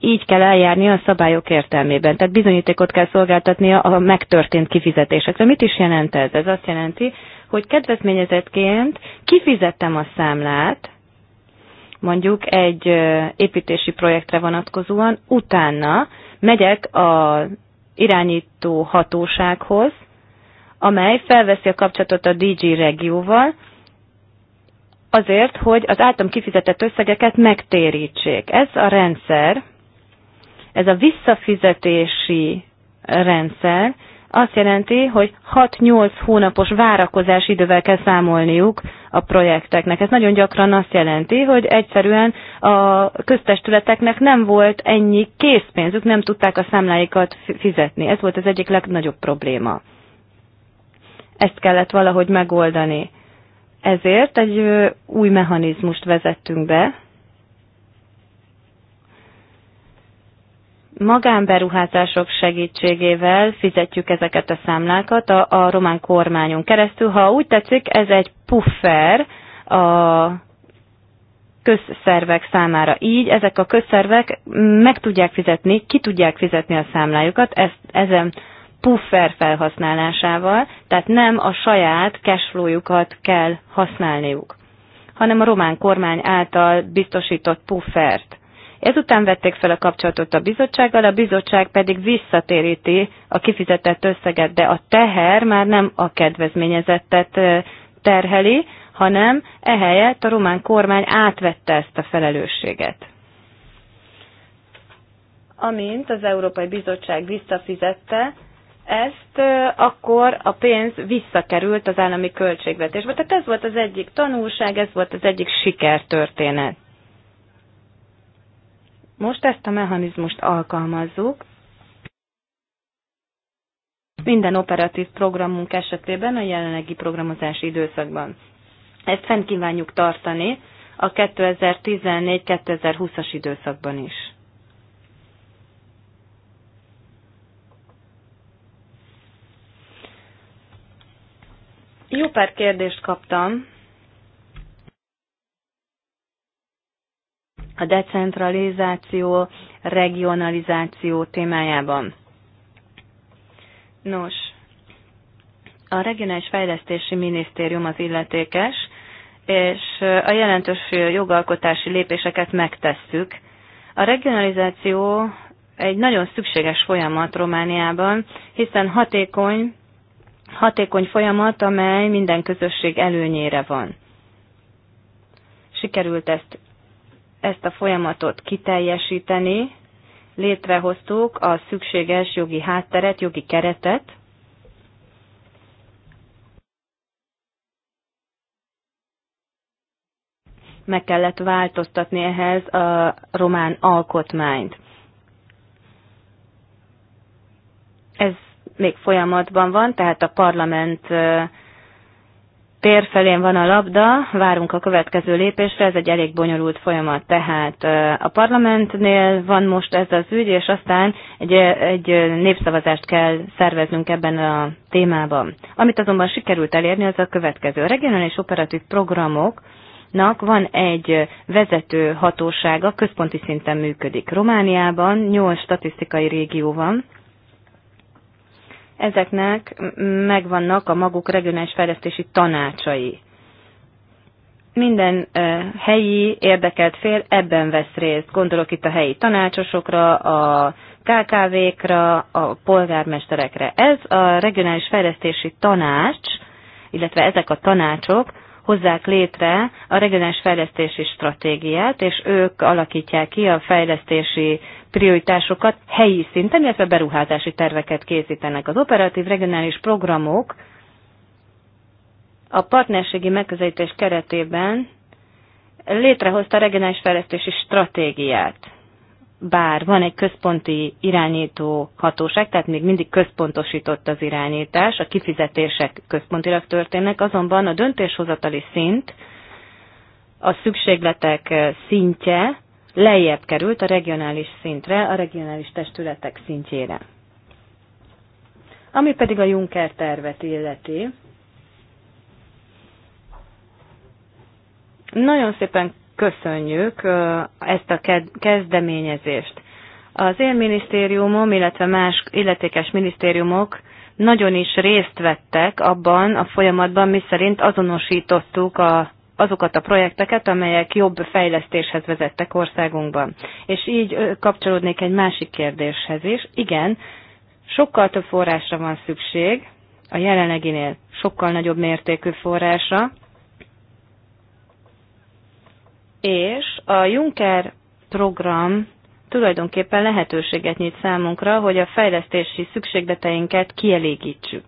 így kell eljárni a szabályok értelmében. Tehát bizonyítékot kell szolgáltatnia a megtörtént kifizetésekre. Mit is jelent ez? Ez azt jelenti, hogy kedvezményezetként kifizettem a számlát, mondjuk egy építési projektre vonatkozóan, utána megyek a irányító hatósághoz, amely felveszi a kapcsolatot a DG regióval, azért, hogy az általam kifizetett összegeket megtérítsék. Ez a rendszer, ez a visszafizetési rendszer azt jelenti, hogy 6-8 hónapos várakozás idővel kell számolniuk a projekteknek. Ez nagyon gyakran azt jelenti, hogy egyszerűen a köztestületeknek nem volt ennyi készpénzük, nem tudták a számláikat fizetni. Ez volt az egyik legnagyobb probléma. Ezt kellett valahogy megoldani. Ezért egy új mechanizmust vezettünk be, magánberuházások segítségével fizetjük ezeket a számlákat a, a román kormányon keresztül. Ha úgy tetszik, ez egy puffer a közszervek számára. Így ezek a közszervek meg tudják fizetni, ki tudják fizetni a számlájukat, ezt, ezen puffer felhasználásával, tehát nem a saját cashflow-jukat kell használniuk, hanem a román kormány által biztosított puffert Ezután vették fel a kapcsolatot a bizottsággal, a bizottság pedig visszatéríti a kifizetett összeget, de a teher már nem a kedvezményezettet terheli, hanem ehelyett a román kormány átvette ezt a felelősséget. Amint az Európai Bizottság visszafizette, ezt, akkor a pénz visszakerült az állami költségvetésbe. Tehát ez volt az egyik tanulság, ez volt az egyik sikertörténet. Most ezt a mechanizmust alkalmazzuk, minden operatív programunk esetében a jelenlegi programozási időszakban. Ezt fent kívánjuk tartani a 2014-2020-as időszakban is. Jó pár kérdést kaptam a decentralizáció, regionalizáció témájában. Nos, a Regionális Fejlesztési Minisztérium az illetékes, és a jelentős jogalkotási lépéseket megtesszük. A regionalizáció egy nagyon szükséges folyamat Romániában, hiszen hatékony, hatékony folyamat, amely minden közösség előnyére van. Sikerült ezt ezt a folyamatot kiteljesíteni, létrehoztuk a szükséges jogi hátteret, jogi keretet, meg kellett változtatni ehhez a román alkotmányt. Ez még folyamatban van, tehát a parlament tér felén van a labda, várunk a következő lépésre, ez egy elég bonyolult folyamat. Tehát a parlamentnél van most ez az ügy, és aztán egy, egy népszavazást kell szerveznünk ebben a témában. Amit azonban sikerült elérni, az a következő. A regionális operatív programok, van egy vezető hatósága, központi szinten működik. Romániában 8 statisztikai régió van, ezeknek megvannak a maguk regionális fejlesztési tanácsai. Minden helyi érdekelt fél ebben vesz részt. Gondolok itt a helyi tanácsosokra, a KKV-kra, a polgármesterekre. Ez a regionális fejlesztési tanács, illetve ezek a tanácsok hozzák létre a regionális fejlesztési stratégiát, és ők alakítják ki a fejlesztési prioritásokat helyi szinten, illetve beruházási terveket készítenek. Az operatív regionális programok a partnerségi megközelítés keretében létrehozta a regionális fejlesztési stratégiát. Bár van egy központi irányító hatóság, tehát még mindig központosított az irányítás, a kifizetések központilag történnek, azonban a döntéshozatali szint, a szükségletek szintje lejjebb került a regionális szintre, a regionális testületek szintjére. Ami pedig a Juncker tervet illeti, nagyon szépen köszönjük ezt a kezdeményezést. Az én minisztériumom, illetve más illetékes minisztériumok nagyon is részt vettek abban a folyamatban, miszerint azonosítottuk a azokat a projekteket, amelyek jobb fejlesztéshez vezettek országunkban. És így kapcsolódnék egy másik kérdéshez is. Igen, sokkal több forrásra van szükség, a jelenleginél sokkal nagyobb mértékű forrásra, és a Juncker program tulajdonképpen lehetőséget nyit számunkra, hogy a fejlesztési szükségleteinket kielégítsük.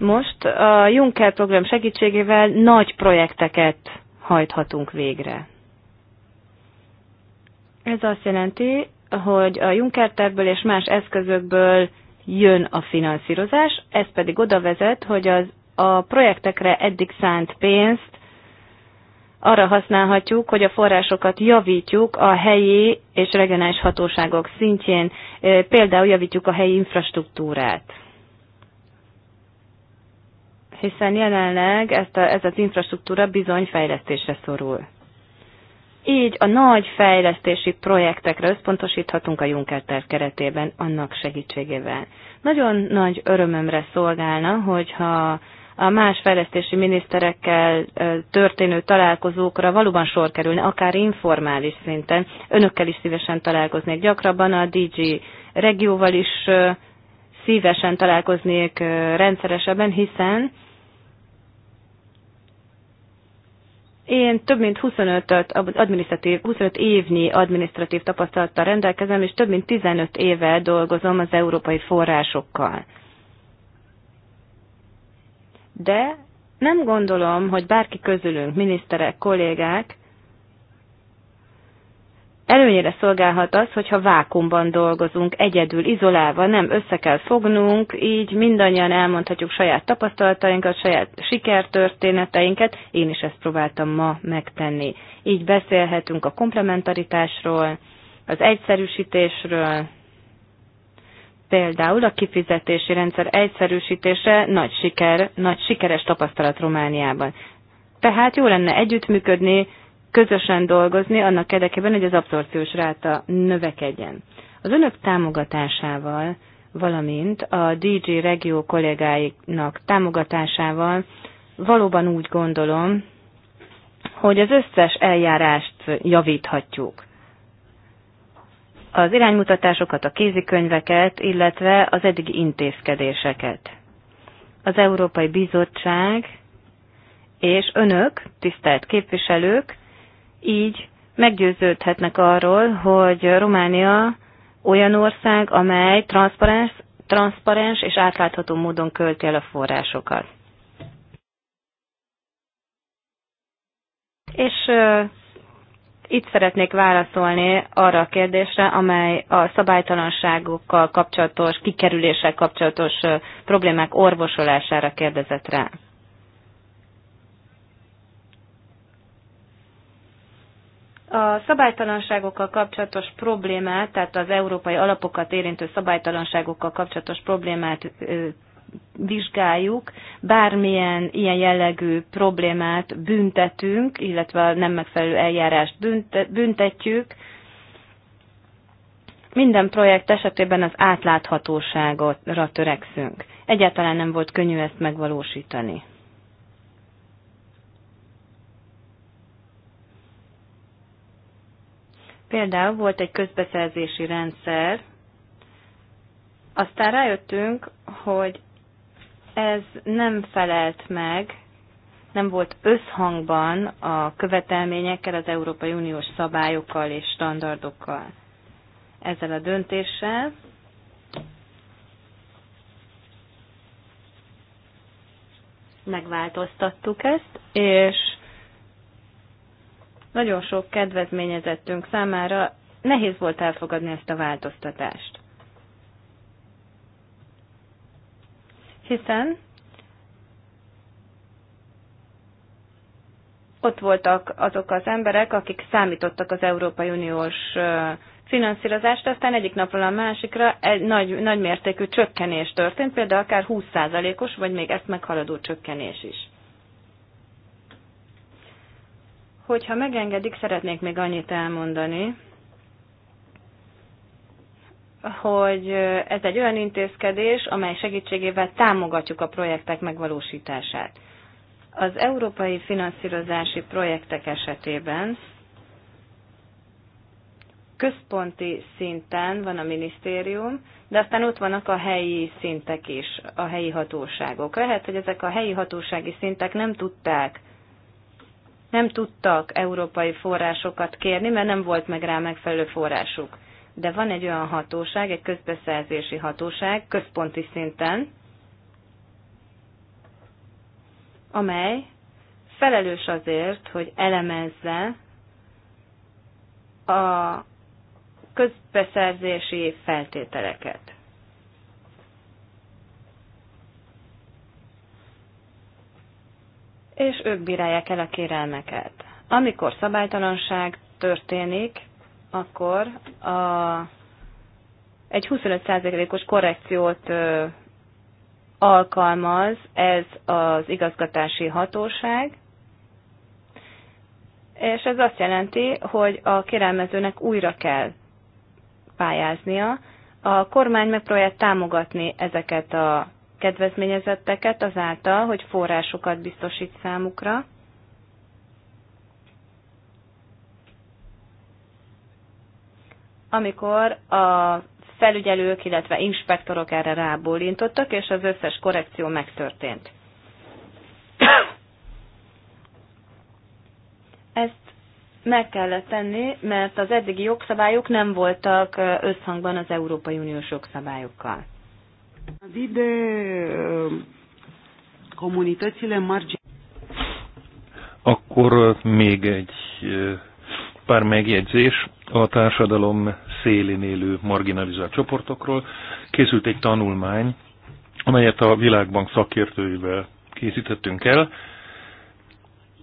Most a Juncker program segítségével nagy projekteket hajthatunk végre. Ez azt jelenti, hogy a Juncker tervből és más eszközökből jön a finanszírozás, ez pedig oda vezet, hogy az, a projektekre eddig szánt pénzt arra használhatjuk, hogy a forrásokat javítjuk a helyi és regionális hatóságok szintjén, például javítjuk a helyi infrastruktúrát hiszen jelenleg ezt a, ez az infrastruktúra bizony fejlesztésre szorul. Így a nagy fejlesztési projektekre összpontosíthatunk a Juncker terv keretében annak segítségével. Nagyon nagy örömömre szolgálna, hogyha a más fejlesztési miniszterekkel történő találkozókra valóban sor kerülne, akár informális szinten. Önökkel is szívesen találkoznék gyakrabban, a DG regióval is szívesen találkoznék rendszeresebben, hiszen Én több mint 25, adminisztratív, 25 évnyi adminisztratív tapasztalattal rendelkezem, és több mint 15 éve dolgozom az európai forrásokkal. De nem gondolom, hogy bárki közülünk, miniszterek, kollégák Előnyére szolgálhat az, hogyha vákumban dolgozunk, egyedül, izolálva, nem össze kell fognunk, így mindannyian elmondhatjuk saját tapasztalatainkat, saját sikertörténeteinket. Én is ezt próbáltam ma megtenni. Így beszélhetünk a komplementaritásról, az egyszerűsítésről, Például a kifizetési rendszer egyszerűsítése nagy siker, nagy sikeres tapasztalat Romániában. Tehát jó lenne együttműködni, közösen dolgozni annak érdekében, hogy az abszorciós ráta növekedjen. Az önök támogatásával, valamint a DJ Regió kollégáiknak támogatásával valóban úgy gondolom, hogy az összes eljárást javíthatjuk. Az iránymutatásokat, a kézikönyveket, illetve az eddigi intézkedéseket. Az Európai Bizottság és önök, tisztelt képviselők, így meggyőződhetnek arról, hogy Románia olyan ország, amely transzparens, transzparens és átlátható módon költi el a forrásokat. És uh, itt szeretnék válaszolni arra a kérdésre, amely a szabálytalanságokkal kapcsolatos, kikerüléssel kapcsolatos uh, problémák orvosolására kérdezett rá. a szabálytalanságokkal kapcsolatos problémát, tehát az európai alapokat érintő szabálytalanságokkal kapcsolatos problémát vizsgáljuk, bármilyen ilyen jellegű problémát büntetünk, illetve a nem megfelelő eljárást büntetjük. Minden projekt esetében az átláthatóságra törekszünk. Egyáltalán nem volt könnyű ezt megvalósítani. Például volt egy közbeszerzési rendszer, aztán rájöttünk, hogy ez nem felelt meg, nem volt összhangban a követelményekkel, az Európai Uniós szabályokkal és standardokkal. Ezzel a döntéssel megváltoztattuk ezt, és nagyon sok kedvezményezettünk számára nehéz volt elfogadni ezt a változtatást. Hiszen ott voltak azok az emberek, akik számítottak az Európai Uniós finanszírozást, aztán egyik napról a másikra egy nagy, nagy mértékű csökkenés történt, például akár 20%-os, vagy még ezt meghaladó csökkenés is. Hogyha megengedik, szeretnék még annyit elmondani, hogy ez egy olyan intézkedés, amely segítségével támogatjuk a projektek megvalósítását. Az európai finanszírozási projektek esetében központi szinten van a minisztérium, de aztán ott vannak a helyi szintek is, a helyi hatóságok. Lehet, hogy ezek a helyi hatósági szintek nem tudták nem tudtak európai forrásokat kérni, mert nem volt meg rá megfelelő forrásuk. De van egy olyan hatóság, egy közbeszerzési hatóság, központi szinten, amely felelős azért, hogy elemezze a közbeszerzési feltételeket. és ők bírálják el a kérelmeket. Amikor szabálytalanság történik, akkor a, egy 25%-os korrekciót ö, alkalmaz ez az igazgatási hatóság, és ez azt jelenti, hogy a kérelmezőnek újra kell pályáznia. A kormány megpróbálja támogatni ezeket a kedvezményezetteket azáltal, hogy forrásokat biztosít számukra. Amikor a felügyelők, illetve inspektorok erre rábólintottak, és az összes korrekció megtörtént. Ezt meg kellett tenni, mert az eddigi jogszabályok nem voltak összhangban az Európai Uniós jogszabályokkal. De uh, comunitățile margini. Akkor uh, még egy uh, pár megjegyzés a társadalom szélén élő marginalizált csoportokról. Készült egy tanulmány, amelyet a Világbank szakértőivel készítettünk el.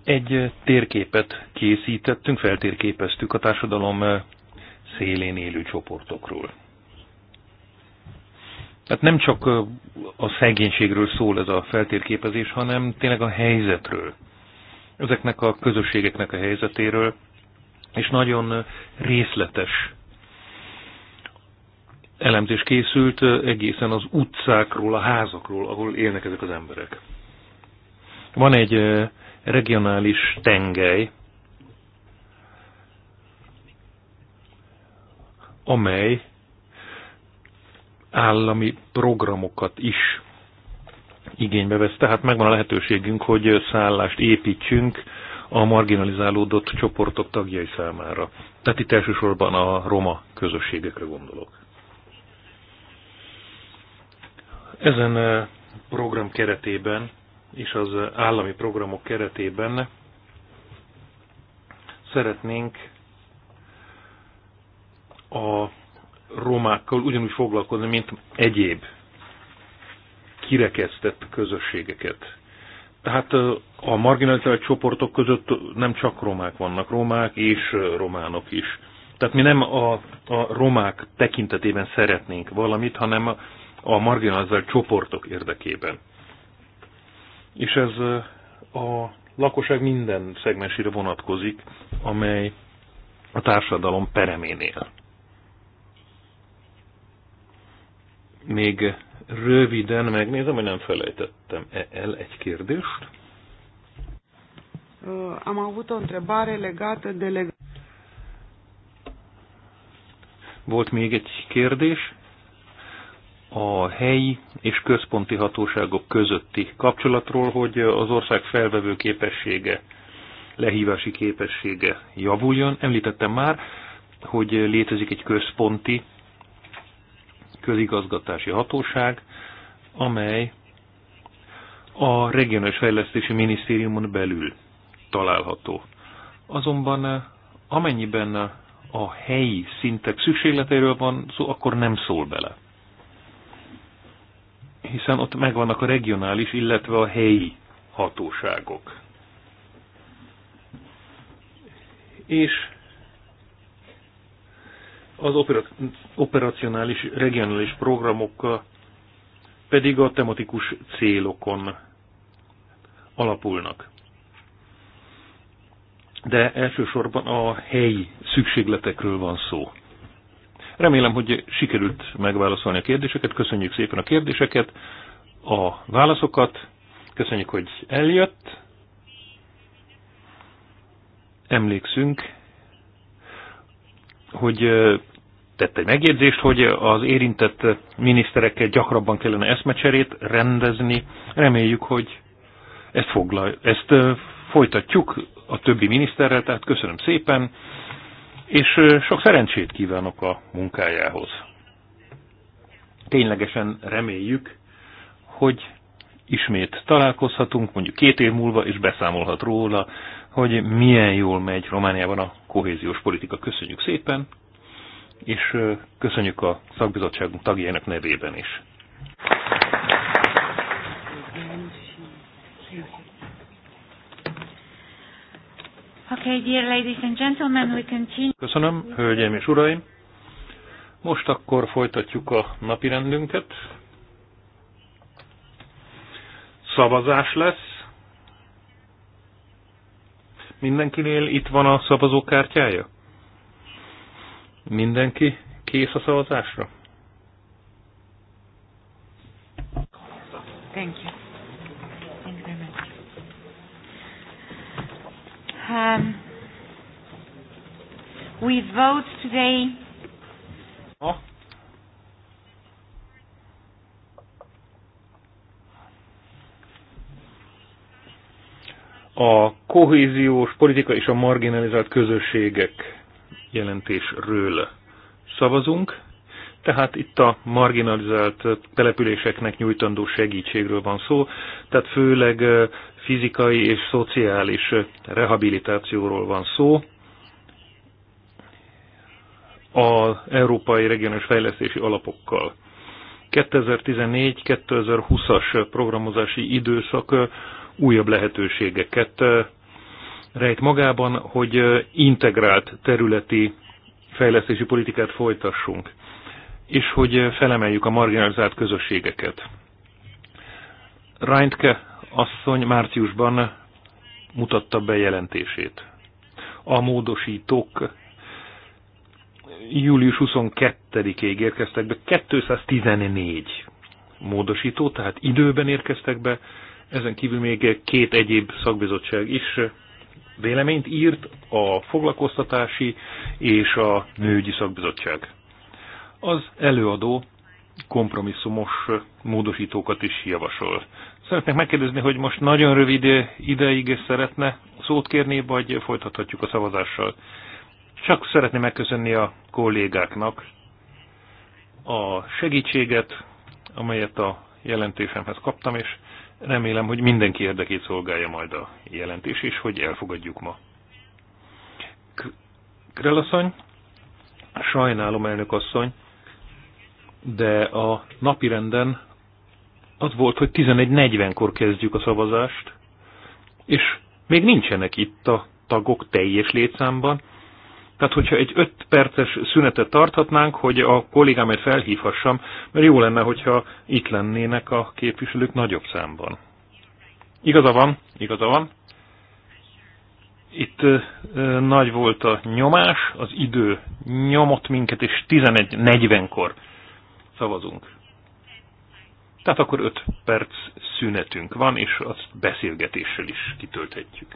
Egy térképet készítettünk, feltérképeztük a társadalom szélén élő csoportokról. Tehát nem csak a szegénységről szól ez a feltérképezés, hanem tényleg a helyzetről. Ezeknek a közösségeknek a helyzetéről, és nagyon részletes elemzés készült egészen az utcákról, a házakról, ahol élnek ezek az emberek. Van egy regionális tengely, amely állami programokat is igénybe vesz. Tehát megvan a lehetőségünk, hogy szállást építsünk a marginalizálódott csoportok tagjai számára. Tehát itt elsősorban a roma közösségekre gondolok. Ezen eh, program keretében és az állami programok keretében szeretnénk a romákkal ugyanúgy foglalkozni, mint egyéb kirekesztett közösségeket. Tehát a marginalizált csoportok között nem csak romák vannak, romák és románok is. Tehát mi nem a, a romák tekintetében szeretnénk valamit, hanem a, marginalizált csoportok érdekében. És ez a lakosság minden szegmensére vonatkozik, amely a társadalom pereménél. Még röviden megnézem, hogy nem felejtettem -e el egy kérdést. Am avut o întrebare legată de leg Volt még egy kérdés. A helyi és központi hatóságok közötti kapcsolatról, hogy az ország felvevő képessége, lehívási képessége javuljon. Említettem már, hogy létezik egy központi közigazgatási hatóság, amely a regionális fejlesztési minisztériumon belül található. Azonban eh, amennyiben a helyi szintek szükségleteiről van szó, akkor nem szól bele. Hiszen ott megvannak a regionális, illetve a helyi hatóságok. És az operacionális regionális programok pedig a tematikus célokon alapulnak. De elsősorban a helyi szükségletekről van szó. Remélem, hogy sikerült megválaszolni a kérdéseket. Köszönjük szépen a kérdéseket, a válaszokat. Köszönjük, hogy eljött. Emlékszünk, hogy tett egy megjegyzést, hogy az érintett miniszterekkel gyakrabban kellene eszmecserét rendezni. Reméljük, hogy ezt, foglal, ezt folytatjuk a többi miniszterrel, tehát köszönöm szépen, és sok szerencsét kívánok a munkájához. Ténylegesen reméljük, hogy ismét találkozhatunk, mondjuk két év múlva, és beszámolhat róla, hogy milyen jól megy Romániában a kohéziós politika. Köszönjük szépen, és köszönjük a szakbizottságunk tagjainak nevében is. Okay, dear ladies and gentlemen, we continue. Köszönöm, hölgyeim és uraim. Most akkor folytatjuk a napi rendünket. Szavazás lesz. Mindenkinél itt van a szavazókártyája? Mindenki kész a szavazásra? Thank you. Thank you very much. Um, we vote today. Oh. A kohéziós politika és a marginalizált közösségek jelentésről szavazunk. Tehát itt a marginalizált településeknek nyújtandó segítségről van szó, tehát főleg fizikai és szociális rehabilitációról van szó. Az Európai Regionális Fejlesztési Alapokkal. 2014-2020-as programozási időszak újabb lehetőségeket rejt magában, hogy integrált területi fejlesztési politikát folytassunk, és hogy felemeljük a marginalizált közösségeket. Reintke asszony márciusban mutatta be jelentését. A módosítók július 22-ig érkeztek be, 214 módosító, tehát időben érkeztek be, ezen kívül még két egyéb szakbizottság is véleményt írt a foglalkoztatási és a nőgyi szakbizottság. Az előadó kompromisszumos módosítókat is javasol. Szeretnék megkérdezni, hogy most nagyon rövid ideig szeretne szót kérni, vagy folytathatjuk a szavazással. Csak szeretném megköszönni a kollégáknak a segítséget, amelyet a jelentésemhez kaptam, és Remélem, hogy mindenki érdekét szolgálja majd a jelentés, és hogy elfogadjuk ma. Krelaszony, sajnálom elnök asszony, de a napirenden az volt, hogy 11.40-kor kezdjük a szavazást, és még nincsenek itt a tagok teljes létszámban, tehát, hogyha egy öt perces szünetet tarthatnánk, hogy a kollégámért felhívhassam, mert jó lenne, hogyha itt lennének a képviselők nagyobb számban. Igaza van, igaza van. Itt ö, ö, nagy volt a nyomás, az idő nyomott minket, és 11.40-kor szavazunk. Tehát akkor 5 perc szünetünk van, és azt beszélgetéssel is kitölthetjük.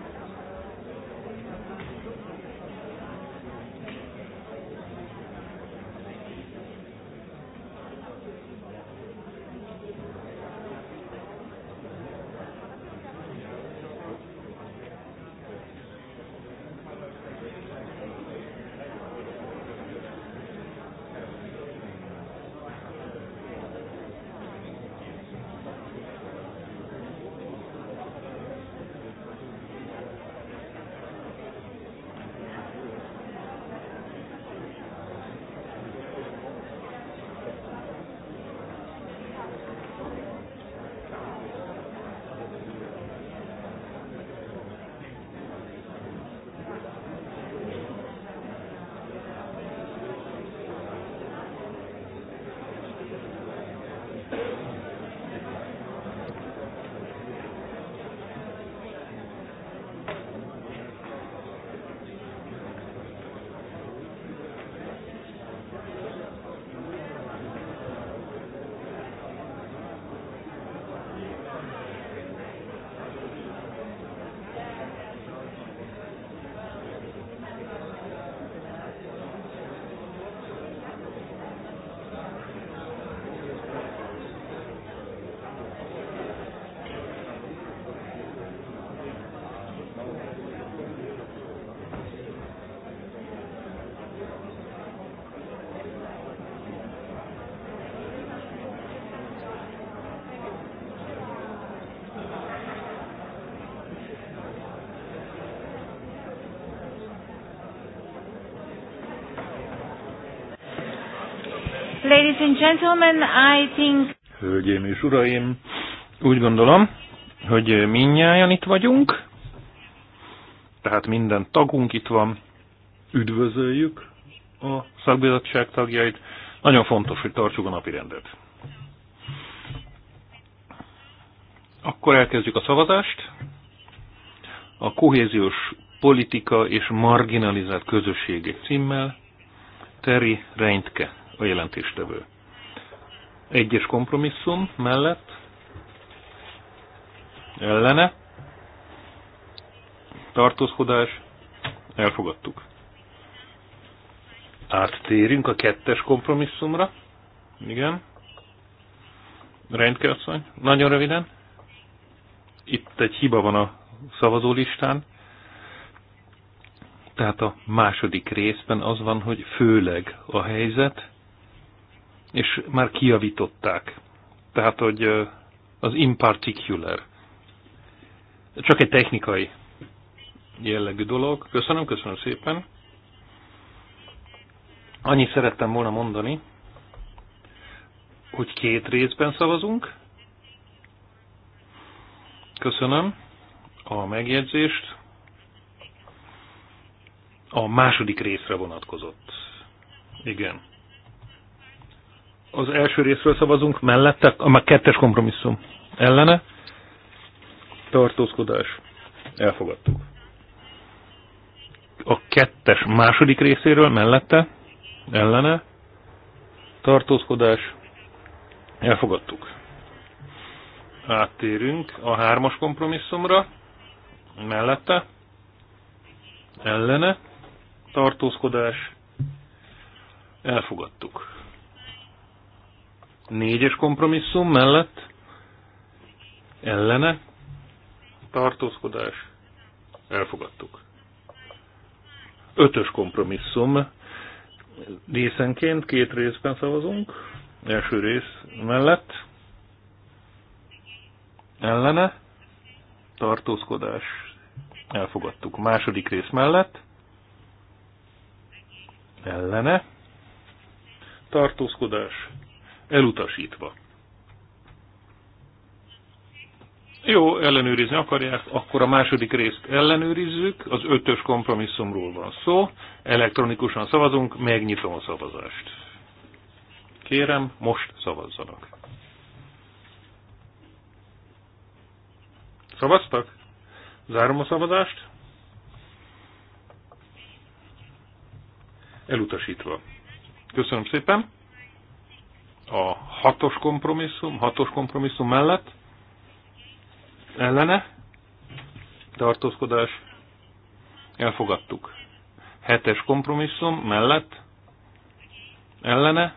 Ladies and gentlemen, I think... Hölgyeim és uraim, úgy gondolom, hogy minnyáján itt vagyunk, tehát minden tagunk itt van, üdvözöljük a szakbizottság tagjait. Nagyon fontos, hogy tartsuk a napi rendet. Akkor elkezdjük a szavazást. A kohéziós politika és marginalizált közösségek címmel Terry Reintke a jelentéstevő. Egyes kompromisszum mellett ellene tartózkodás elfogadtuk. Áttérünk a kettes kompromisszumra. Igen. Rendkerasszony, nagyon röviden. Itt egy hiba van a szavazólistán. Tehát a második részben az van, hogy főleg a helyzet, és már kijavították. Tehát, hogy az in particular. Csak egy technikai jellegű dolog. Köszönöm, köszönöm szépen. Annyit szerettem volna mondani, hogy két részben szavazunk. Köszönöm a megjegyzést. A második részre vonatkozott. Igen az első részről szavazunk, mellette a már kettes kompromisszum. Ellene tartózkodás. Elfogadtuk. A kettes második részéről mellette ellene tartózkodás. Elfogadtuk. Áttérünk a hármas kompromisszumra. Mellette ellene tartózkodás. Elfogadtuk Négyes kompromisszum mellett ellene tartózkodás elfogadtuk. Ötös kompromisszum részenként két részben szavazunk. Első rész mellett ellene tartózkodás elfogadtuk. Második rész mellett ellene tartózkodás elutasítva. Jó, ellenőrizni akarják, akkor a második részt ellenőrizzük, az ötös kompromisszumról van szó, elektronikusan szavazunk, megnyitom a szavazást. Kérem, most szavazzanak. Szavaztak? Zárom a szavazást. Elutasítva. Köszönöm szépen a hatos kompromisszum, hatos kompromisszum mellett, ellene, tartózkodás, elfogadtuk. Hetes kompromisszum mellett, ellene,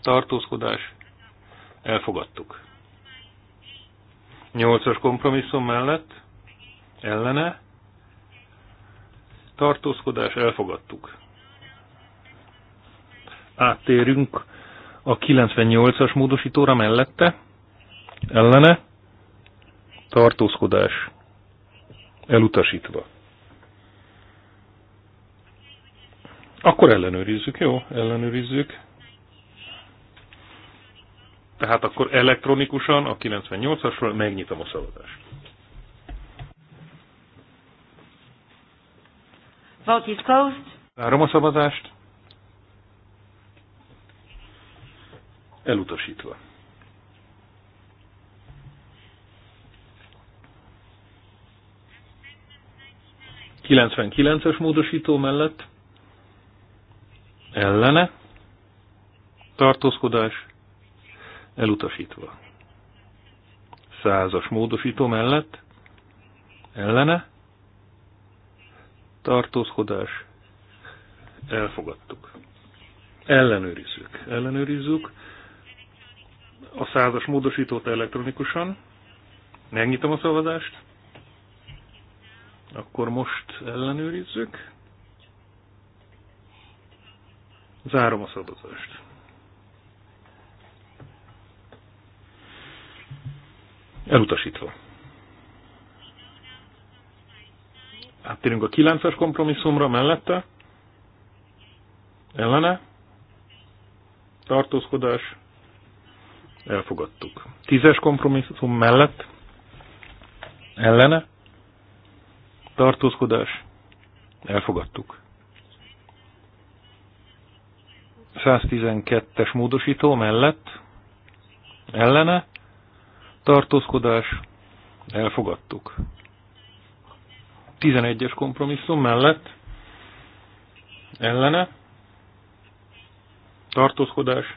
tartózkodás, elfogadtuk. Nyolcas kompromisszum mellett, ellene, tartózkodás, elfogadtuk. Áttérünk a 98-as módosítóra mellette, ellene, tartózkodás elutasítva. Akkor ellenőrizzük, jó? Ellenőrizzük. Tehát akkor elektronikusan a 98-asról megnyitom a szavazást. Vote is closed. Zárom a szavazást. elutasítva. Kilencvenkilences módosító mellett ellene tartózkodás elutasítva. Százas módosító mellett ellene tartózkodás elfogadtuk. Ellenőrizzük. Ellenőrizzük a százas módosítót elektronikusan. Megnyitom a szavazást. Akkor most ellenőrizzük. Zárom a szavazást. Elutasítva. Áttérünk a 9-es kompromisszumra mellette. Ellene. Tartózkodás elfogadtuk. Tízes kompromisszum mellett ellene tartózkodás elfogadtuk. 112-es módosító mellett ellene tartózkodás elfogadtuk. 11-es kompromisszum mellett ellene tartózkodás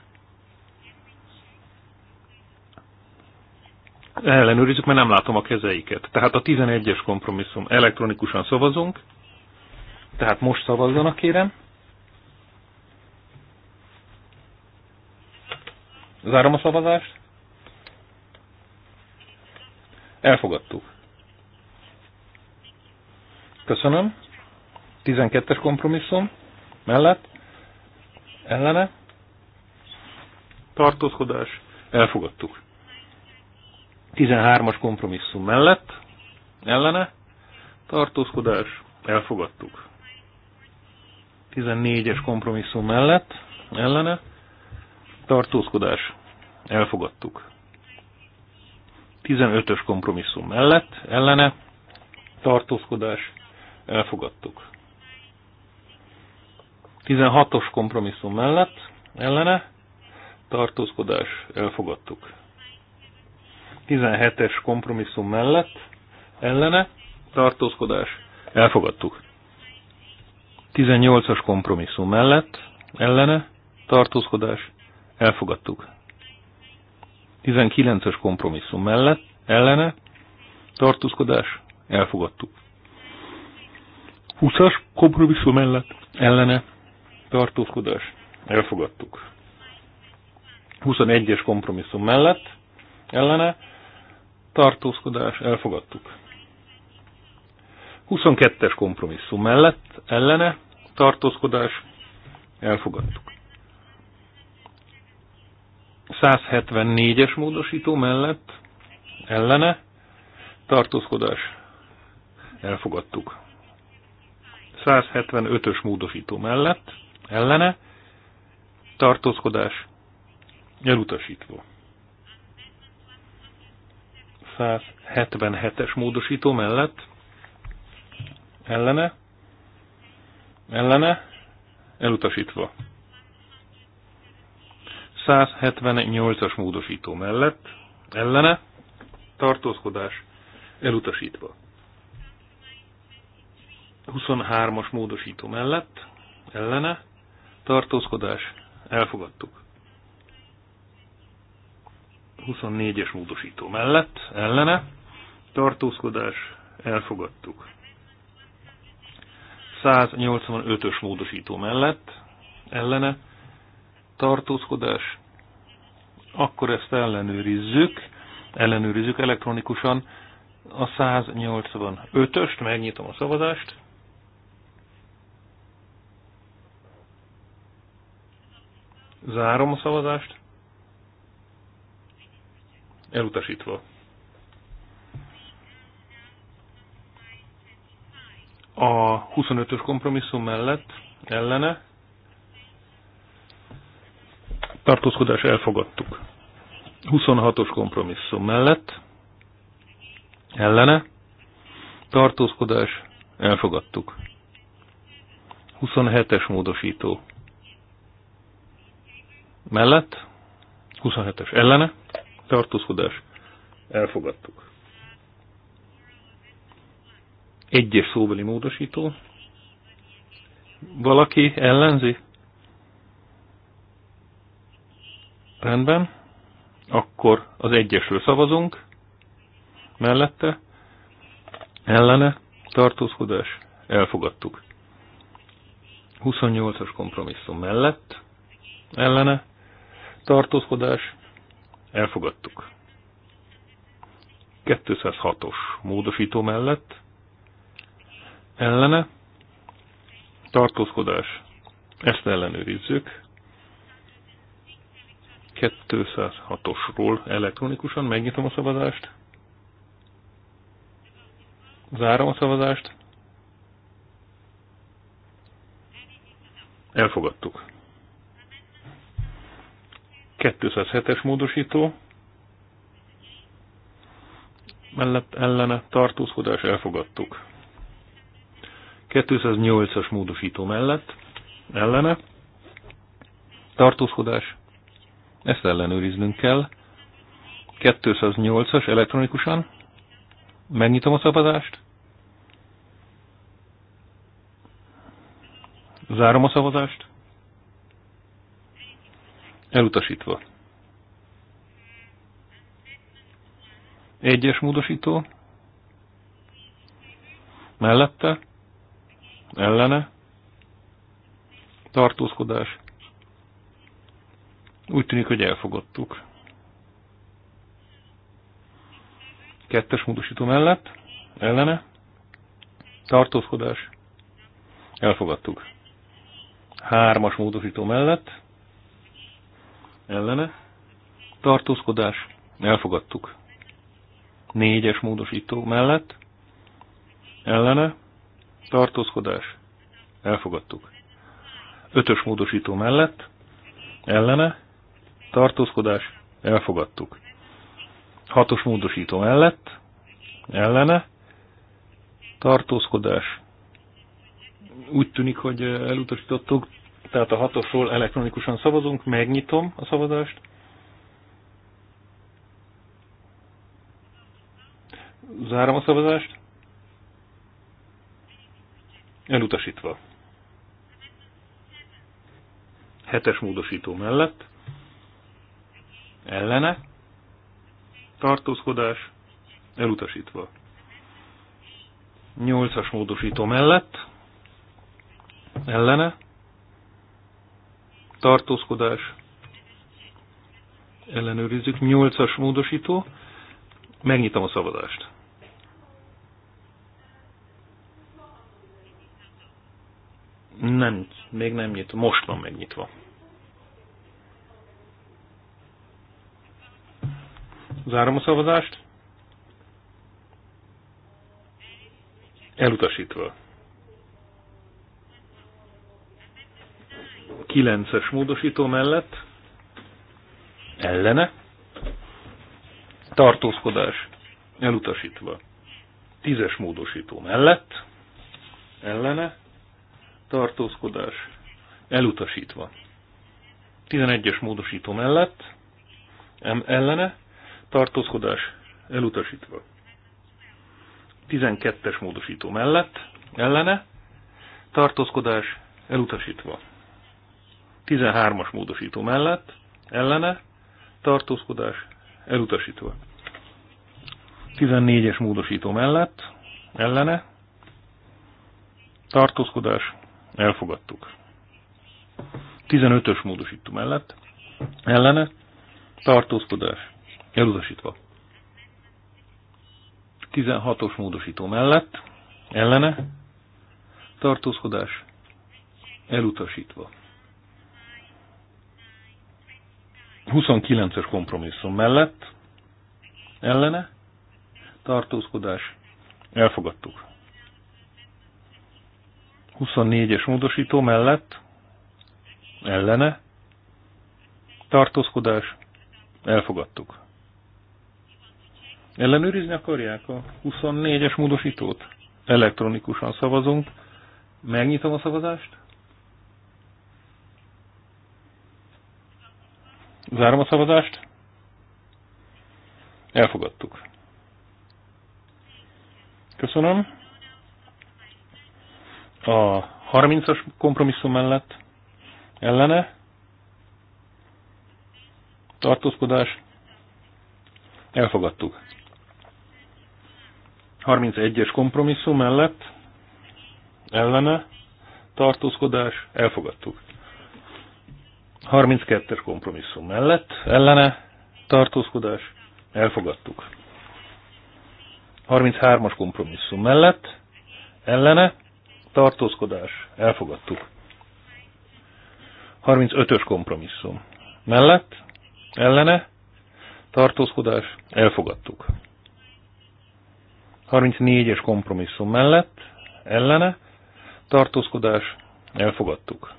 Ellenőrizzük, mert nem látom a kezeiket. Tehát a 11-es kompromisszum. Elektronikusan szavazunk. Tehát most szavazzanak, kérem. Zárom a szavazást. Elfogadtuk. Köszönöm. 12-es kompromisszum mellett. Ellene. Tartózkodás. Elfogadtuk. 13-as kompromisszum mellett, ellene, tartózkodás, elfogadtuk. 14-es kompromisszum mellett, ellene, tartózkodás, elfogadtuk. 15-ös kompromisszum mellett, ellene, tartózkodás, elfogadtuk. 16-os kompromisszum mellett, ellene, tartózkodás, elfogadtuk. 17-es kompromisszum mellett ellene tartózkodás elfogadtuk. 18-as kompromisszum mellett ellene tartózkodás elfogadtuk. 19-es kompromisszum mellett ellene tartózkodás elfogadtuk. 20-as kompromisszum mellett ellene tartózkodás elfogadtuk. 21-es kompromisszum mellett ellene tartózkodás, elfogadtuk. 22-es kompromisszum mellett, ellene, tartózkodás, elfogadtuk. 174-es módosító mellett, ellene, tartózkodás, elfogadtuk. 175-ös módosító mellett, ellene, tartózkodás, elutasítva. 177-es módosító mellett ellene, ellene, elutasítva. 178-as módosító mellett ellene, tartózkodás, elutasítva. 23-as módosító mellett ellene, tartózkodás, elfogadtuk. 24-es módosító mellett, ellene, tartózkodás, elfogadtuk. 185-ös módosító mellett, ellene, tartózkodás, akkor ezt ellenőrizzük, ellenőrizzük elektronikusan a 185-öst, megnyitom a szavazást, zárom a szavazást, elutasítva. A 25-ös kompromisszum mellett ellene tartózkodás elfogadtuk. 26-os kompromisszum mellett ellene tartózkodás elfogadtuk. 27-es módosító mellett 27-es ellene tartózkodás, elfogadtuk. Egyes szóbeli módosító. Valaki ellenzi? Rendben. Akkor az egyesről szavazunk. Mellette. Ellene. Tartózkodás. Elfogadtuk. 28-as kompromisszum mellett. Ellene. Tartózkodás. Elfogadtuk. 206-os módosító mellett ellene tartózkodás. Ezt ellenőrizzük. 206-osról elektronikusan megnyitom a szavazást. Zárom a szavazást. Elfogadtuk. 207-es módosító mellett ellene tartózkodás elfogadtuk. 208-as módosító mellett ellene tartózkodás, ezt ellenőriznünk kell. 208-as elektronikusan, megnyitom a szavazást, zárom a szavazást, Elutasítva. Egyes módosító. Mellette. Ellene. Tartózkodás. Úgy tűnik, hogy elfogadtuk. Kettes módosító mellett. Ellene. Tartózkodás. Elfogadtuk. Hármas módosító mellett ellene, tartózkodás, elfogadtuk. Négyes módosító mellett, ellene, tartózkodás, elfogadtuk. Ötös módosító mellett, ellene, tartózkodás, elfogadtuk. Hatos módosító mellett, ellene, tartózkodás, úgy tűnik, hogy elutasítottuk, tehát a hatosról elektronikusan szavazunk, megnyitom a szavazást. Zárom a szavazást. Elutasítva. Hetes módosító mellett. Ellene. Tartózkodás. Elutasítva. Nyolcas módosító mellett. Ellene tartózkodás, ellenőrizzük, 8-as módosító, megnyitom a szavazást. Nem, még nem nyit, most van megnyitva. Zárom a szavazást. Elutasítva. 9-es módosító mellett ellene tartózkodás elutasítva. 10-es módosító mellett ellene tartózkodás elutasítva. 11-es módosító mellett ellene tartózkodás elutasítva. 12-es módosító mellett ellene tartózkodás elutasítva. 13-as módosító mellett ellene tartózkodás elutasítva. 14-es módosító mellett ellene tartózkodás elfogadtuk. 15-ös módosító mellett ellene tartózkodás elutasítva. 16-os módosító mellett ellene tartózkodás elutasítva. 29-es kompromisszum mellett ellene tartózkodás elfogadtuk. 24-es módosító mellett ellene tartózkodás elfogadtuk. Ellenőrizni akarják a 24-es módosítót? Elektronikusan szavazunk. Megnyitom a szavazást. Zárom a szavazást. Elfogadtuk. Köszönöm. A 30-as kompromisszum mellett ellene tartózkodás elfogadtuk. 31-es kompromisszum mellett ellene tartózkodás elfogadtuk. 32-es kompromisszum mellett, ellene, tartózkodás, elfogadtuk. 33-as kompromisszum mellett, ellene, tartózkodás, elfogadtuk. 35-ös kompromisszum mellett, ellene, tartózkodás, elfogadtuk. 34-es kompromisszum mellett, ellene, tartózkodás, elfogadtuk.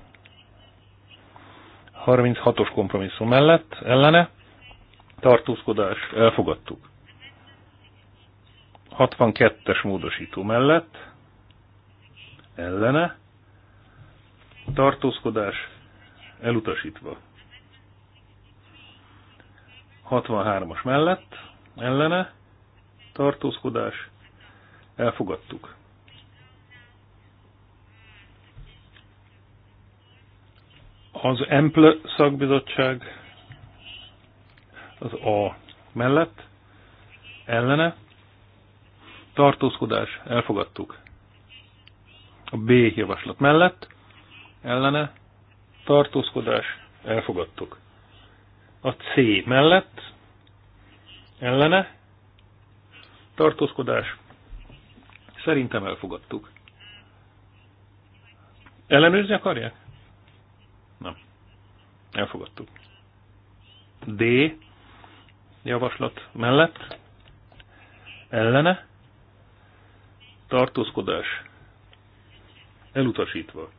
36-os kompromisszum mellett ellene tartózkodás elfogadtuk. 62-es módosító mellett ellene tartózkodás elutasítva. 63-as mellett ellene tartózkodás elfogadtuk. Az EMPL szakbizottság az A mellett, ellene, tartózkodás, elfogadtuk. A B javaslat mellett, ellene, tartózkodás, elfogadtuk. A C mellett, ellene, tartózkodás, szerintem elfogadtuk. Ellenőrzni akarják? Nem. Elfogadtuk. D. Javaslat mellett. Ellene. Tartózkodás. Elutasítva.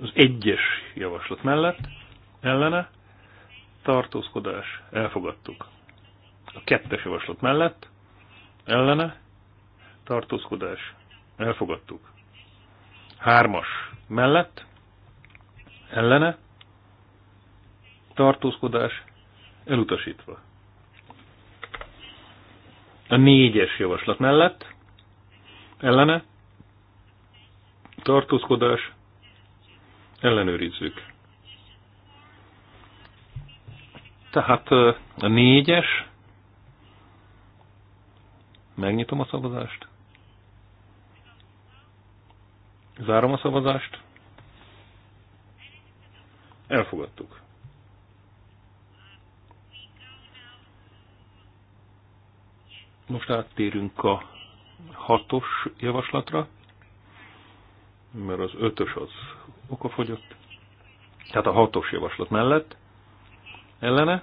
Az egyes javaslat mellett. Ellene. Tartózkodás. Elfogadtuk. A kettes javaslat mellett. Ellene. Tartózkodás. Elfogadtuk. Hármas mellett ellene, tartózkodás elutasítva. A négyes javaslat mellett ellene tartózkodás ellenőrizzük. Tehát a négyes, megnyitom a szavazást, zárom a szavazást, Elfogadtuk. Most áttérünk a hatos javaslatra, mert az ötös az okafogyott. Tehát a hatos javaslat mellett ellene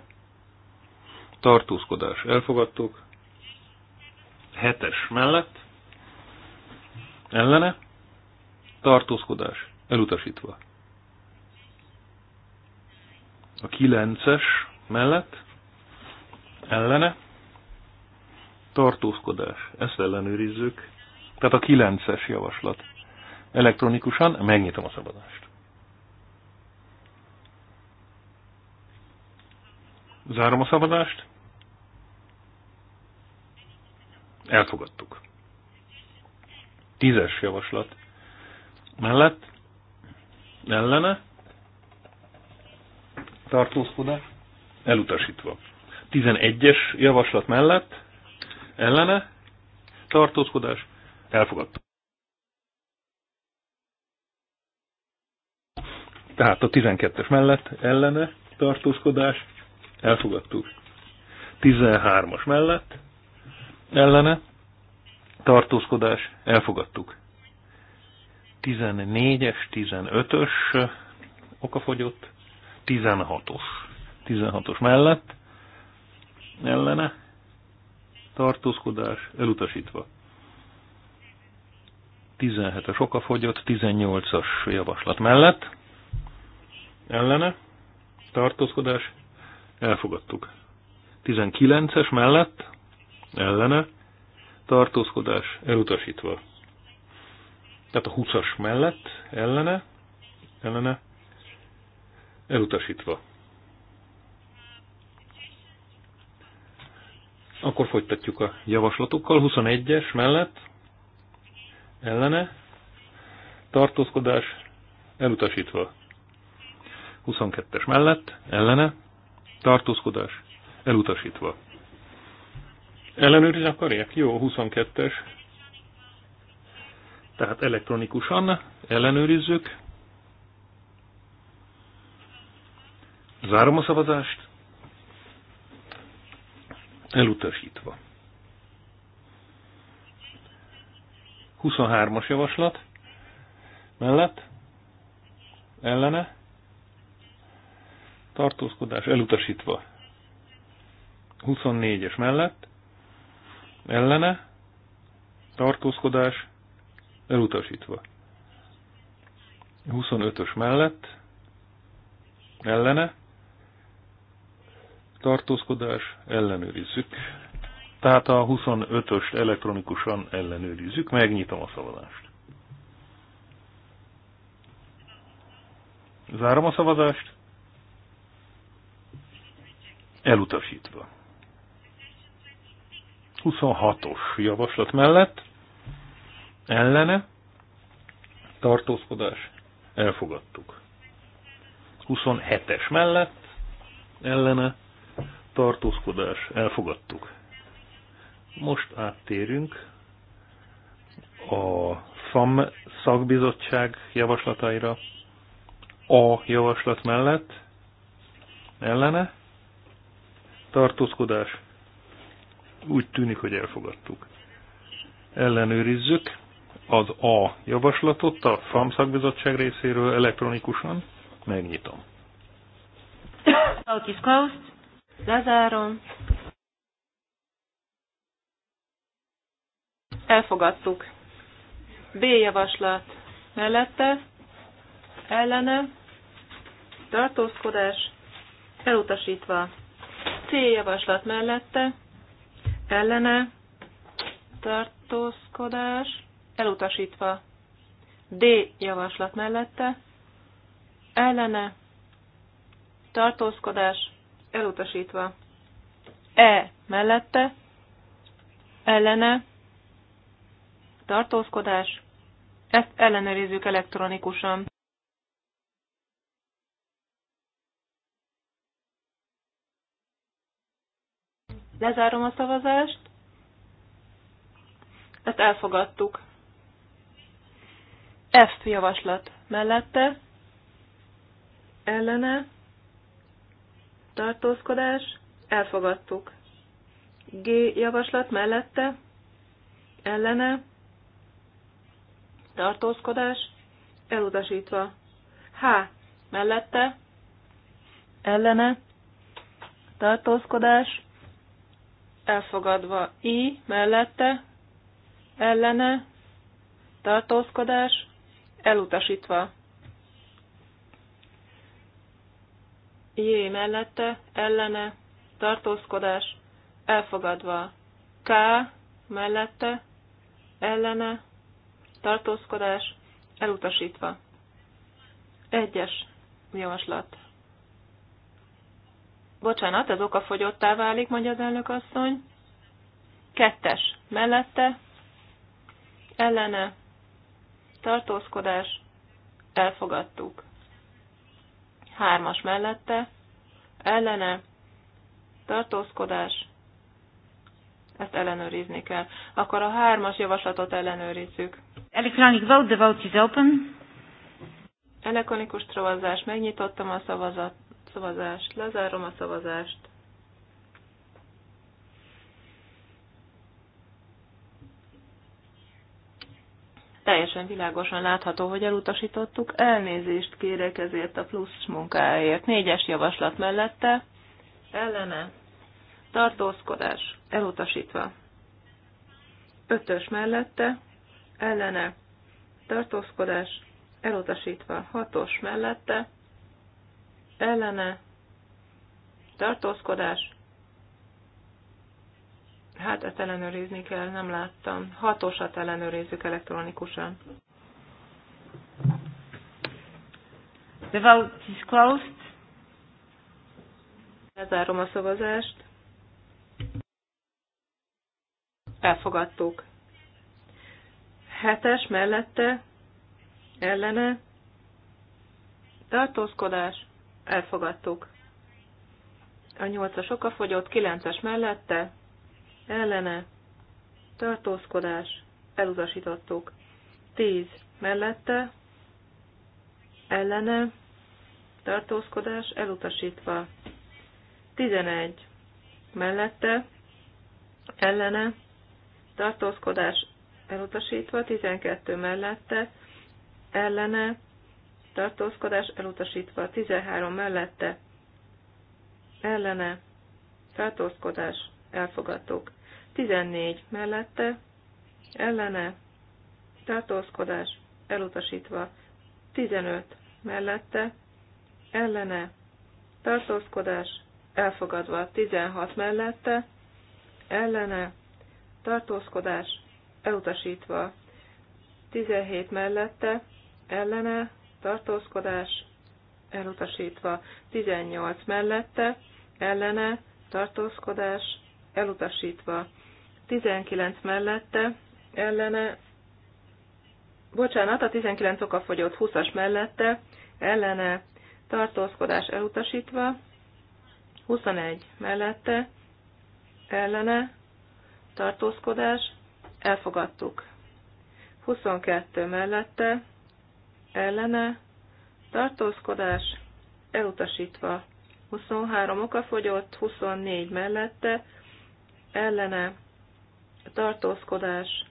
tartózkodás elfogadtuk, hetes mellett ellene tartózkodás elutasítva a kilences mellett ellene tartózkodás, ezt ellenőrizzük. Tehát a kilences javaslat. Elektronikusan megnyitom a szabadást. Zárom a szabadást. Elfogadtuk. Tízes javaslat. Mellett, ellene, tartózkodás elutasítva. 11-es javaslat mellett ellene tartózkodás elfogadta. Tehát a 12-es mellett ellene tartózkodás elfogadtuk. 13-as mellett ellene tartózkodás elfogadtuk. 14-es, 15-ös okafogyott, 16-os. 16-os mellett ellene tartózkodás elutasítva. 17-es oka fogyott, 18-as javaslat mellett ellene tartózkodás elfogadtuk. 19-es mellett ellene tartózkodás elutasítva. Tehát a 20-as mellett ellene, ellene Elutasítva. Akkor folytatjuk a javaslatokkal. 21-es mellett ellene tartózkodás elutasítva. 22-es mellett ellene tartózkodás elutasítva. Ellenőrizni akarják? Jó, 22-es. Tehát elektronikusan ellenőrizzük. Zárom a szavazást. Elutasítva. 23-as javaslat mellett ellene tartózkodás elutasítva. 24-es mellett ellene tartózkodás elutasítva. 25-ös mellett ellene tartózkodás, ellenőrizzük. Tehát a 25-öst elektronikusan ellenőrizzük, megnyitom a szavazást. Zárom a szavazást. Elutasítva. 26-os javaslat mellett ellene tartózkodás elfogadtuk. 27-es mellett ellene tartózkodás, elfogadtuk. Most áttérünk a FAM szakbizottság javaslataira a javaslat mellett ellene tartózkodás. Úgy tűnik, hogy elfogadtuk. Ellenőrizzük az A javaslatot a FAM szakbizottság részéről elektronikusan. Megnyitom. Vote is closed. Lezárom. Elfogadtuk. B javaslat mellette, ellene, tartózkodás, elutasítva. C javaslat mellette, ellene, tartózkodás, elutasítva. D javaslat mellette, ellene, tartózkodás, elutasítva. E mellette, ellene, tartózkodás, ezt ellenőrizzük elektronikusan. Lezárom a szavazást. Ezt elfogadtuk. F javaslat mellette, ellene, tartózkodás, elfogadtuk. G javaslat mellette, ellene, tartózkodás, elutasítva. H mellette, ellene, tartózkodás, elfogadva. I mellette, ellene, tartózkodás, elutasítva. J mellette, ellene, tartózkodás, elfogadva. K mellette, ellene, tartózkodás, elutasítva. Egyes javaslat. Bocsánat, ez okafogyottá válik, mondja az elnök asszony. Kettes mellette, ellene, tartózkodás, elfogadtuk. Hármas mellette, ellene, tartózkodás, ezt ellenőrizni kell. Akkor a hármas javaslatot ellenőrizzük. Electronic vote, the vote is open. Elektronikus szavazás, megnyitottam a szavazat, szavazást, lezárom a szavazást. teljesen világosan látható, hogy elutasítottuk. Elnézést kérek ezért a plusz munkáért. Négyes javaslat mellette. Ellene. Tartózkodás. Elutasítva. Ötös mellette. Ellene. Tartózkodás. Elutasítva. Hatos mellette. Ellene. Tartózkodás. Hát ezt ellenőrizni kell, nem láttam. Hatosat ellenőrizzük elektronikusan. The vote is closed. Lezárom a szavazást. Elfogadtuk. Hetes mellette, ellene, tartózkodás, elfogadtuk. A nyolcas fogyott, kilences mellette, ellene, tartózkodás, elutasítottuk. 10 mellette, ellene, tartózkodás, elutasítva. 11 mellette, ellene, tartózkodás, elutasítva. 12 mellette, ellene, tartózkodás, elutasítva. 13 mellette, ellene, tartózkodás, elfogadtuk. 14 mellette, ellene, tartózkodás, elutasítva. 15 mellette, ellene, tartózkodás, elfogadva. 16 mellette, ellene, tartózkodás, elutasítva. 17 mellette, ellene, tartózkodás, elutasítva. 18 mellette, ellene, tartózkodás, elutasítva. 19 mellette ellene, bocsánat, a 19 oka fogyott 20-as mellette ellene tartózkodás elutasítva, 21 mellette ellene tartózkodás elfogadtuk. 22 mellette ellene tartózkodás elutasítva. 23 oka fogyott, 24 mellette ellene tartózkodás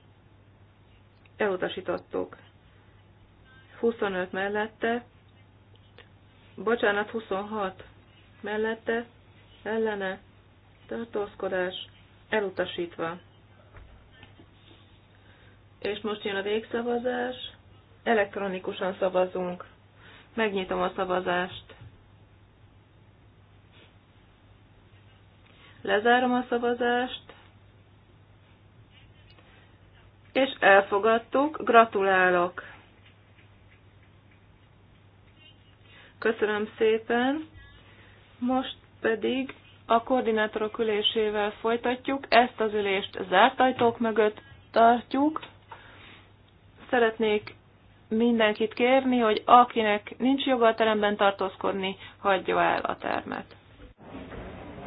elutasítottuk. 25 mellette, bocsánat, 26 mellette, ellene tartózkodás elutasítva. És most jön a végszavazás. Elektronikusan szavazunk. Megnyitom a szavazást. Lezárom a szavazást. És elfogadtuk. Gratulálok! Köszönöm szépen. Most pedig a koordinátorok ülésével folytatjuk. Ezt az ülést zárt ajtók mögött tartjuk. Szeretnék mindenkit kérni, hogy akinek nincs joga a teremben tartózkodni, hagyja el a termet.